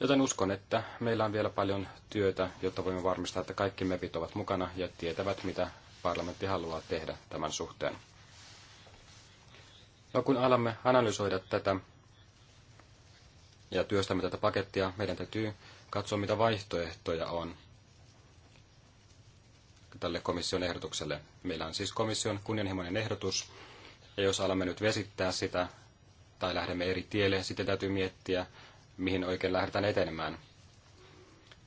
Joten uskon, että meillä on vielä paljon työtä, jotta voimme varmistaa, että kaikki mepit ovat mukana ja tietävät, mitä parlamentti haluaa tehdä tämän suhteen. No kun alamme analysoida tätä ja työstämme tätä pakettia, meidän täytyy katsoa, mitä vaihtoehtoja on tälle komission ehdotukselle. Meillä on siis komission kunnianhimoinen ehdotus, ja jos alamme nyt vesittää sitä tai lähdemme eri tielle, sitten täytyy miettiä, mihin oikein lähdetään etenemään.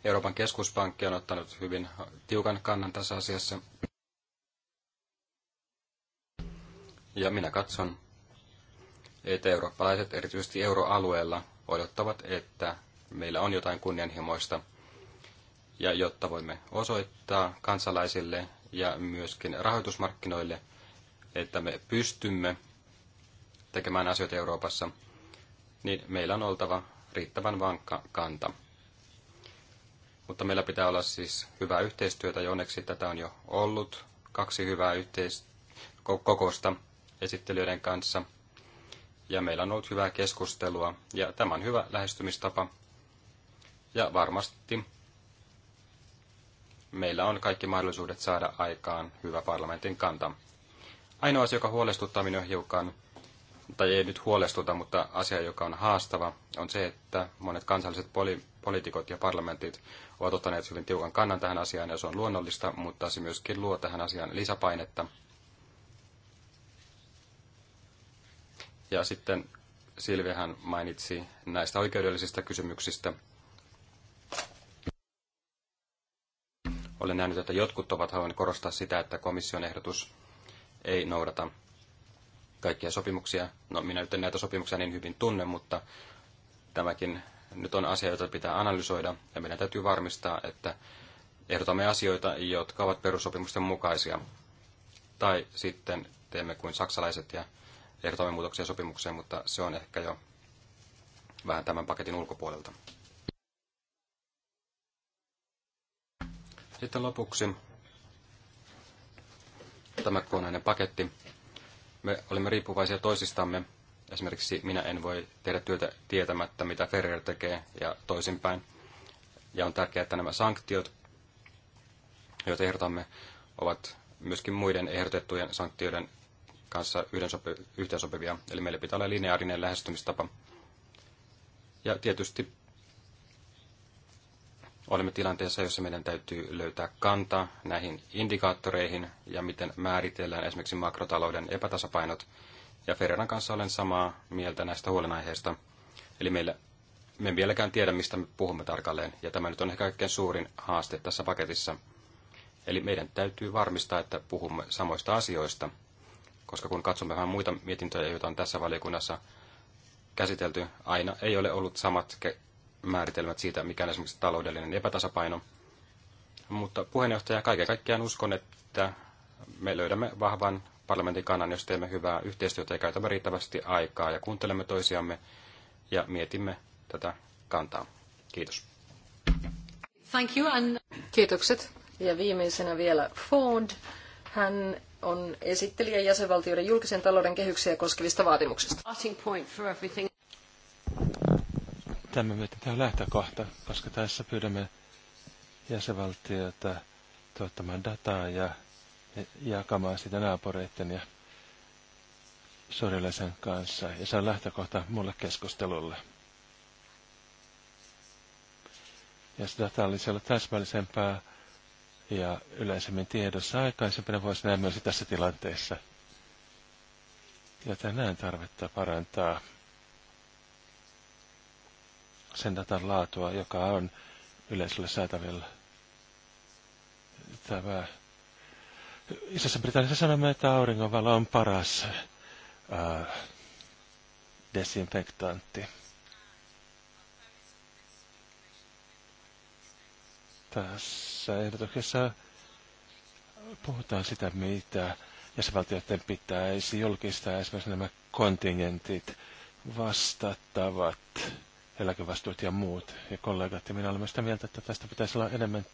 Euroopan keskuspankki on ottanut hyvin tiukan kannan tässä asiassa. Ja minä katson, että eurooppalaiset, erityisesti euroalueella, odottavat, että meillä on jotain kunnianhimoista – ja jotta voimme osoittaa kansalaisille ja myöskin rahoitusmarkkinoille, että me pystymme tekemään asioita Euroopassa, niin meillä on oltava riittävän vankka kanta. Mutta meillä pitää olla siis hyvää yhteistyötä, ja onneksi tätä on jo ollut. Kaksi hyvää yhteiskokousta esittelijöiden kanssa. Ja meillä on ollut hyvää keskustelua, ja tämä on hyvä lähestymistapa. Ja varmasti meillä on kaikki mahdollisuudet saada aikaan hyvä parlamentin kanta. Ainoa asia, joka huolestuttaa minua hiukan, tai ei nyt huolestuta, mutta asia, joka on haastava, on se, että monet kansalliset poli- poliitikot ja parlamentit ovat ottaneet hyvin tiukan kannan tähän asiaan, ja se on luonnollista, mutta se myöskin luo tähän asiaan lisäpainetta. Ja sitten Silvihän mainitsi näistä oikeudellisista kysymyksistä, Olen nähnyt, että jotkut ovat halunneet korostaa sitä, että komission ehdotus ei noudata kaikkia sopimuksia. No minä nyt en näitä sopimuksia niin hyvin tunne, mutta tämäkin nyt on asia, jota pitää analysoida ja meidän täytyy varmistaa, että ehdotamme asioita, jotka ovat perussopimusten mukaisia. Tai sitten teemme kuin saksalaiset ja ehdotamme muutoksia sopimukseen, mutta se on ehkä jo vähän tämän paketin ulkopuolelta. Sitten lopuksi tämä kokonainen paketti. Me olimme riippuvaisia toisistamme. Esimerkiksi minä en voi tehdä työtä tietämättä, mitä Ferrer tekee ja toisinpäin. Ja on tärkeää, että nämä sanktiot, joita ehdotamme, ovat myöskin muiden ehdotettujen sanktioiden kanssa yhteensopivia. Eli meillä pitää olla lineaarinen lähestymistapa. Ja tietysti olemme tilanteessa, jossa meidän täytyy löytää kanta näihin indikaattoreihin ja miten määritellään esimerkiksi makrotalouden epätasapainot. Ja Ferran kanssa olen samaa mieltä näistä huolenaiheista. Eli meillä, me vieläkään tiedä, mistä me puhumme tarkalleen. Ja tämä nyt on ehkä kaikkein suurin haaste tässä paketissa. Eli meidän täytyy varmistaa, että puhumme samoista asioista. Koska kun katsomme vähän muita mietintöjä, joita on tässä valiokunnassa käsitelty, aina ei ole ollut samat määritelmät siitä, mikä on esimerkiksi taloudellinen epätasapaino. Mutta puheenjohtaja, kaiken kaikkiaan uskon, että me löydämme vahvan parlamentin kannan, jos teemme hyvää yhteistyötä ja käytämme riittävästi aikaa ja kuuntelemme toisiamme ja mietimme tätä kantaa. Kiitos. Thank you and... Kiitokset. Ja viimeisenä vielä Ford. Hän on esittelijä jäsenvaltioiden julkisen talouden kehyksiä koskevista vaatimuksista. Tämä mietitään lähtökohta, koska tässä pyydämme jäsenvaltioita tuottamaan dataa ja jakamaan sitä naapureiden ja sodellisen kanssa. Ja se on lähtökohta mulle keskustelulle. Ja se data olisi ollut täsmällisempää ja yleisemmin tiedossa aikaisempina voisi ja myös tässä tilanteessa. Ja tänään tarvetta parantaa sen datan laatua, joka on yleisellä saatavilla. Tämä Isässä Britannissa sanomme, että auringonvalo on paras äh, desinfektantti. Tässä ehdotuksessa puhutaan sitä, mitä jäsenvaltioiden pitäisi julkistaa esimerkiksi nämä kontingentit vastattavat eläkevastuut ja muut. Ja kollegat ja minä myös sitä mieltä, että tästä pitäisi olla enemmän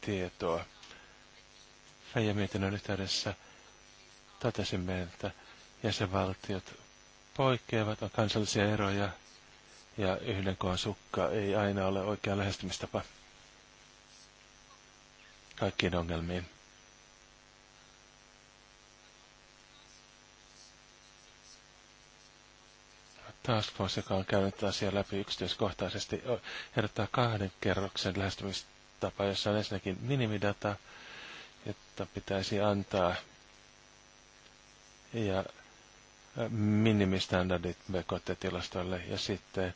tietoa. Reija mietinnön yhteydessä totesimme, että jäsenvaltiot poikkeavat, on kansallisia eroja ja yhden koon sukka ei aina ole oikea lähestymistapa kaikkiin ongelmiin. Task Force, joka on käynyt asiaa läpi yksityiskohtaisesti, herättää kahden kerroksen lähestymistapa, jossa on ensinnäkin minimidata, jota pitäisi antaa, ja minimistandardit BKT-tilastoille, ja sitten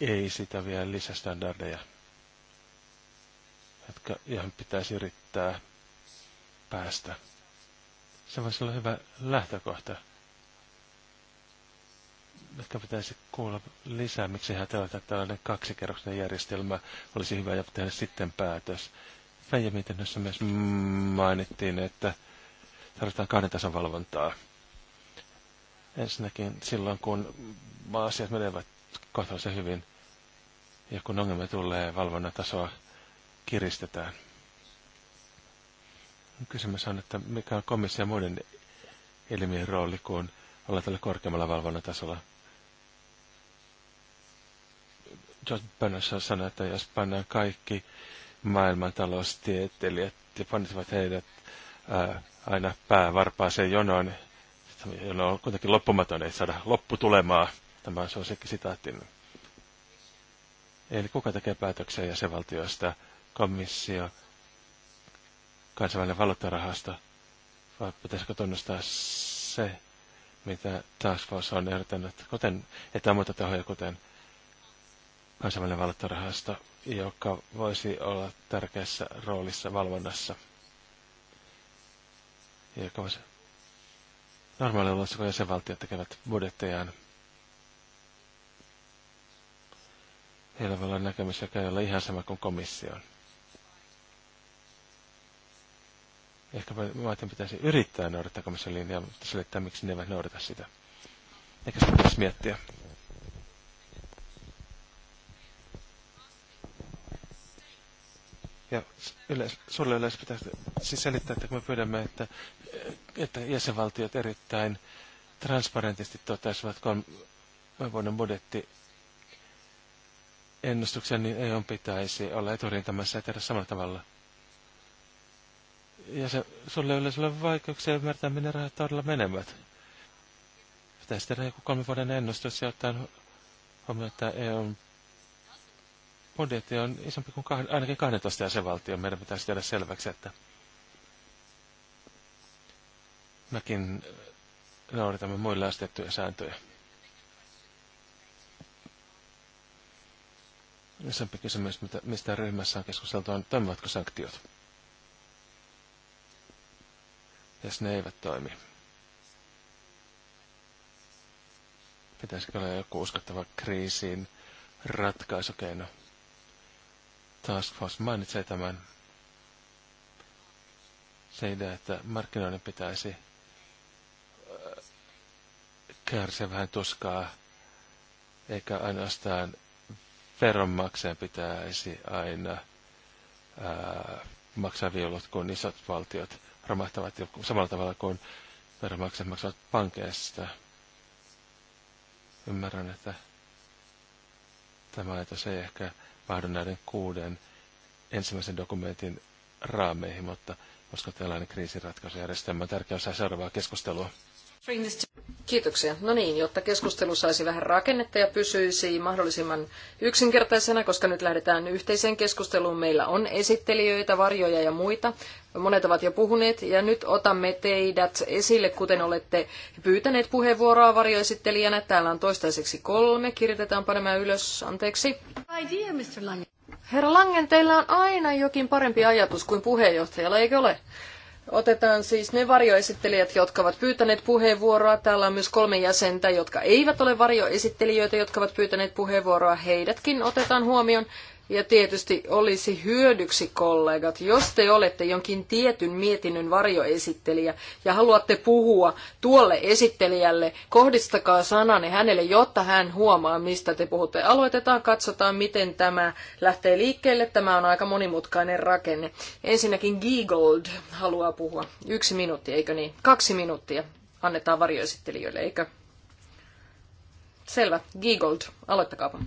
ei sitä vielä lisästandardeja, jotka ihan pitäisi yrittää päästä. Se voisi olla hyvä lähtökohta ehkä pitäisi kuulla lisää, miksi hän tällä tällainen kaksikerroksinen järjestelmä olisi hyvä ja tehdä sitten päätös. Feijamietinnössä myös mainittiin, että tarvitaan kahden tason valvontaa. Ensinnäkin silloin, kun asiat menevät kohtalaisen hyvin ja kun ongelmia tulee, valvonnan tasoa kiristetään. Kysymys on, että mikä on komission ja muiden elimien rooli, kun ollaan tällä korkeammalla valvonnan tasolla – George Berners sanoi, että jos pannaan kaikki maailmantaloustieteilijät ja panisivat heidät ää, äh, aina päävarpaaseen jonoon, jono on kuitenkin loppumaton, ei saada lopputulemaa. Tämä on suosikki sitaatin. Eli kuka tekee päätöksiä jäsenvaltioista? Komissio, kansainvälinen valuuttarahasto, vai pitäisikö tunnustaa se, mitä Task Force on ehdottanut, kuten etämuita kuten kansainvälinen valuuttarahasto, joka voisi olla tärkeässä roolissa valvonnassa. Joka voisi normaalioloissa, kun jäsenvaltiot tekevät budjettejaan, heillä voi olla näkemys, joka ei ole ihan sama kuin komission. Ehkä maiden pitäisi yrittää noudattaa komission linjaa, mutta selittää, miksi ne eivät noudata sitä. Ehkä se pitäisi miettiä. Ja yleis, sulle yleensä pitää siis selittää, että kun me pyydämme, että, että jäsenvaltiot erittäin transparentisti toteaisivat kolme vuoden budjetti ennustuksia, niin ei on pitäisi olla eturintamassa ja tehdä samalla tavalla. Ja se, sulle yleensä on vaikeuksia ymmärtää, minne rahat todella menevät. Pitäisi tehdä joku kolme vuoden ennustus ja ottaa huomioon, että ei on budjetti on isompi kuin kah- ainakin 12 jäsenvaltio. Meidän pitäisi tehdä selväksi, että mekin noudatamme muille astettuja sääntöjä. Isompi kysymys, mistä ryhmässä on keskusteltu, on toimivatko sanktiot. Jos ne eivät toimi. Pitäisikö olla joku uskottava kriisiin ratkaisukeino? Task Force mainitsee tämän. Se idea, että markkinoiden pitäisi äh, kärsiä vähän tuskaa, eikä ainoastaan veronmaksajan pitäisi aina äh, maksaa viulut, kun isot valtiot romahtavat samalla tavalla kuin veronmaksajat maksavat pankeista. Ymmärrän, että tämä ajatus ei ehkä mahdun näiden kuuden ensimmäisen dokumentin raameihin, mutta koska tällainen kriisinratkaisujärjestelmä on tärkeä osa seuraavaa keskustelua. Kiitoksia. No niin, jotta keskustelu saisi vähän rakennetta ja pysyisi mahdollisimman yksinkertaisena, koska nyt lähdetään yhteiseen keskusteluun. Meillä on esittelijöitä, varjoja ja muita. Monet ovat jo puhuneet ja nyt otamme teidät esille, kuten olette pyytäneet puheenvuoroa varjoesittelijänä. Täällä on toistaiseksi kolme. Kirjoitetaan panemaan ylös. Anteeksi. Langen. Herra Langen, teillä on aina jokin parempi ajatus kuin puheenjohtajalla, eikö ole? Otetaan siis ne varjoesittelijät, jotka ovat pyytäneet puheenvuoroa. Täällä on myös kolme jäsentä, jotka eivät ole varjoesittelijöitä, jotka ovat pyytäneet puheenvuoroa. Heidätkin otetaan huomioon. Ja tietysti olisi hyödyksi kollegat, jos te olette jonkin tietyn mietinnön varjoesittelijä ja haluatte puhua tuolle esittelijälle, kohdistakaa sananne hänelle, jotta hän huomaa, mistä te puhutte. Aloitetaan, katsotaan, miten tämä lähtee liikkeelle. Tämä on aika monimutkainen rakenne. Ensinnäkin Giegold haluaa puhua. Yksi minuutti, eikö niin? Kaksi minuuttia annetaan varjoesittelijöille, eikö? Selvä. Giegold, aloittakaapa.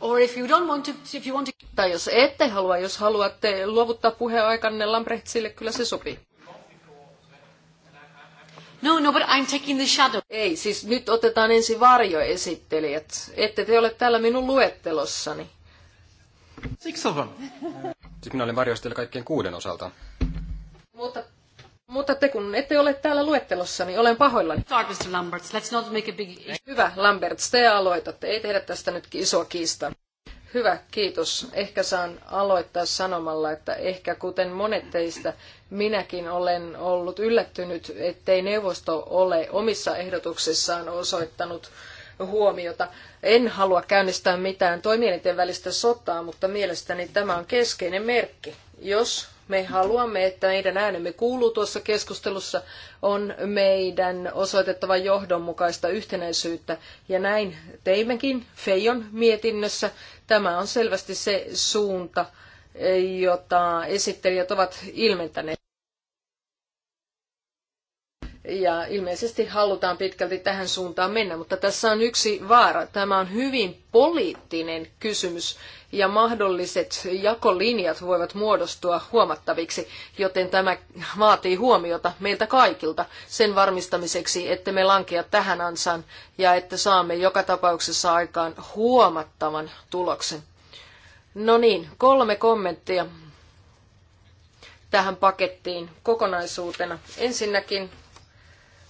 Or if you don't want to, if you want to... Tai jos ette halua, jos haluatte luovuttaa puheaikanne Lambrechtsille, kyllä se sopii. No, no, but I'm taking the shadow. Ei, siis nyt otetaan ensin varjoesittelijät. Ette te ole täällä minun luettelossani. Six of them. Siis minä olin varjoesittelijä kaikkien kuuden osalta. Mutta mutta te kun ette ole täällä luettelossa, niin olen pahoillani. Start, Mr. Lamberts. Let's not make a big... Hyvä, Lamberts, te aloitatte. Ei tehdä tästä nyt isoa kiistaa. Hyvä, kiitos. Ehkä saan aloittaa sanomalla, että ehkä kuten monet teistä, minäkin olen ollut yllättynyt, ettei neuvosto ole omissa ehdotuksissaan osoittanut huomiota. En halua käynnistää mitään toimielinten välistä sotaa, mutta mielestäni tämä on keskeinen merkki. Jos me haluamme, että meidän äänemme kuuluu tuossa keskustelussa, on meidän osoitettava johdonmukaista yhtenäisyyttä. Ja näin teimmekin Feijon mietinnössä. Tämä on selvästi se suunta, jota esittelijät ovat ilmentäneet. Ja ilmeisesti halutaan pitkälti tähän suuntaan mennä, mutta tässä on yksi vaara. Tämä on hyvin poliittinen kysymys ja mahdolliset jakolinjat voivat muodostua huomattaviksi, joten tämä vaatii huomiota meiltä kaikilta sen varmistamiseksi, että me lankea tähän ansaan ja että saamme joka tapauksessa aikaan huomattavan tuloksen. No niin, kolme kommenttia tähän pakettiin kokonaisuutena. Ensinnäkin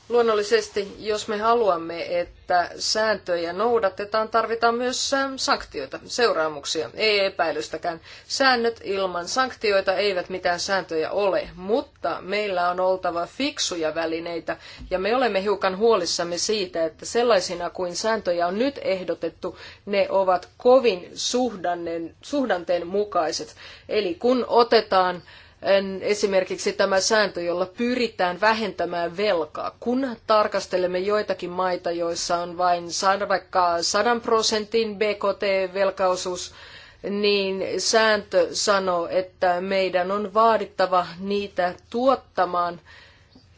Luonnollisesti, jos me haluamme, että sääntöjä noudatetaan, tarvitaan myös sanktioita, seuraamuksia, ei epäilystäkään. Säännöt ilman sanktioita eivät mitään sääntöjä ole, mutta meillä on oltava fiksuja välineitä ja me olemme hiukan huolissamme siitä, että sellaisina kuin sääntöjä on nyt ehdotettu, ne ovat kovin suhdanteen mukaiset. Eli kun otetaan esimerkiksi tämä sääntö, jolla pyritään vähentämään velkaa. Kun tarkastelemme joitakin maita, joissa on vain vaikka 100 prosentin BKT-velkaosuus, niin sääntö sanoo, että meidän on vaadittava niitä tuottamaan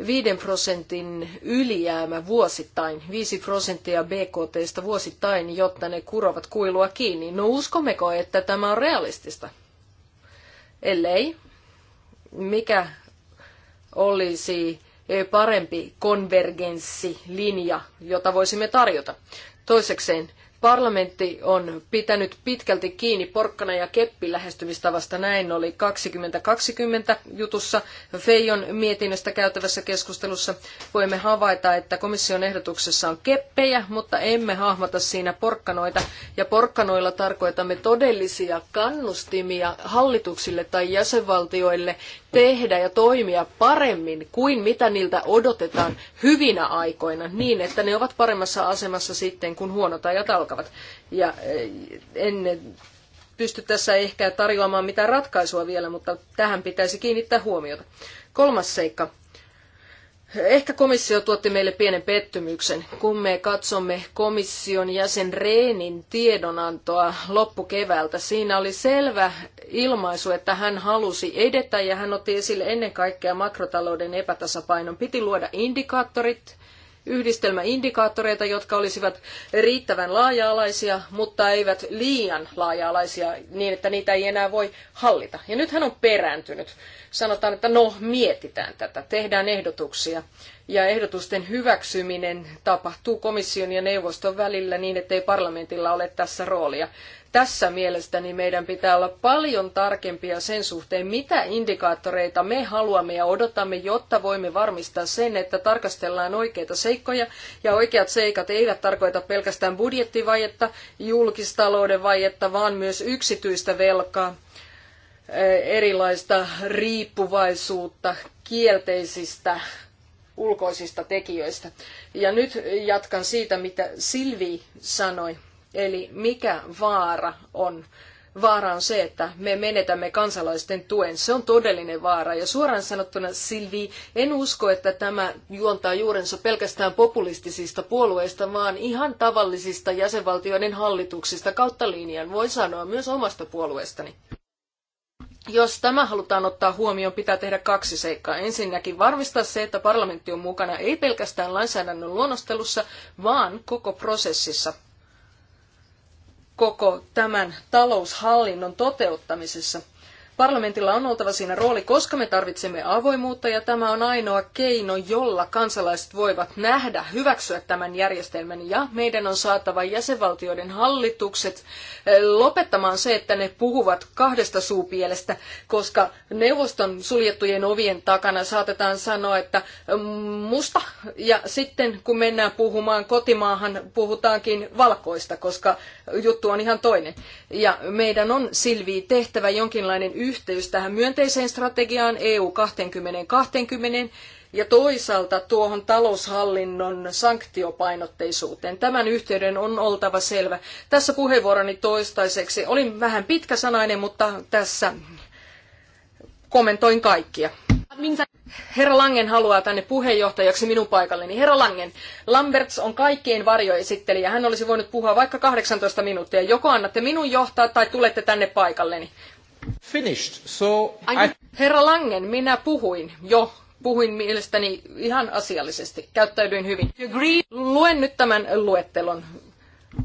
5 prosentin ylijäämä vuosittain, 5 prosenttia BKTstä vuosittain, jotta ne kurovat kuilua kiinni. No uskommeko, että tämä on realistista? Ellei, mikä olisi parempi konvergenssilinja, jota voisimme tarjota. Toisekseen Parlamentti on pitänyt pitkälti kiinni porkkana ja keppi lähestymistavasta. Näin oli 2020 jutussa Feijon mietinnöstä käytävässä keskustelussa. Voimme havaita, että komission ehdotuksessa on keppejä, mutta emme hahmota siinä porkkanoita. Ja porkkanoilla tarkoitamme todellisia kannustimia hallituksille tai jäsenvaltioille tehdä ja toimia paremmin kuin mitä niiltä odotetaan hyvinä aikoina niin, että ne ovat paremmassa asemassa sitten, kun huonot ajat alkavat alkavat. Ja eh, en pysty tässä ehkä tarjoamaan mitään ratkaisua vielä, mutta tähän pitäisi kiinnittää huomiota. Kolmas seikka. Ehkä komissio tuotti meille pienen pettymyksen, kun me katsomme komission jäsen Reenin tiedonantoa loppukeväältä. Siinä oli selvä ilmaisu, että hän halusi edetä ja hän otti esille ennen kaikkea makrotalouden epätasapainon. Piti luoda indikaattorit, yhdistelmäindikaattoreita, jotka olisivat riittävän laaja-alaisia, mutta eivät liian laaja-alaisia niin, että niitä ei enää voi hallita. Ja nyt hän on perääntynyt. Sanotaan, että no, mietitään tätä, tehdään ehdotuksia. Ja ehdotusten hyväksyminen tapahtuu komission ja neuvoston välillä niin, ettei parlamentilla ole tässä roolia. Tässä mielestäni meidän pitää olla paljon tarkempia sen suhteen, mitä indikaattoreita me haluamme ja odotamme, jotta voimme varmistaa sen, että tarkastellaan oikeita seikkoja. Ja oikeat seikat eivät tarkoita pelkästään budjettivajetta, julkistalouden vajetta, vaan myös yksityistä velkaa eh, erilaista riippuvaisuutta kielteisistä ulkoisista tekijöistä. Ja nyt jatkan siitä, mitä Silvi sanoi. Eli mikä vaara on? Vaara on se, että me menetämme kansalaisten tuen. Se on todellinen vaara. Ja suoraan sanottuna, Silvi, en usko, että tämä juontaa juurensa pelkästään populistisista puolueista, vaan ihan tavallisista jäsenvaltioiden hallituksista kautta linjan. Voi sanoa myös omasta puolueestani. Jos tämä halutaan ottaa huomioon, pitää tehdä kaksi seikkaa. Ensinnäkin varmistaa se, että parlamentti on mukana ei pelkästään lainsäädännön luonnostelussa, vaan koko prosessissa koko tämän taloushallinnon toteuttamisessa – Parlamentilla on oltava siinä rooli, koska me tarvitsemme avoimuutta ja tämä on ainoa keino, jolla kansalaiset voivat nähdä, hyväksyä tämän järjestelmän ja meidän on saatava jäsenvaltioiden hallitukset eh, lopettamaan se, että ne puhuvat kahdesta suupielestä, koska neuvoston suljettujen ovien takana saatetaan sanoa, että mm, musta ja sitten kun mennään puhumaan kotimaahan, puhutaankin valkoista, koska juttu on ihan toinen. Ja meidän on Silvi tehtävä jonkinlainen yhteys tähän myönteiseen strategiaan EU 2020 ja toisaalta tuohon taloushallinnon sanktiopainotteisuuteen. Tämän yhteyden on oltava selvä. Tässä puheenvuoroni toistaiseksi olin vähän pitkäsanainen, mutta tässä kommentoin kaikkia. Herra Langen haluaa tänne puheenjohtajaksi minun paikalleni. Herra Langen, Lamberts on kaikkien varjoesittelijä. Hän olisi voinut puhua vaikka 18 minuuttia. Joko annatte minun johtaa tai tulette tänne paikalleni. Finished, so I... Herra Langen, minä puhuin jo. Puhuin mielestäni ihan asiallisesti. Käyttäydyin hyvin. Agree. Luen nyt tämän luettelon.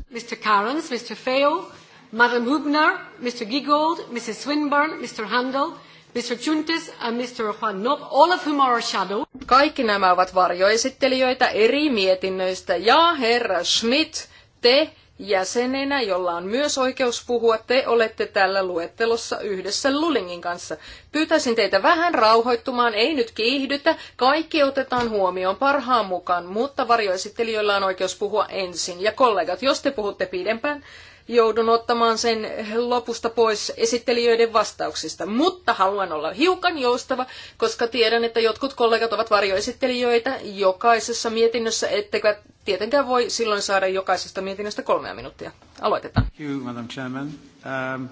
Mr. Carons, Mr. Feo, Madam Hubner, Mr. Giggold, Mrs. Swinburne, Mr. Handel, Mr. Chuntis and Mr. Juan Nob, all of whom are shadow. Kaikki nämä ovat varjoesittelijöitä eri mietinnöistä ja herra Schmidt, te jäsenenä, jolla on myös oikeus puhua. Te olette tällä luettelossa yhdessä Lulingin kanssa. Pyytäisin teitä vähän rauhoittumaan, ei nyt kiihdytä. Kaikki otetaan huomioon parhaan mukaan, mutta varjoesittelijöillä on oikeus puhua ensin. Ja kollegat, jos te puhutte pidempään, joudun ottamaan sen lopusta pois esittelijöiden vastauksista. Mutta haluan olla hiukan joustava, koska tiedän, että jotkut kollegat ovat varjoesittelijöitä jokaisessa mietinnössä, ettekä tietenkään voi silloin saada jokaisesta mietinnöstä kolmea minuuttia. Aloitetaan. Um,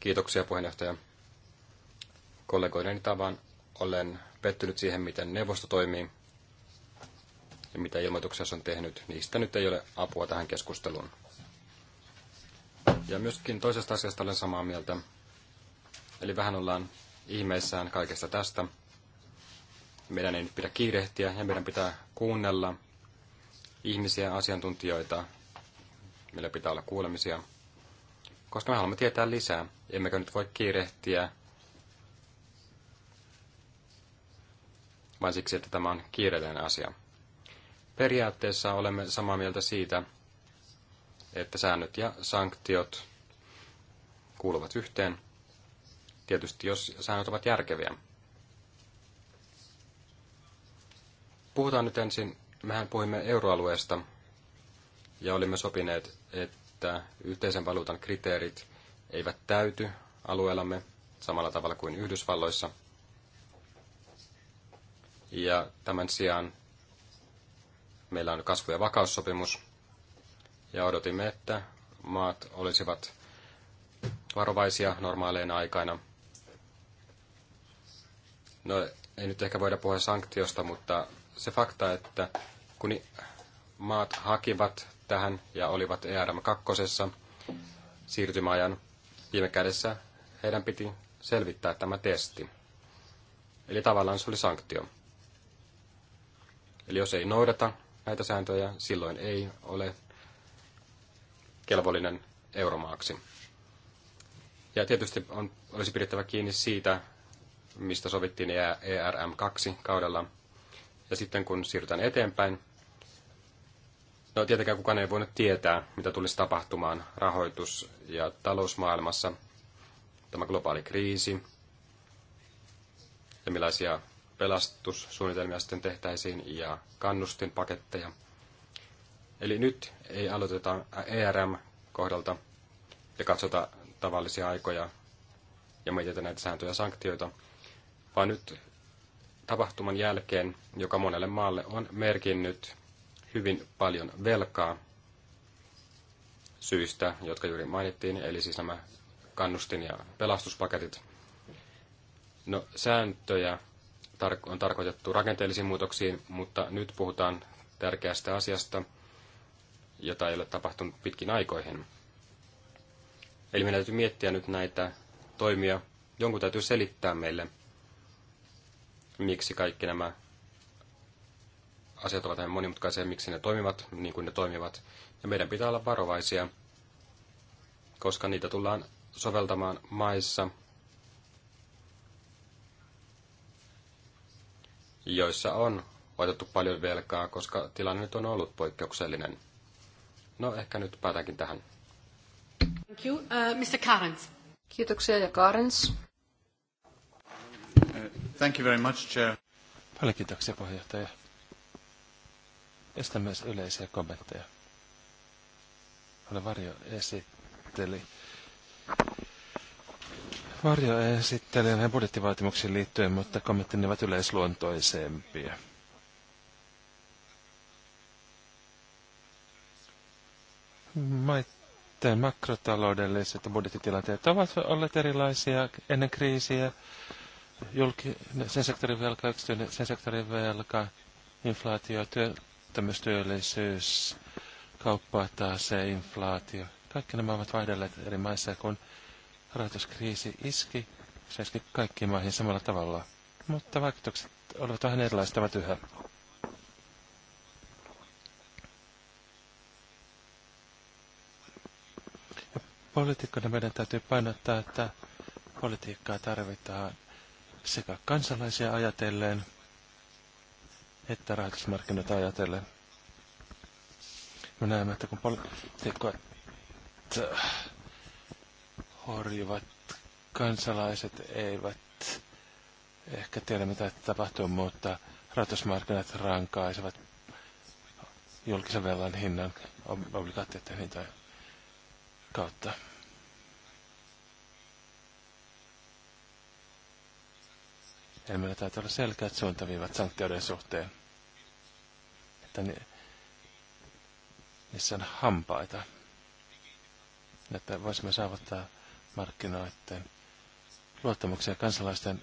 Kiitoksia puheenjohtaja. Kollegoideni tavan olen pettynyt siihen, miten neuvosto toimii ja mitä ilmoituksia se on tehnyt. Niistä nyt ei ole apua tähän keskusteluun. Ja myöskin toisesta asiasta olen samaa mieltä. Eli vähän ollaan ihmeissään kaikesta tästä. Meidän ei nyt pidä kiirehtiä ja meidän pitää kuunnella ihmisiä, asiantuntijoita. Meillä pitää olla kuulemisia. Koska me haluamme tietää lisää. Emmekö nyt voi kiirehtiä vain siksi, että tämä on kiireellinen asia. Periaatteessa olemme samaa mieltä siitä, että säännöt ja sanktiot kuuluvat yhteen. Tietysti jos säännöt ovat järkeviä. Puhutaan nyt ensin, mehän puhuimme euroalueesta ja olimme sopineet, että yhteisen valuutan kriteerit eivät täyty alueellamme samalla tavalla kuin Yhdysvalloissa. Ja tämän sijaan meillä on kasvu- ja vakaussopimus, ja odotimme, että maat olisivat varovaisia normaaleina aikana. No, ei nyt ehkä voida puhua sanktiosta, mutta se fakta, että kun maat hakivat tähän ja olivat ERM 2 siirtymäajan viime kädessä, heidän piti selvittää tämä testi. Eli tavallaan se oli sanktio. Eli jos ei noudata näitä sääntöjä, silloin ei ole kelvollinen euromaaksi. Ja tietysti on, olisi pidettävä kiinni siitä, mistä sovittiin ERM2 e kaudella. Ja sitten kun siirrytään eteenpäin, no tietenkään kukaan ei voinut tietää, mitä tulisi tapahtumaan rahoitus- ja talousmaailmassa, tämä globaali kriisi ja millaisia pelastussuunnitelmia sitten tehtäisiin ja kannustinpaketteja – Eli nyt ei aloiteta ERM-kohdalta ja katsota tavallisia aikoja ja mietitä näitä sääntöjä ja sanktioita, vaan nyt tapahtuman jälkeen, joka monelle maalle on merkinnyt hyvin paljon velkaa syistä, jotka juuri mainittiin, eli siis nämä kannustin- ja pelastuspaketit. No, sääntöjä on tarkoitettu rakenteellisiin muutoksiin, mutta nyt puhutaan tärkeästä asiasta – jota ei ole tapahtunut pitkin aikoihin. Eli meidän täytyy miettiä nyt näitä toimia. Jonkun täytyy selittää meille, miksi kaikki nämä asiat ovat näin monimutkaisia, miksi ne toimivat niin kuin ne toimivat. Ja meidän pitää olla varovaisia, koska niitä tullaan soveltamaan maissa, joissa on otettu paljon velkaa, koska tilanne nyt on ollut poikkeuksellinen. No ehkä nyt päätänkin tähän. Thank you. Uh, Mr. Karens. Kiitoksia ja Karens. Uh, thank you very much, Chair. Paljon kiitoksia, puheenjohtaja. Estän myös yleisiä kommentteja. Olen varjo esitteli. Varjo esitteli budjettivaatimuksiin liittyen, mutta kommenttini ovat yleisluontoisempia. maiden makrotaloudelliset budjettitilanteet ovat olleet erilaisia ennen kriisiä. Julki, sen sektorin velka, yksityinen sen sektorin velka, inflaatio, työttömyys, työllisyys, kauppaa taas se inflaatio. Kaikki nämä ovat vaihdelleet eri maissa, kun rahoituskriisi iski, se iski kaikkiin maihin samalla tavalla. Mutta vaikutukset olivat vähän erilaiset yhä. poliitikkoina meidän täytyy painottaa, että politiikkaa tarvitaan sekä kansalaisia ajatellen että rahoitusmarkkinoita ajatellen. Me näemme, että kun poliitikot äh, horjuvat, kansalaiset eivät ehkä tiedä, mitä tapahtuu, mutta rahoitusmarkkinat rankaisevat julkisen velan hinnan, obligaatioiden hintoja kautta. Eli meillä täytyy olla selkeät suuntaviivat sanktioiden suhteen, että ni, niissä on hampaita, että voisimme saavuttaa markkinoiden luottamuksen ja kansalaisten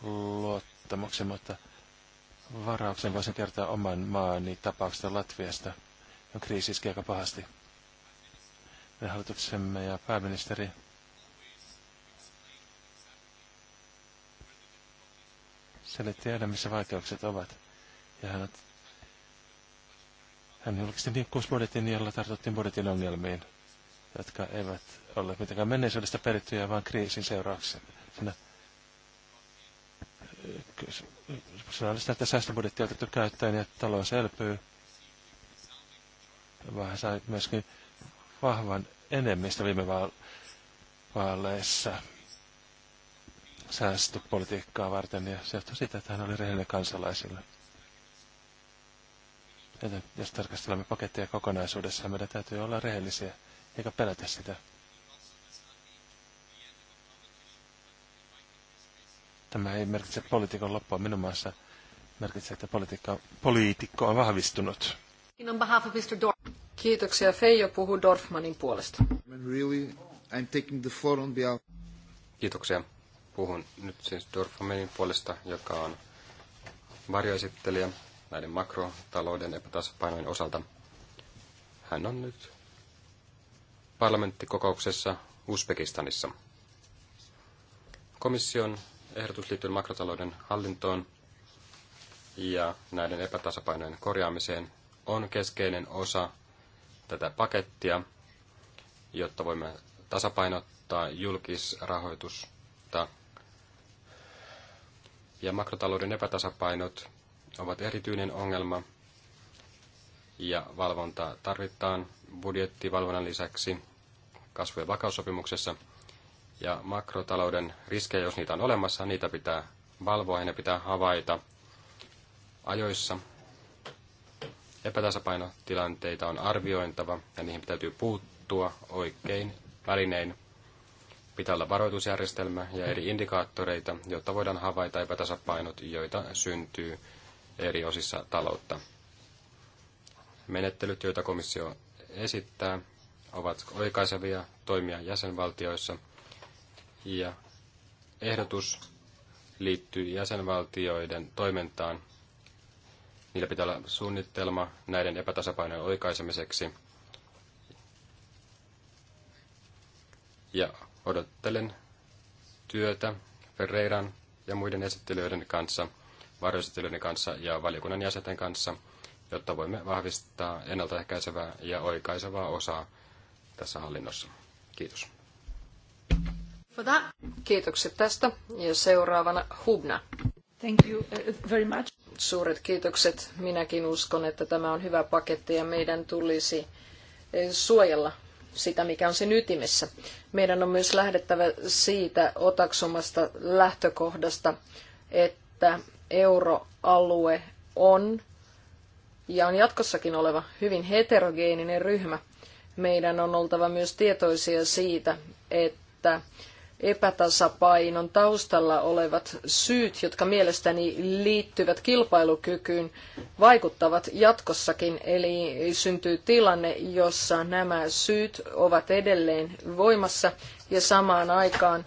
luottamuksen, mutta varauksen voisin kertoa oman maani tapauksesta Latviasta, on kriisi aika pahasti ja hallituksemme ja pääministeri selitti tiedä, missä vaikeukset ovat. Ja hän, hän julkisti niukkuusbudjetin, jolla tartuttiin budjetin ongelmiin, jotka eivät ole mitenkään menneisyydestä perittyjä, vaan kriisin seurauksena. Sanallista, että säästöbudjetti on otettu käyttäen ja talous elpyy. Vähän sai myöskin vahvan enemmistö viime vaaleissa säästöpolitiikkaa varten ja se johtui siitä, että hän oli rehellinen kansalaisille. Joten jos tarkastelemme paketteja kokonaisuudessaan, meidän täytyy olla rehellisiä eikä pelätä sitä. Tämä ei merkitse poliitikon loppua minun maassa. Merkitsee, että poliitikko on vahvistunut. In on behalf of Mr. Dor- Kiitoksia. Feijo puhuu Dorfmanin puolesta. Kiitoksia. Puhun nyt siis Dorfmanin puolesta, joka on varjoesittelijä näiden makrotalouden epätasapainojen osalta. Hän on nyt parlamenttikokouksessa Uzbekistanissa. Komission ehdotus liittyen makrotalouden hallintoon ja näiden epätasapainojen korjaamiseen on keskeinen osa tätä pakettia, jotta voimme tasapainottaa julkisrahoitusta. Ja makrotalouden epätasapainot ovat erityinen ongelma ja valvonta tarvitaan budjettivalvonnan lisäksi kasvu- ja vakaussopimuksessa. Ja makrotalouden riskejä, jos niitä on olemassa, niitä pitää valvoa ja ne pitää havaita ajoissa Epätasapainotilanteita on arviointava ja niihin täytyy puuttua oikein välinein. Pitää olla varoitusjärjestelmä ja eri indikaattoreita, jotta voidaan havaita epätasapainot, joita syntyy eri osissa taloutta. Menettelyt, joita komissio esittää, ovat oikaisevia toimia jäsenvaltioissa ja ehdotus liittyy jäsenvaltioiden toimintaan Niillä pitää olla suunnitelma näiden epätasapainojen oikaisemiseksi. Ja odottelen työtä Ferreiran ja muiden esittelijöiden kanssa, varjoesittelijöiden kanssa ja valiokunnan jäsenten kanssa, jotta voimme vahvistaa ennaltaehkäisevää ja oikaisevaa osaa tässä hallinnossa. Kiitos. Kiitokset tästä ja seuraavana Hubna. Thank you uh, very much. Suuret kiitokset. Minäkin uskon, että tämä on hyvä paketti ja meidän tulisi eh, suojella sitä, mikä on sen ytimessä. Meidän on myös lähdettävä siitä otaksumasta lähtökohdasta, että euroalue on ja on jatkossakin oleva hyvin heterogeeninen ryhmä. Meidän on oltava myös tietoisia siitä, että epätasapainon taustalla olevat syyt, jotka mielestäni liittyvät kilpailukykyyn, vaikuttavat jatkossakin. Eli syntyy tilanne, jossa nämä syyt ovat edelleen voimassa ja samaan aikaan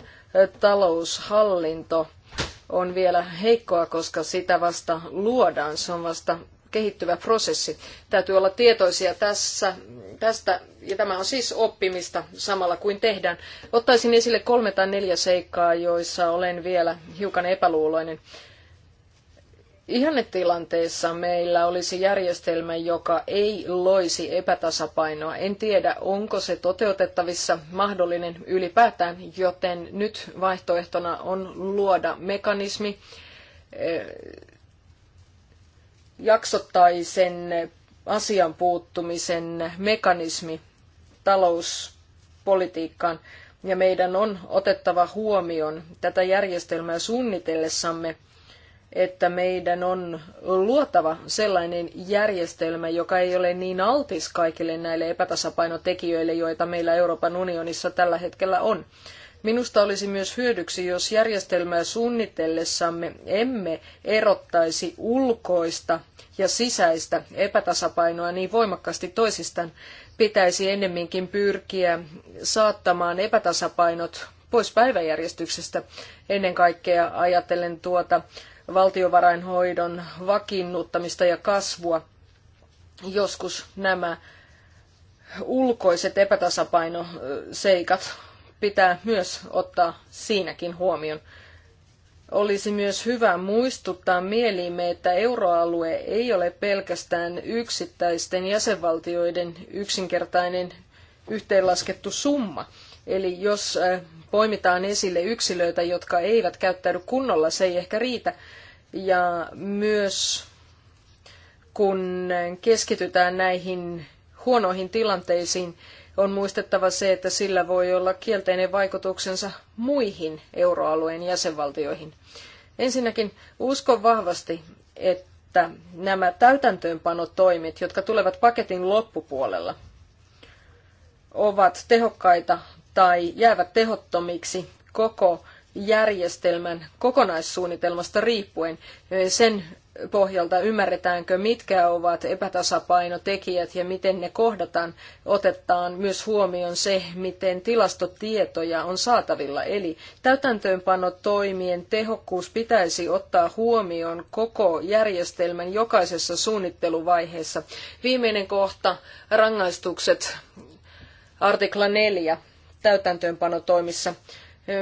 taloushallinto on vielä heikkoa, koska sitä vasta luodaan. Se on vasta kehittyvä prosessi. Täytyy olla tietoisia tässä, tästä, ja tämä on siis oppimista samalla kuin tehdään. Ottaisin esille kolme tai neljä seikkaa, joissa olen vielä hiukan epäluuloinen. Ihannetilanteessa meillä olisi järjestelmä, joka ei loisi epätasapainoa. En tiedä, onko se toteutettavissa mahdollinen ylipäätään, joten nyt vaihtoehtona on luoda mekanismi, jaksottaisen asian puuttumisen mekanismi talouspolitiikkaan ja meidän on otettava huomioon tätä järjestelmää suunnitellessamme, että meidän on luotava sellainen järjestelmä, joka ei ole niin altis kaikille näille epätasapainotekijöille, joita meillä Euroopan unionissa tällä hetkellä on. Minusta olisi myös hyödyksi, jos järjestelmää suunnitellessamme emme erottaisi ulkoista ja sisäistä epätasapainoa niin voimakkaasti toisistaan. Pitäisi ennemminkin pyrkiä saattamaan epätasapainot pois päiväjärjestyksestä, ennen kaikkea ajatellen tuota valtiovarainhoidon vakiinnuttamista ja kasvua. Joskus nämä ulkoiset epätasapaino seikat pitää myös ottaa siinäkin huomioon. Olisi myös hyvä muistuttaa mieliimme, että euroalue ei ole pelkästään yksittäisten jäsenvaltioiden yksinkertainen yhteenlaskettu summa. Eli jos äh, poimitaan esille yksilöitä, jotka eivät käyttäydy kunnolla, se ei ehkä riitä. Ja myös kun keskitytään näihin huonoihin tilanteisiin, on muistettava se, että sillä voi olla kielteinen vaikutuksensa muihin euroalueen jäsenvaltioihin. Ensinnäkin uskon vahvasti, että nämä täytäntöönpanotoimet, jotka tulevat paketin loppupuolella, ovat tehokkaita tai jäävät tehottomiksi koko järjestelmän kokonaissuunnitelmasta riippuen sen pohjalta ymmärretäänkö, mitkä ovat epätasapainotekijät ja miten ne kohdataan, otetaan myös huomioon se, miten tilastotietoja on saatavilla. Eli täytäntöönpanotoimien tehokkuus pitäisi ottaa huomioon koko järjestelmän jokaisessa suunnitteluvaiheessa. Viimeinen kohta, rangaistukset, artikla 4 täytäntöönpanotoimissa.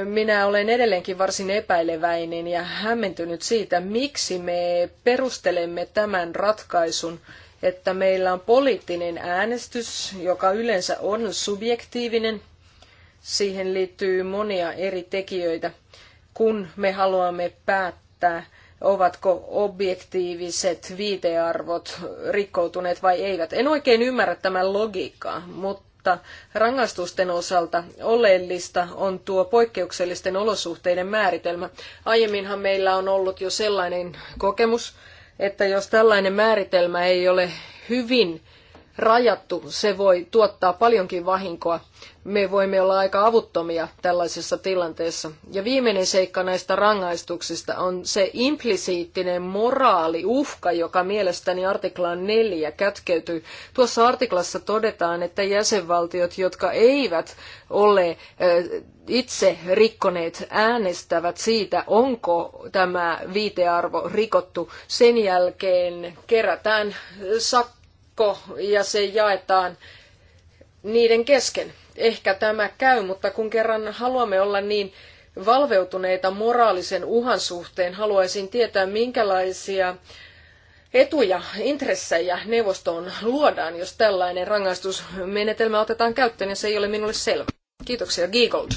Minä olen edelleenkin varsin epäileväinen ja hämmentynyt siitä, miksi me perustelemme tämän ratkaisun, että meillä on poliittinen äänestys, joka yleensä on subjektiivinen. Siihen liittyy monia eri tekijöitä, kun me haluamme päättää, ovatko objektiiviset viitearvot rikkoutuneet vai eivät. En oikein ymmärrä tämän logiikkaa, mutta mutta rangaistusten osalta oleellista on tuo poikkeuksellisten olosuhteiden määritelmä. Aiemminhan meillä on ollut jo sellainen kokemus, että jos tällainen määritelmä ei ole hyvin rajattu, se voi tuottaa paljonkin vahinkoa. Me voimme olla aika avuttomia tällaisessa tilanteessa. Ja viimeinen seikka näistä rangaistuksista on se implisiittinen moraaliuhka, joka mielestäni artiklaan 4 kätkeytyy. Tuossa artiklassa todetaan, että jäsenvaltiot, jotka eivät ole itse rikkoneet äänestävät siitä, onko tämä viitearvo rikottu. Sen jälkeen kerätään sakkoja joukko ja se jaetaan niiden kesken. Ehkä tämä käy, mutta kun kerran haluamme olla niin valveutuneita moraalisen uhan suhteen, haluaisin tietää, minkälaisia etuja, intressejä neuvostoon luodaan, jos tällainen rangaistusmenetelmä otetaan käyttöön, ja se ei ole minulle selvä. Kiitoksia, Giegold.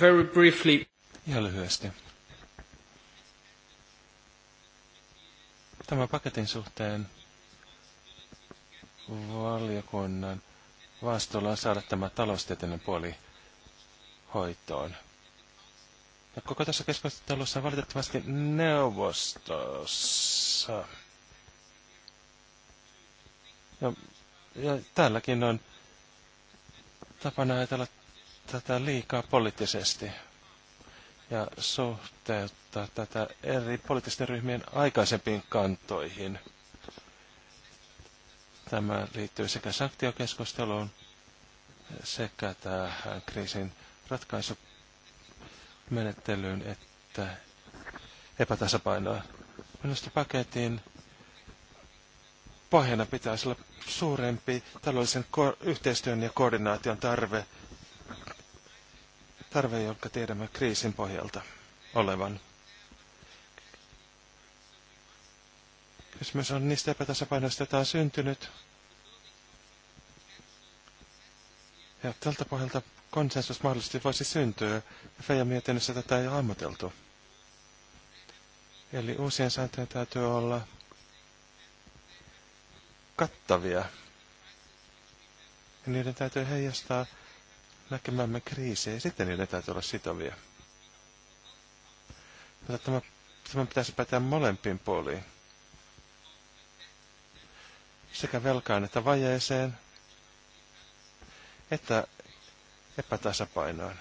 Very briefly. Ja lyhyesti. Tämän paketin suhteen valiokunnan vastuulla on saada tämä taloustieteellinen puoli hoitoon. Ja no, koko tässä keskustelussa on valitettavasti neuvostossa. Ja, ja täälläkin on tapana ajatella tätä liikaa poliittisesti ja suhteuttaa tätä eri poliittisten ryhmien aikaisempiin kantoihin – Tämä liittyy sekä sanktiokeskusteluun sekä tähän kriisin ratkaisumenettelyyn että epätasapainoon. Minusta paketin pohjana pitäisi olla suurempi taloudellisen yhteistyön ja koordinaation tarve, tarve, jonka tiedämme kriisin pohjalta olevan. Kysymys on niistä epätasapainoista, joita on syntynyt. Ja tältä pohjalta konsensus mahdollisesti voisi syntyä. Feija mietinnössä tätä ei ole ammateltu. Eli uusien sääntöjen täytyy olla kattavia. Ja niiden täytyy heijastaa näkemämme kriisiä ja sitten niiden täytyy olla sitovia. Mutta tämä, tämä pitäisi päteä molempiin puoliin sekä velkaan että vajeeseen että epätasapainoon.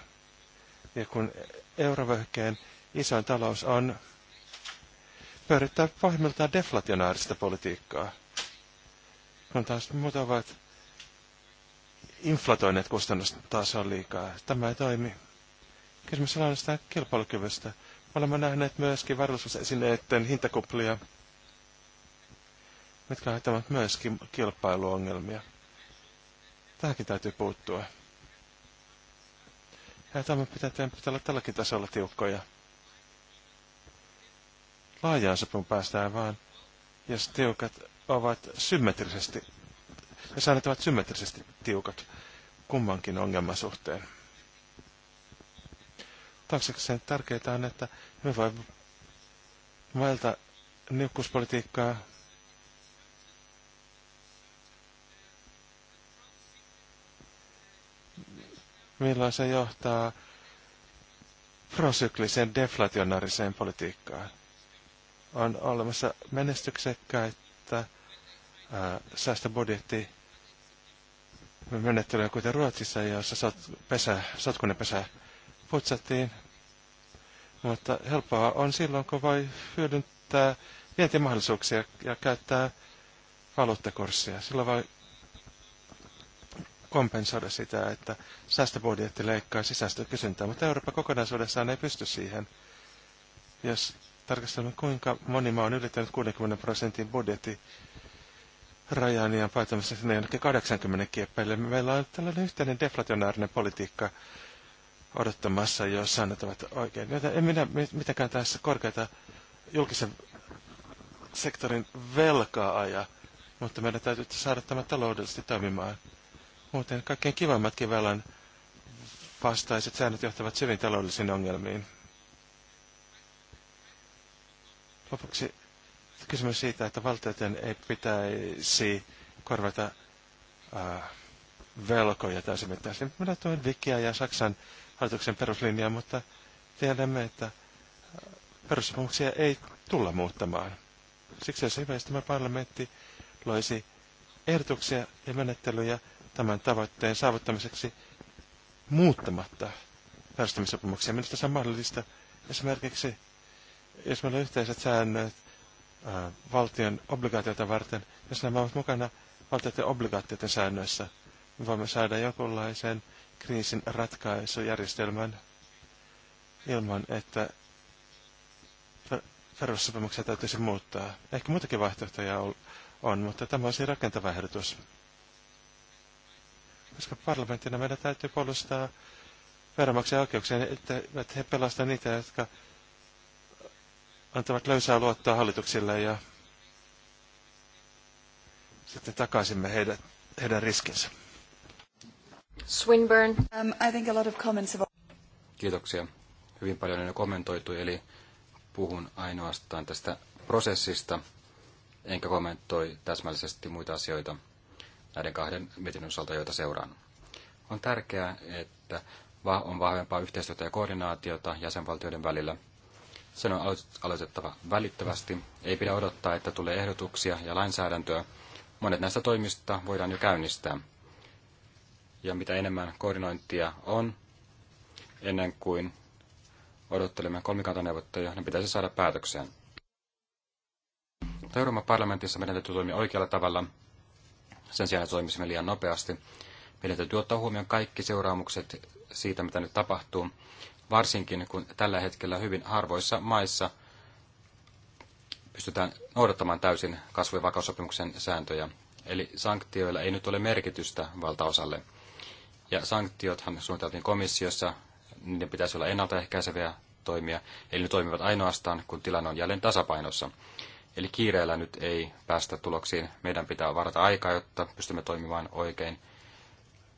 Ja kun eurovöhkeen isoin talous on pyörittää pahimmiltaan deflationaarista politiikkaa, kun taas muut ovat inflatoineet kustannustasoa liikaa. Tämä ei toimi. Kysymys on ainoastaan kilpailukyvystä. Olemme nähneet myöskin varallisuusesineiden hintakuplia mitkä aiheuttavat myöskin kilpailuongelmia. Tähänkin täytyy puuttua. Ja tämä pitää, teidän pitää olla tälläkin tasolla tiukkoja. Laajaan sopun päästään vaan, jos tiukat ovat symmetrisesti, ja säännöt ovat symmetrisesti tiukat kummankin ongelman suhteen. Taksekseen tärkeää on, että me voimme vaelta niukkuuspolitiikkaa milloin se johtaa prosykliseen deflationaariseen politiikkaan. On olemassa menestyksekkäitä äh, säästöbudjetti menettelyä, kuten Ruotsissa, jossa sot, pesä, sotkunen pesä putsattiin. Mutta helppoa on silloin, kun voi hyödyntää vientimahdollisuuksia ja käyttää valuuttakurssia. Silloin voi kompensoida sitä, että säästöbudjetti leikkaa sisältökysyntää, mutta Eurooppa kokonaisuudessaan ei pysty siihen. Jos tarkastelemme, kuinka moni maa on ylittänyt 60 prosentin budjetti rajan ja paitamassa sinne jonnekin 80 kieppeille, niin meillä on tällainen yhteinen deflationaarinen politiikka odottamassa, jos sanat ovat oikein. Joten en minä mitenkään tässä korkeata julkisen sektorin velkaa aja, mutta meidän täytyy saada tämä taloudellisesti toimimaan. Muuten kaikkein kivammatkin velan vastaiset säännöt johtavat syvin taloudellisiin ongelmiin. Lopuksi kysymys siitä, että valtioiden ei pitäisi korvata äh, velkoja täysimittaisesti. Minä tuen Vikiä ja Saksan hallituksen peruslinjaa, mutta tiedämme, että äh, perussopimuksia ei tulla muuttamaan. Siksi olisi hyvä, että tämä parlamentti loisi ehdotuksia ja menettelyjä tämän tavoitteen saavuttamiseksi muuttamatta perustamissopimuksia. Minusta se on mahdollista esimerkiksi, jos meillä on yhteiset säännöt valtion obligaatioita varten, jos nämä ovat mukana valtioiden obligaatioiden säännöissä, me voimme saada jonkunlaisen kriisin ratkaisujärjestelmän ilman, että perussopimuksia täytyisi muuttaa. Ehkä muitakin vaihtoehtoja on, mutta tämä on siinä rakentava ehdotus koska parlamenttina meidän täytyy puolustaa veronmaksajan oikeuksia, että, niin että he pelastaa niitä, jotka antavat löysää luottoa hallituksille ja sitten takaisimme heidät, heidän riskinsä. Swinburne. Um, I think a lot of comments have. Kiitoksia. Hyvin paljon on jo kommentoitu, eli puhun ainoastaan tästä prosessista, enkä kommentoi täsmällisesti muita asioita näiden kahden mietinnön osalta, joita seuraan. On tärkeää, että on vahvempaa yhteistyötä ja koordinaatiota jäsenvaltioiden välillä. Sen on aloitettava välittömästi. Ei pidä odottaa, että tulee ehdotuksia ja lainsäädäntöä. Monet näistä toimista voidaan jo käynnistää. Ja mitä enemmän koordinointia on, ennen kuin odottelemme kolmikantaneuvotteluja, ne pitäisi saada päätökseen. Euroopan parlamentissa meidän täytyy toimia oikealla tavalla sen sijaan, että toimisimme liian nopeasti. Meidän täytyy ottaa huomioon kaikki seuraamukset siitä, mitä nyt tapahtuu, varsinkin kun tällä hetkellä hyvin harvoissa maissa pystytään noudattamaan täysin kasvu- ja vakaussopimuksen sääntöjä. Eli sanktioilla ei nyt ole merkitystä valtaosalle. Ja sanktiothan suunniteltiin komissiossa, niiden pitäisi olla ennaltaehkäiseviä toimia, eli ne toimivat ainoastaan, kun tilanne on jälleen tasapainossa. Eli kiireellä nyt ei päästä tuloksiin. Meidän pitää varata aikaa, jotta pystymme toimimaan oikein,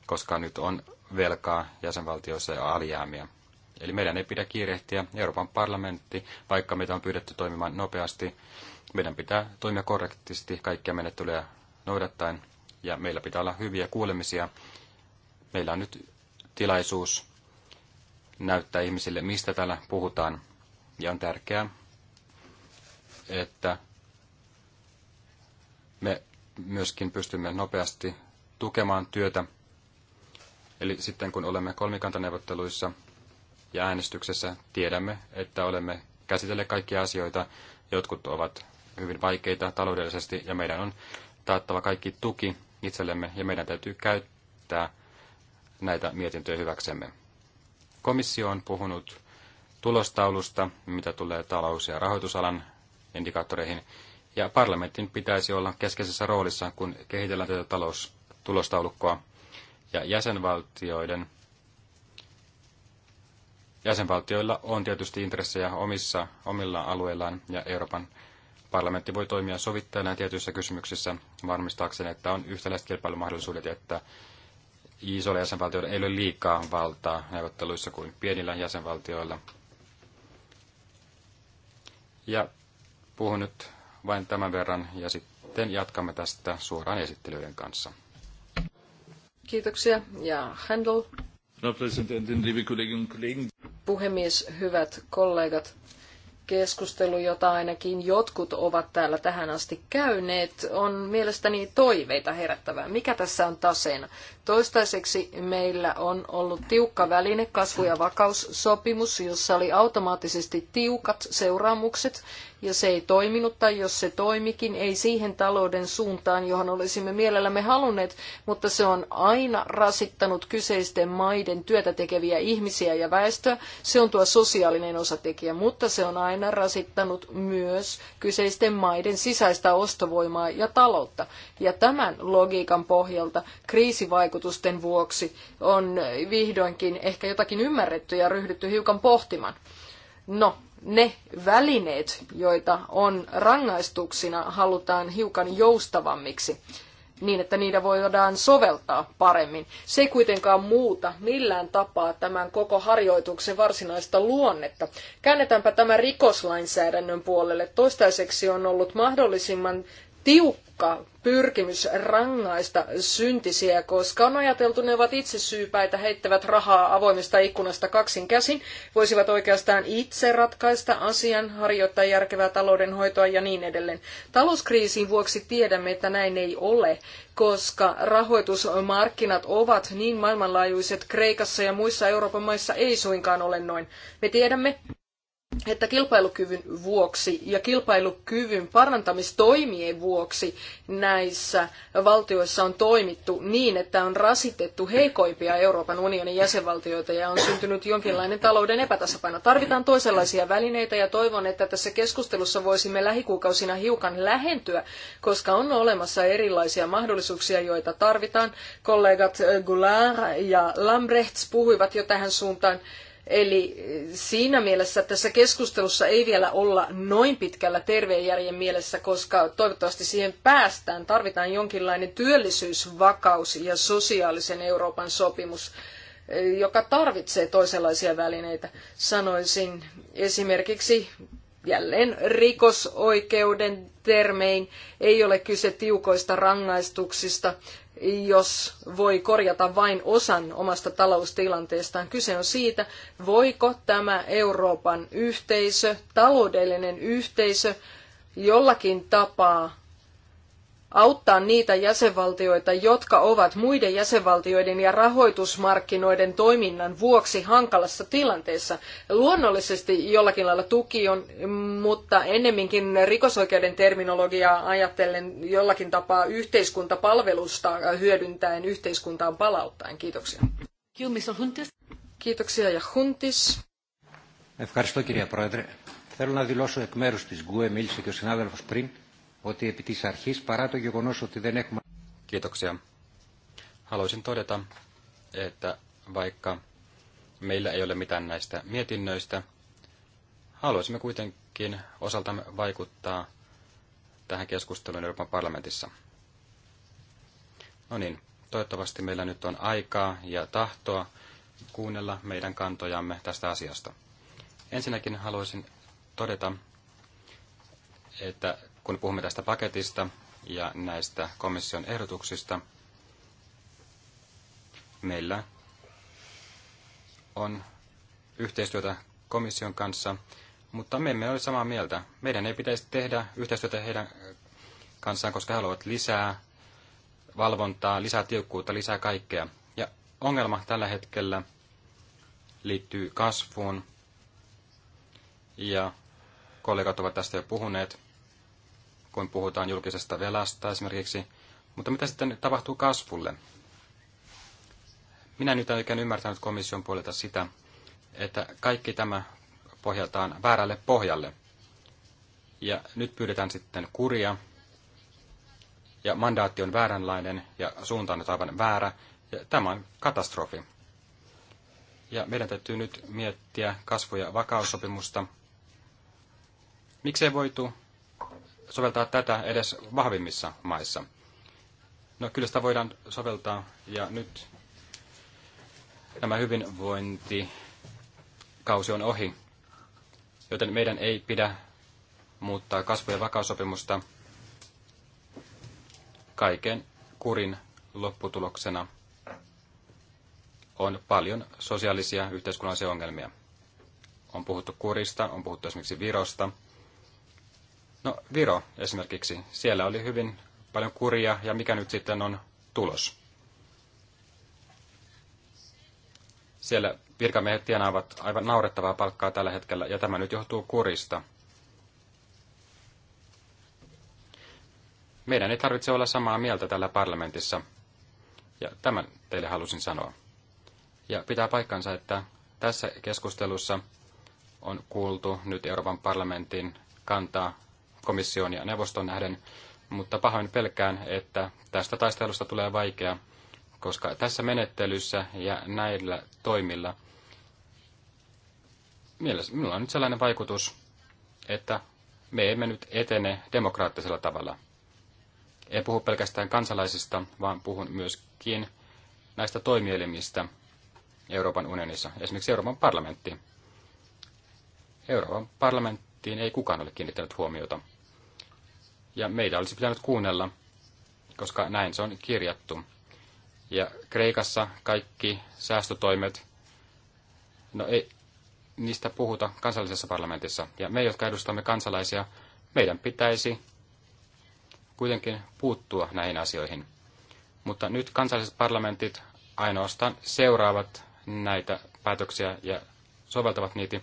koska nyt on velkaa jäsenvaltioissa ja alijäämiä. Eli meidän ei pidä kiirehtiä. Euroopan parlamentti, vaikka meitä on pyydetty toimimaan nopeasti, meidän pitää toimia korrektisti kaikkia menettelyjä noudattaen. Ja meillä pitää olla hyviä kuulemisia. Meillä on nyt tilaisuus näyttää ihmisille, mistä täällä puhutaan. Ja on tärkeää, että me myöskin pystymme nopeasti tukemaan työtä. Eli sitten kun olemme kolmikantaneuvotteluissa ja äänestyksessä, tiedämme, että olemme käsitelleet kaikkia asioita. Jotkut ovat hyvin vaikeita taloudellisesti ja meidän on taattava kaikki tuki itsellemme ja meidän täytyy käyttää näitä mietintöjä hyväksemme. Komissio on puhunut tulostaulusta, mitä tulee talous- ja rahoitusalan indikaattoreihin, ja parlamentin pitäisi olla keskeisessä roolissa, kun kehitellään tätä taloustulostaulukkoa. Ja jäsenvaltioiden, jäsenvaltioilla on tietysti intressejä omissa, omilla alueillaan ja Euroopan parlamentti voi toimia sovittajana tietyissä kysymyksissä varmistaakseen, että on yhtäläiset kilpailumahdollisuudet ja että isoilla jäsenvaltioilla ei ole liikaa valtaa neuvotteluissa kuin pienillä jäsenvaltioilla. Ja puhun nyt vain tämän verran ja sitten jatkamme tästä suoraan esittelyiden kanssa. Kiitoksia ja Handel. Puhemies, hyvät kollegat, keskustelu, jota ainakin jotkut ovat täällä tähän asti käyneet, on mielestäni toiveita herättävää. Mikä tässä on taseena? Toistaiseksi meillä on ollut tiukka väline, kasvu- ja vakaussopimus, jossa oli automaattisesti tiukat seuraamukset, ja se ei toiminut, tai jos se toimikin, ei siihen talouden suuntaan, johon olisimme mielellämme halunneet, mutta se on aina rasittanut kyseisten maiden työtä tekeviä ihmisiä ja väestöä. Se on tuo sosiaalinen osatekijä, mutta se on aina rasittanut myös kyseisten maiden sisäistä ostovoimaa ja taloutta. Ja tämän logiikan pohjalta kriisivaikutus vaikutusten vuoksi on vihdoinkin ehkä jotakin ymmärretty ja ryhdytty hiukan pohtimaan. No, ne välineet, joita on rangaistuksina, halutaan hiukan joustavammiksi niin, että niitä voidaan soveltaa paremmin. Se ei kuitenkaan muuta millään tapaa tämän koko harjoituksen varsinaista luonnetta. Käännetäänpä tämä rikoslainsäädännön puolelle. Toistaiseksi on ollut mahdollisimman tiukka pyrkimys rangaista syntisiä, koska on ajateltu, ne ovat itse syypäitä, heittävät rahaa avoimesta ikkunasta kaksin käsin, voisivat oikeastaan itse ratkaista asian, harjoittaa järkevää taloudenhoitoa ja niin edelleen. Talouskriisin vuoksi tiedämme, että näin ei ole, koska rahoitusmarkkinat ovat niin maailmanlaajuiset Kreikassa ja muissa Euroopan maissa ei suinkaan ole noin. Me tiedämme, että kilpailukyvyn vuoksi ja kilpailukyvyn parantamistoimien vuoksi näissä valtioissa on toimittu niin, että on rasitettu heikoimpia Euroopan unionin jäsenvaltioita ja on syntynyt jonkinlainen talouden epätasapaino. Tarvitaan toisenlaisia välineitä ja toivon, että tässä keskustelussa voisimme lähikuukausina hiukan lähentyä, koska on olemassa erilaisia mahdollisuuksia, joita tarvitaan. Kollegat Goulart ja Lambrechts puhuivat jo tähän suuntaan. Eli siinä mielessä tässä keskustelussa ei vielä olla noin pitkällä terveen järjen mielessä, koska toivottavasti siihen päästään. Tarvitaan jonkinlainen työllisyysvakaus ja sosiaalisen Euroopan sopimus, joka tarvitsee toisenlaisia välineitä. Sanoisin esimerkiksi jälleen rikosoikeuden termein ei ole kyse tiukoista rangaistuksista, jos voi korjata vain osan omasta taloustilanteestaan. Kyse on siitä, voiko tämä Euroopan yhteisö, taloudellinen yhteisö, jollakin tapaa auttaa niitä jäsenvaltioita, jotka ovat muiden jäsenvaltioiden ja rahoitusmarkkinoiden toiminnan vuoksi hankalassa tilanteessa. Luonnollisesti jollakin lailla tuki on, mutta ennemminkin rikosoikeuden terminologiaa ajatellen jollakin tapaa yhteiskuntapalvelusta hyödyntäen yhteiskuntaan palauttaen. Kiitoksia. Kiitoksia ja huntis. Ευχαριστώ κυρία Πρόεδρε. Θέλω να δηλώσω εκ μέρους της ΓΚΟΕ, μίλησε και ο συνάδελφος πριν, ότι επί της αρχής, παρά το γεγονός ότι δεν έχουμε... Kiitoksia. Haluaisin todeta, että vaikka meillä ei ole mitään näistä mietinnöistä, haluaisimme kuitenkin osaltamme vaikuttaa tähän keskusteluun Euroopan parlamentissa. No niin, toivottavasti meillä nyt on aikaa ja tahtoa kuunnella meidän kantojamme tästä asiasta. Ensinnäkin haluaisin todeta, että kun puhumme tästä paketista ja näistä komission ehdotuksista, meillä on yhteistyötä komission kanssa, mutta me emme ole samaa mieltä. Meidän ei pitäisi tehdä yhteistyötä heidän kanssaan, koska he haluavat lisää valvontaa, lisää tiukkuutta, lisää kaikkea. Ja ongelma tällä hetkellä liittyy kasvuun, ja kollegat ovat tästä jo puhuneet kun puhutaan julkisesta velasta esimerkiksi. Mutta mitä sitten tapahtuu kasvulle? Minä nyt en oikein ymmärtänyt komission puolelta sitä, että kaikki tämä pohjataan väärälle pohjalle. Ja nyt pyydetään sitten kuria, ja mandaatti on vääränlainen, ja suunta on aivan väärä, ja tämä on katastrofi. Ja meidän täytyy nyt miettiä kasvu- ja vakaussopimusta. Miksei voitu soveltaa tätä edes vahvimmissa maissa. No kyllä sitä voidaan soveltaa ja nyt tämä hyvinvointikausi on ohi, joten meidän ei pidä muuttaa kasvu- ja vakaussopimusta kaiken kurin lopputuloksena on paljon sosiaalisia yhteiskunnallisia ongelmia. On puhuttu kurista, on puhuttu esimerkiksi virosta – No Viro esimerkiksi, siellä oli hyvin paljon kuria ja mikä nyt sitten on tulos? Siellä virkamiehet tienaavat aivan naurettavaa palkkaa tällä hetkellä ja tämä nyt johtuu kurista. Meidän ei tarvitse olla samaa mieltä tällä parlamentissa. Ja tämän teille halusin sanoa. Ja pitää paikkansa, että tässä keskustelussa on kuultu nyt Euroopan parlamentin kantaa komission ja neuvoston nähden, mutta pahoin pelkään, että tästä taistelusta tulee vaikea, koska tässä menettelyssä ja näillä toimilla minulla on nyt sellainen vaikutus, että me emme nyt etene demokraattisella tavalla. En puhu pelkästään kansalaisista, vaan puhun myöskin näistä toimielimistä Euroopan unionissa, esimerkiksi Euroopan parlamentti. Euroopan parlamenttiin ei kukaan ole kiinnittänyt huomiota ja meidän olisi pitänyt kuunnella, koska näin se on kirjattu. Ja Kreikassa kaikki säästötoimet, no ei niistä puhuta kansallisessa parlamentissa. Ja me, jotka edustamme kansalaisia, meidän pitäisi kuitenkin puuttua näihin asioihin. Mutta nyt kansalliset parlamentit ainoastaan seuraavat näitä päätöksiä ja soveltavat niitä.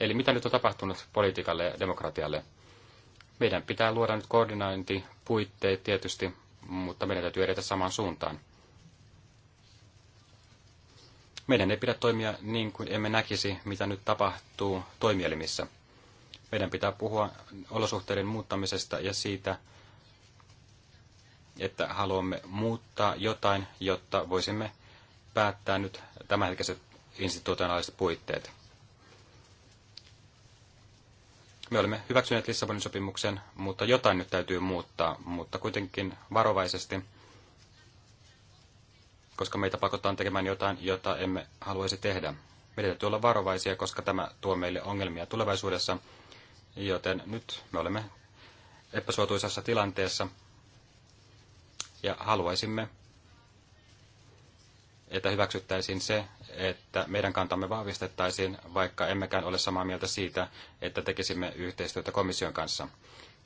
Eli mitä nyt on tapahtunut politiikalle ja demokratialle? Meidän pitää luoda nyt koordinointipuitteet tietysti, mutta meidän täytyy edetä samaan suuntaan. Meidän ei pidä toimia niin kuin emme näkisi, mitä nyt tapahtuu toimielimissä. Meidän pitää puhua olosuhteiden muuttamisesta ja siitä, että haluamme muuttaa jotain, jotta voisimme päättää nyt tämänhetkiset institutionaaliset puitteet. Me olemme hyväksyneet Lissabonin sopimuksen, mutta jotain nyt täytyy muuttaa, mutta kuitenkin varovaisesti, koska meitä pakotetaan tekemään jotain, jota emme haluaisi tehdä. Meidän täytyy olla varovaisia, koska tämä tuo meille ongelmia tulevaisuudessa, joten nyt me olemme epäsuotuisassa tilanteessa ja haluaisimme, että hyväksyttäisiin se, että meidän kantamme vahvistettaisiin, vaikka emmekään ole samaa mieltä siitä, että tekisimme yhteistyötä komission kanssa. Ja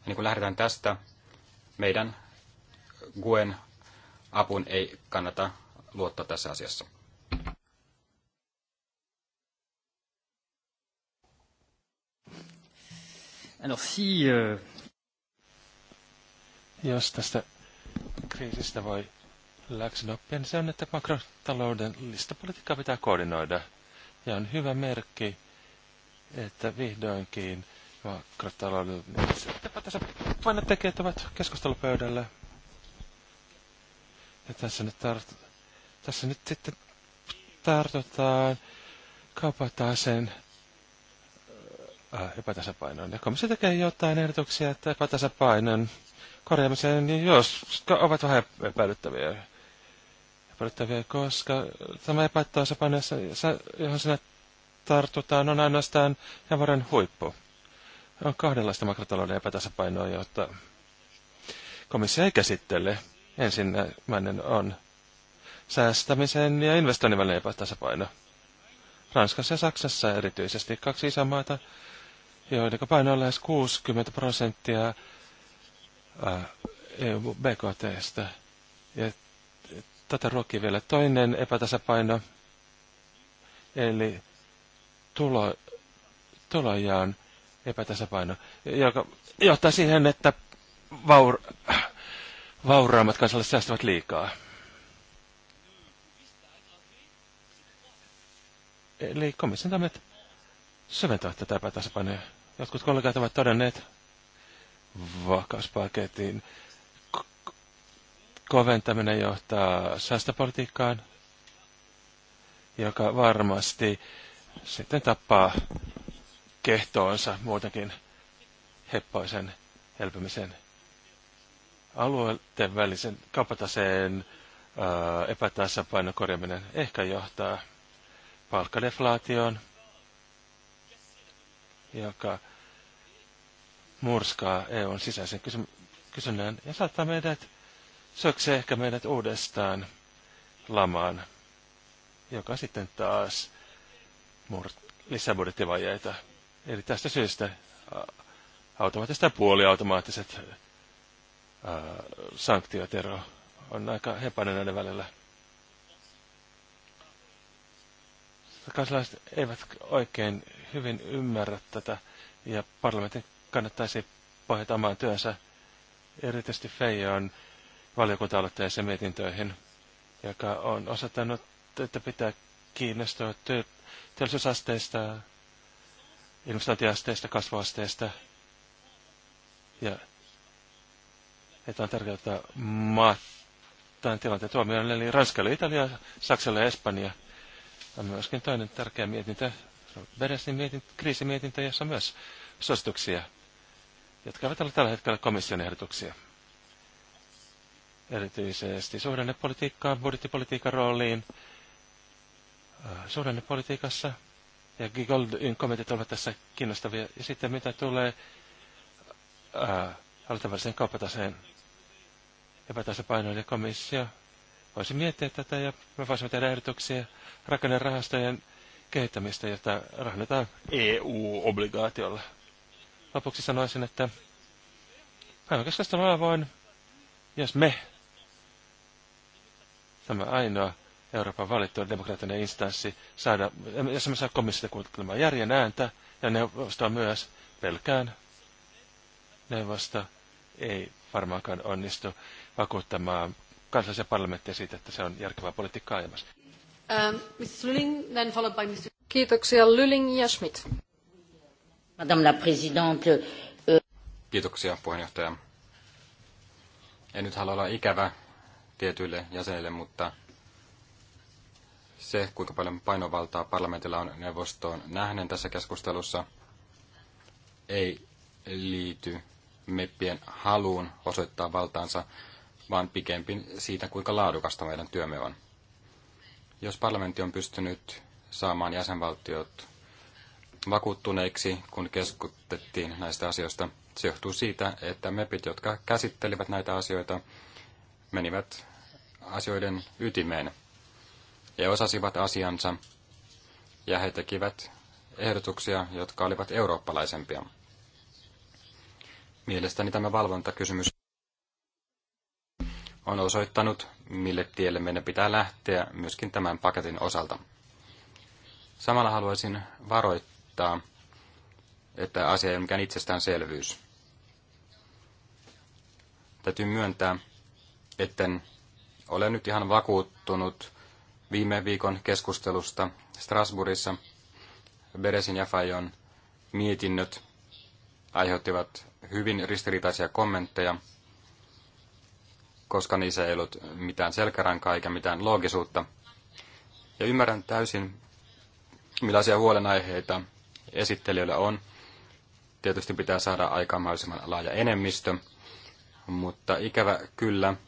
niin kun lähdetään tästä, meidän Guen apun ei kannata luottaa tässä asiassa. Alors si, euh... Jos tästä kriisistä voi läksynoppi, niin se on, että makrotalouden listapolitiikkaa pitää koordinoida. Ja on hyvä merkki, että vihdoinkin makrotalouden painotekijät ovat keskustelupöydällä. Ja tässä nyt, tart, tässä nyt sitten tartutaan kaupataseen äh, epätasapainoon. Ja komissio tekee jotain ehdotuksia, että epätasapainon korjaamiseen, niin jos ovat vähän epäilyttäviä ymmärrettäviä, koska tämä epätasapaino, johon sinä tartutaan, on ainoastaan hevaren huippu. On kahdenlaista makrotalouden epätasapainoa, jota komissio ei käsittele. Ensimmäinen on säästämisen ja investoinnin välinen epätasapaino. Ranskassa ja Saksassa erityisesti kaksi isämaata, joiden paino on lähes 60 prosenttia EU BKTstä. Ja Tätä ruokkii vielä toinen epätasapaino, eli tulo, tulojaan epätasapaino, joka johtaa siihen, että vaur, vauraammat kansalaiset säästävät liikaa. Eli komission toimet syventävät tätä epätasapainoa. Jotkut kollegat ovat todenneet vakauspaketin koventaminen johtaa säästöpolitiikkaan, joka varmasti sitten tappaa kehtoonsa muutenkin heppoisen elpymisen alueiden välisen kapataseen epätasapainon korjaaminen ehkä johtaa palkkadeflaatioon, joka murskaa EUn sisäisen kysynnän ja saattaa meidät se ehkä meidät uudestaan lamaan, joka sitten taas mur- lisää budjettivajeita. Eli tästä syystä automaattiset ja puoliautomaattiset sanktiotero on aika hepainen näiden välillä. Kansalaiset eivät oikein hyvin ymmärrä tätä ja parlamentin kannattaisi pohjata omaan työnsä. Erityisesti Feijo on valiokunta-aloitteeseen mietintöihin, joka on osoittanut, että pitää kiinnostua työllisyysasteista, investointiasteista, kasvuasteista. Ja että on tärkeää ottaa maat tämän tilanteen tuomioon, eli Ranskalle, Italia, Saksalle ja Espanja. On myöskin toinen tärkeä mietintö, Beresin mietintö, kriisimietintö, jossa on myös suosituksia, jotka ovat tällä hetkellä komission ehdotuksia erityisesti suhdannepolitiikkaan, budjettipolitiikan rooliin äh, suhdannepolitiikassa. Ja Goldin kommentit ovat tässä kiinnostavia. Ja sitten mitä tulee valtaväliseen äh, kauppataseen epätasapainoille ja komissio voisi miettiä tätä ja me voisimme tehdä ehdotuksia rakennerahastojen kehittämistä, jota rahoitetaan EU-obligaatiolla. Lopuksi sanoisin, että päiväkeskustelu on avoin, jos me tämä ainoa Euroopan valittu demokraattinen instanssi saada, jos me saa komissiota kuuntelemaan järjen ääntä ja neuvostoa myös pelkään. Neuvosto ei varmaankaan onnistu vakuuttamaan kansallisia parlamentteja siitä, että se on järkevää politiikkaa ajamassa. Um, Mrs. Lulling, then followed by Mr. Kiitoksia Lulling ja Schmidt. Madame la Présidente. Euh- Kiitoksia puheenjohtaja. En nyt halua olla ikävä, tietyille jäsenille, mutta se, kuinka paljon painovaltaa parlamentilla on neuvostoon nähden tässä keskustelussa, ei liity meppien haluun osoittaa valtaansa, vaan pikempin siitä, kuinka laadukasta meidän työmme on. Jos parlamentti on pystynyt saamaan jäsenvaltiot vakuuttuneiksi, kun keskusteltiin näistä asioista, se johtuu siitä, että mepit, jotka käsittelivät näitä asioita, menivät asioiden ytimeen ja osasivat asiansa ja he tekivät ehdotuksia, jotka olivat eurooppalaisempia. Mielestäni tämä valvontakysymys on osoittanut, mille tielle meidän pitää lähteä myöskin tämän paketin osalta. Samalla haluaisin varoittaa, että asia ei ole mikään itsestäänselvyys. Täytyy myöntää, etten ole nyt ihan vakuuttunut viime viikon keskustelusta Strasbourgissa. Beresin ja Fajon mietinnöt aiheuttivat hyvin ristiriitaisia kommentteja, koska niissä ei ollut mitään selkärankaa eikä mitään loogisuutta. Ja ymmärrän täysin, millaisia huolenaiheita esittelijöillä on. Tietysti pitää saada aikaan mahdollisimman laaja enemmistö, mutta ikävä kyllä –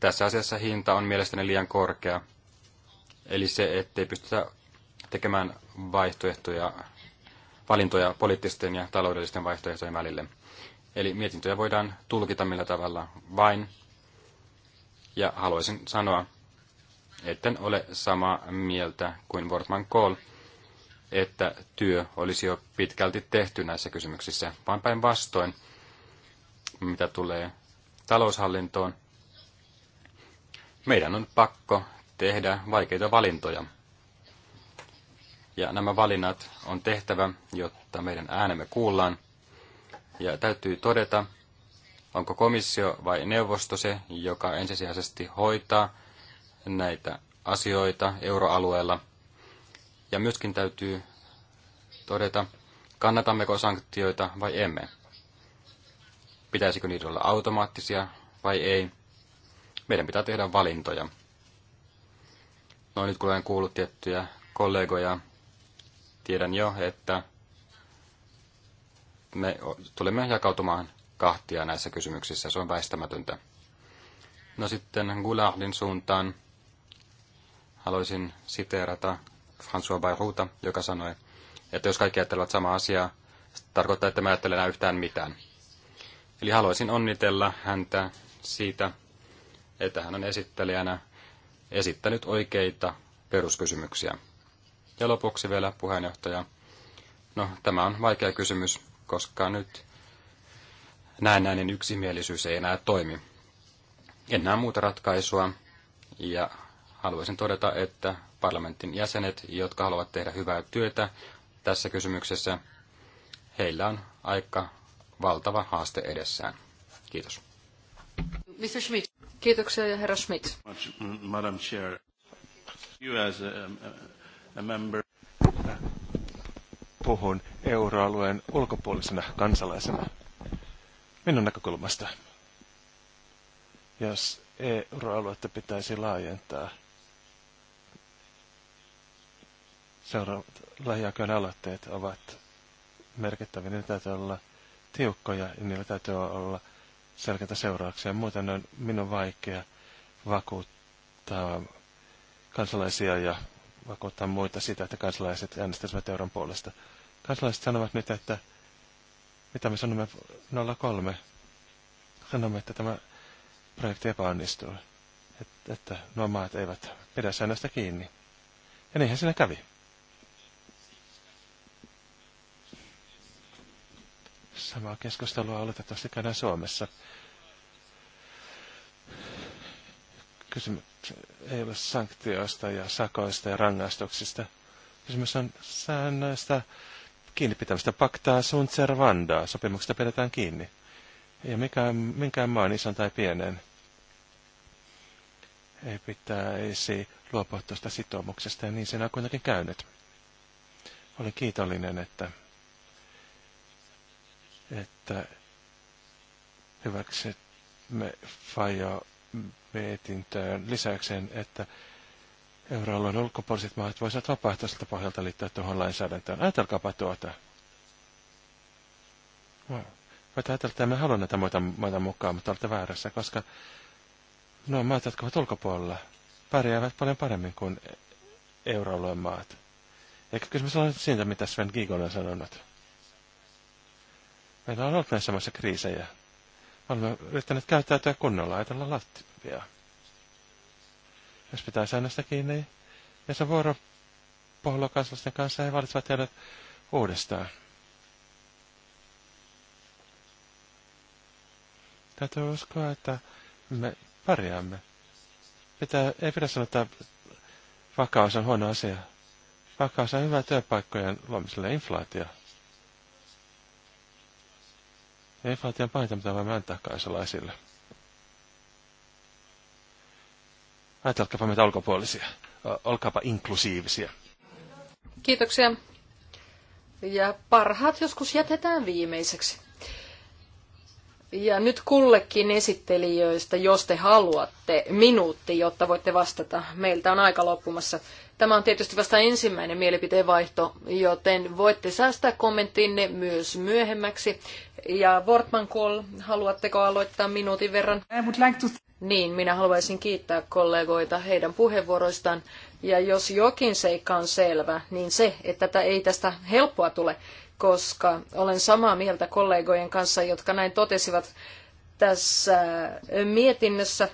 Tässä asiassa hinta on mielestäni liian korkea. Eli se, ettei pystytä tekemään vaihtoehtoja, valintoja poliittisten ja taloudellisten vaihtoehtojen välille. Eli mietintöjä voidaan tulkita millä tavalla vain. Ja haluaisin sanoa, etten ole samaa mieltä kuin Wortman Kohl, että työ olisi jo pitkälti tehty näissä kysymyksissä, vaan päinvastoin, mitä tulee taloushallintoon, meidän on pakko tehdä vaikeita valintoja. Ja nämä valinnat on tehtävä, jotta meidän äänemme kuullaan. Ja täytyy todeta, onko komissio vai neuvosto se, joka ensisijaisesti hoitaa näitä asioita euroalueella. Ja myöskin täytyy todeta, kannatammeko sanktioita vai emme. Pitäisikö niitä olla automaattisia vai ei meidän pitää tehdä valintoja. No nyt kun olen kuullut tiettyjä kollegoja, tiedän jo, että me tulemme jakautumaan kahtia näissä kysymyksissä. Se on väistämätöntä. No sitten Goulardin suuntaan haluaisin siteerata François Bayrouta, joka sanoi, että jos kaikki ajattelevat samaa asiaa, se tarkoittaa, että mä ajattelen yhtään mitään. Eli haluaisin onnitella häntä siitä, että hän on esittelijänä esittänyt oikeita peruskysymyksiä. Ja lopuksi vielä puheenjohtaja. No, tämä on vaikea kysymys, koska nyt näennäinen niin yksimielisyys ei enää toimi. En näe muuta ratkaisua ja haluaisin todeta, että parlamentin jäsenet, jotka haluavat tehdä hyvää työtä tässä kysymyksessä, heillä on aika valtava haaste edessään. Kiitos. Mr. Schmidt. Kiitoksia ja herra Schmidt. Madam Chair, you as a, a member puhun euroalueen ulkopuolisena kansalaisena minun näkökulmasta. Jos euroaluetta pitäisi laajentaa seuraavat lähiaikojen aloitteet ovat merkittäviä. Niillä täytyy olla tiukkoja ja niillä täytyy olla – selkeitä seurauksia. Muuten on minun vaikea vakuuttaa kansalaisia ja vakuuttaa muita sitä, että kansalaiset äänestäisivät euron puolesta. Kansalaiset sanovat nyt, että mitä me sanomme 03, sanomme, että tämä projekti epäonnistuu, että, että nuo maat eivät pidä säännöstä kiinni. Ja niinhän siinä kävi. Samaa keskustelua oletettavasti käydään Suomessa. Kysymys ei ole sanktioista ja sakoista ja rangaistuksista. Kysymys on säännöistä kiinni pitämistä paktaa sun servandaa. Sopimuksesta pidetään kiinni. Ei mikään, minkään maan ison tai pienen. Ei pitäisi luopua tuosta sitoumuksesta ja niin sen on kuitenkin käynyt. Olen kiitollinen, että että hyväksymme Faja mietintöön lisäkseen, että euroalueen ulkopuoliset maat voisivat vapaaehtoiselta pohjalta liittyä tuohon lainsäädäntöön. Ajatelkaapa tuota. Voit ajatella, että emme halua näitä muita maita mukaan, mutta olette väärässä, koska nuo maat, jotka ovat ulkopuolella, pärjäävät paljon paremmin kuin euroalueen maat. Eikä kysymys ole siitä, mitä Sven Giegel on sanonut. Meillä on ollut näissä samassa kriisejä. Olemme yrittäneet käyttäytyä kunnolla ajatella Latviaa. Jos pitää säännöstä kiinni, ja niin se vuoro puhua kanssa, he valitsevat heidät uudestaan. Täytyy uskoa, että me pärjäämme. Pitää, ei pidä sanoa, että vakaus on huono asia. Vakaus on hyvä työpaikkojen luomiselle inflaatio. Inflaatio on pahinta, mitä voimme antaa kansalaisille. Ajatelkaapa meitä ulkopuolisia. Olkaapa inklusiivisia. Kiitoksia. Ja parhaat joskus jätetään viimeiseksi. Ja nyt kullekin esittelijöistä, jos te haluatte, minuutti, jotta voitte vastata. Meiltä on aika loppumassa. Tämä on tietysti vasta ensimmäinen mielipiteenvaihto, joten voitte säästää kommenttinne myös myöhemmäksi. Ja Wortman Kohl, haluatteko aloittaa minuutin verran? Niin, minä haluaisin kiittää kollegoita heidän puheenvuoroistaan. Ja jos jokin seikka on selvä, niin se, että tätä ei tästä helppoa tule koska olen samaa mieltä kollegojen kanssa, jotka näin totesivat tässä mietinnössä.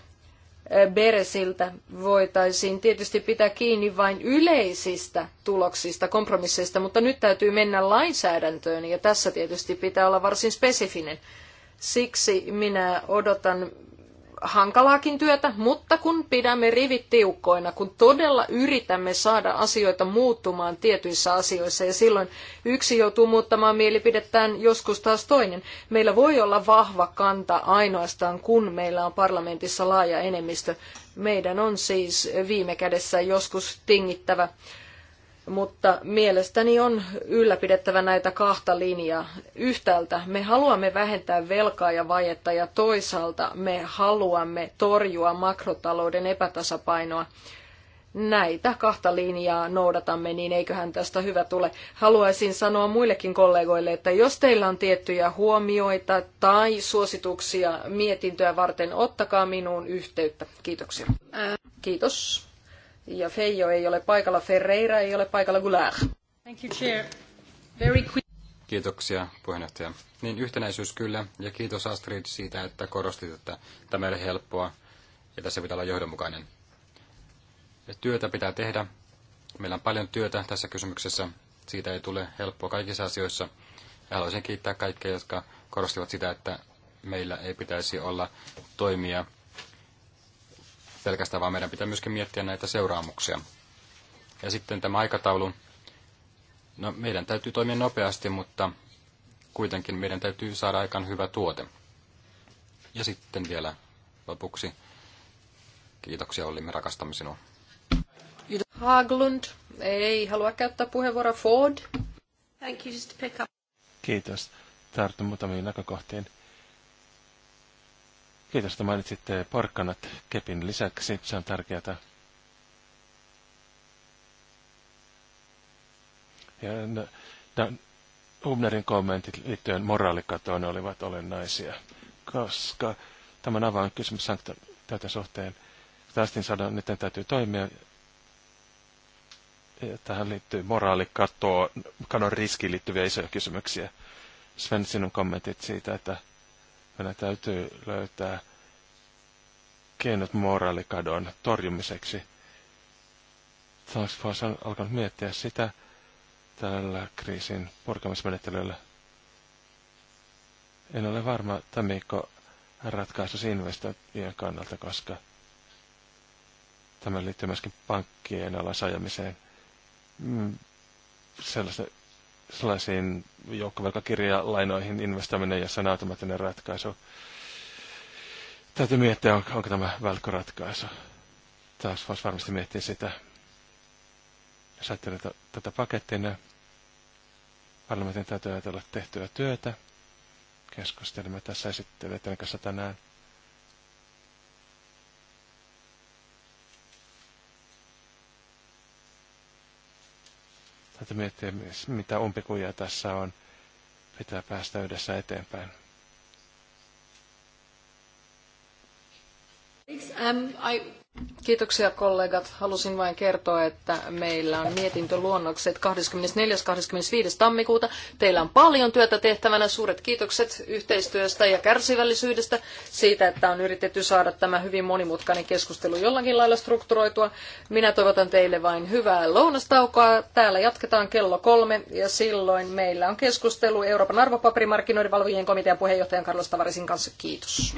Beresiltä voitaisiin tietysti pitää kiinni vain yleisistä tuloksista, kompromisseista, mutta nyt täytyy mennä lainsäädäntöön ja tässä tietysti pitää olla varsin spesifinen. Siksi minä odotan hankalaakin työtä, mutta kun pidämme rivit tiukkoina, kun todella yritämme saada asioita muuttumaan tietyissä asioissa ja silloin yksi joutuu muuttamaan mielipidettään, joskus taas toinen. Meillä voi olla vahva kanta ainoastaan, kun meillä on parlamentissa laaja enemmistö. Meidän on siis viime kädessä joskus tingittävä mutta mielestäni on ylläpidettävä näitä kahta linjaa. Yhtäältä me haluamme vähentää velkaa ja vajetta ja toisaalta me haluamme torjua makrotalouden epätasapainoa. Näitä kahta linjaa noudatamme, niin eiköhän tästä hyvä tule. Haluaisin sanoa muillekin kollegoille, että jos teillä on tiettyjä huomioita tai suosituksia mietintöä varten, ottakaa minuun yhteyttä. Kiitoksia. Kiitos ja Feijo ei ole paikalla, Ferreira ei ole paikalla, Goulart. Thank you, Chair. Very quick. Kiitoksia puheenjohtaja. Niin yhtenäisyys kyllä ja kiitos Astrid siitä, että korostit, että tämä ei ole helppoa ja tässä pitää olla johdonmukainen. Ja työtä pitää tehdä. Meillä on paljon työtä tässä kysymyksessä. Siitä ei tule helppoa kaikissa asioissa. Ja haluaisin kiittää kaikkia, jotka korostivat sitä, että meillä ei pitäisi olla toimia pelkästään, vaan meidän pitää myöskin miettiä näitä seuraamuksia. Ja sitten tämä aikataulu. No, meidän täytyy toimia nopeasti, mutta kuitenkin meidän täytyy saada aikaan hyvä tuote. Ja sitten vielä lopuksi. Kiitoksia Olli, me rakastamme sinua. Haglund ei halua käyttää puheenvuoroa Ford. Thank you, just to pick up. Kiitos. Tartun muutamiin näkökohtiin. Kiitos, että mainitsitte porkkanat kepin lisäksi. Se on tärkeää. Ja Hubnerin kommentit liittyen moraalikatoon olivat olennaisia, koska tämän avaan kysymys sanktioita suhteen. Tästin niin sadan, miten täytyy toimia. Ja tähän liittyy moraalikatoon, kanon riskiin liittyviä isoja kysymyksiä. Sven, sinun kommentit siitä, että meidän täytyy löytää keinot moraalikadon torjumiseksi. Task Force on alkanut miettiä sitä tällä kriisin purkamismenettelyllä. En ole varma Tamikko ratkaisisi investointien kannalta, koska tämä liittyy myöskin pankkien alasajamiseen. Mm, sellaista sellaisiin joukkovelkakirjalainoihin investoiminen, jossa on automaattinen ratkaisu. Täytyy miettiä, onko, onko tämä välkkoratkaisu. Taas voisi varmasti miettiä sitä. Jos ajattelee tätä pakettina, niin parlamentin täytyy ajatella tehtyä työtä. keskustelemme tässä esittelijöiden kanssa tänään. Täytyy miettiä, mitä umpikuja tässä on. Pitää päästä yhdessä eteenpäin. Um, I Kiitoksia kollegat. Halusin vain kertoa, että meillä on mietintöluonnokset 24. 25. tammikuuta. Teillä on paljon työtä tehtävänä. Suuret kiitokset yhteistyöstä ja kärsivällisyydestä siitä, että on yritetty saada tämä hyvin monimutkainen keskustelu jollakin lailla strukturoitua. Minä toivotan teille vain hyvää lounastaukoa. Täällä jatketaan kello kolme ja silloin meillä on keskustelu Euroopan arvopaperimarkkinoiden valvojien komitean puheenjohtajan Carlos Tavarisin kanssa. Kiitos.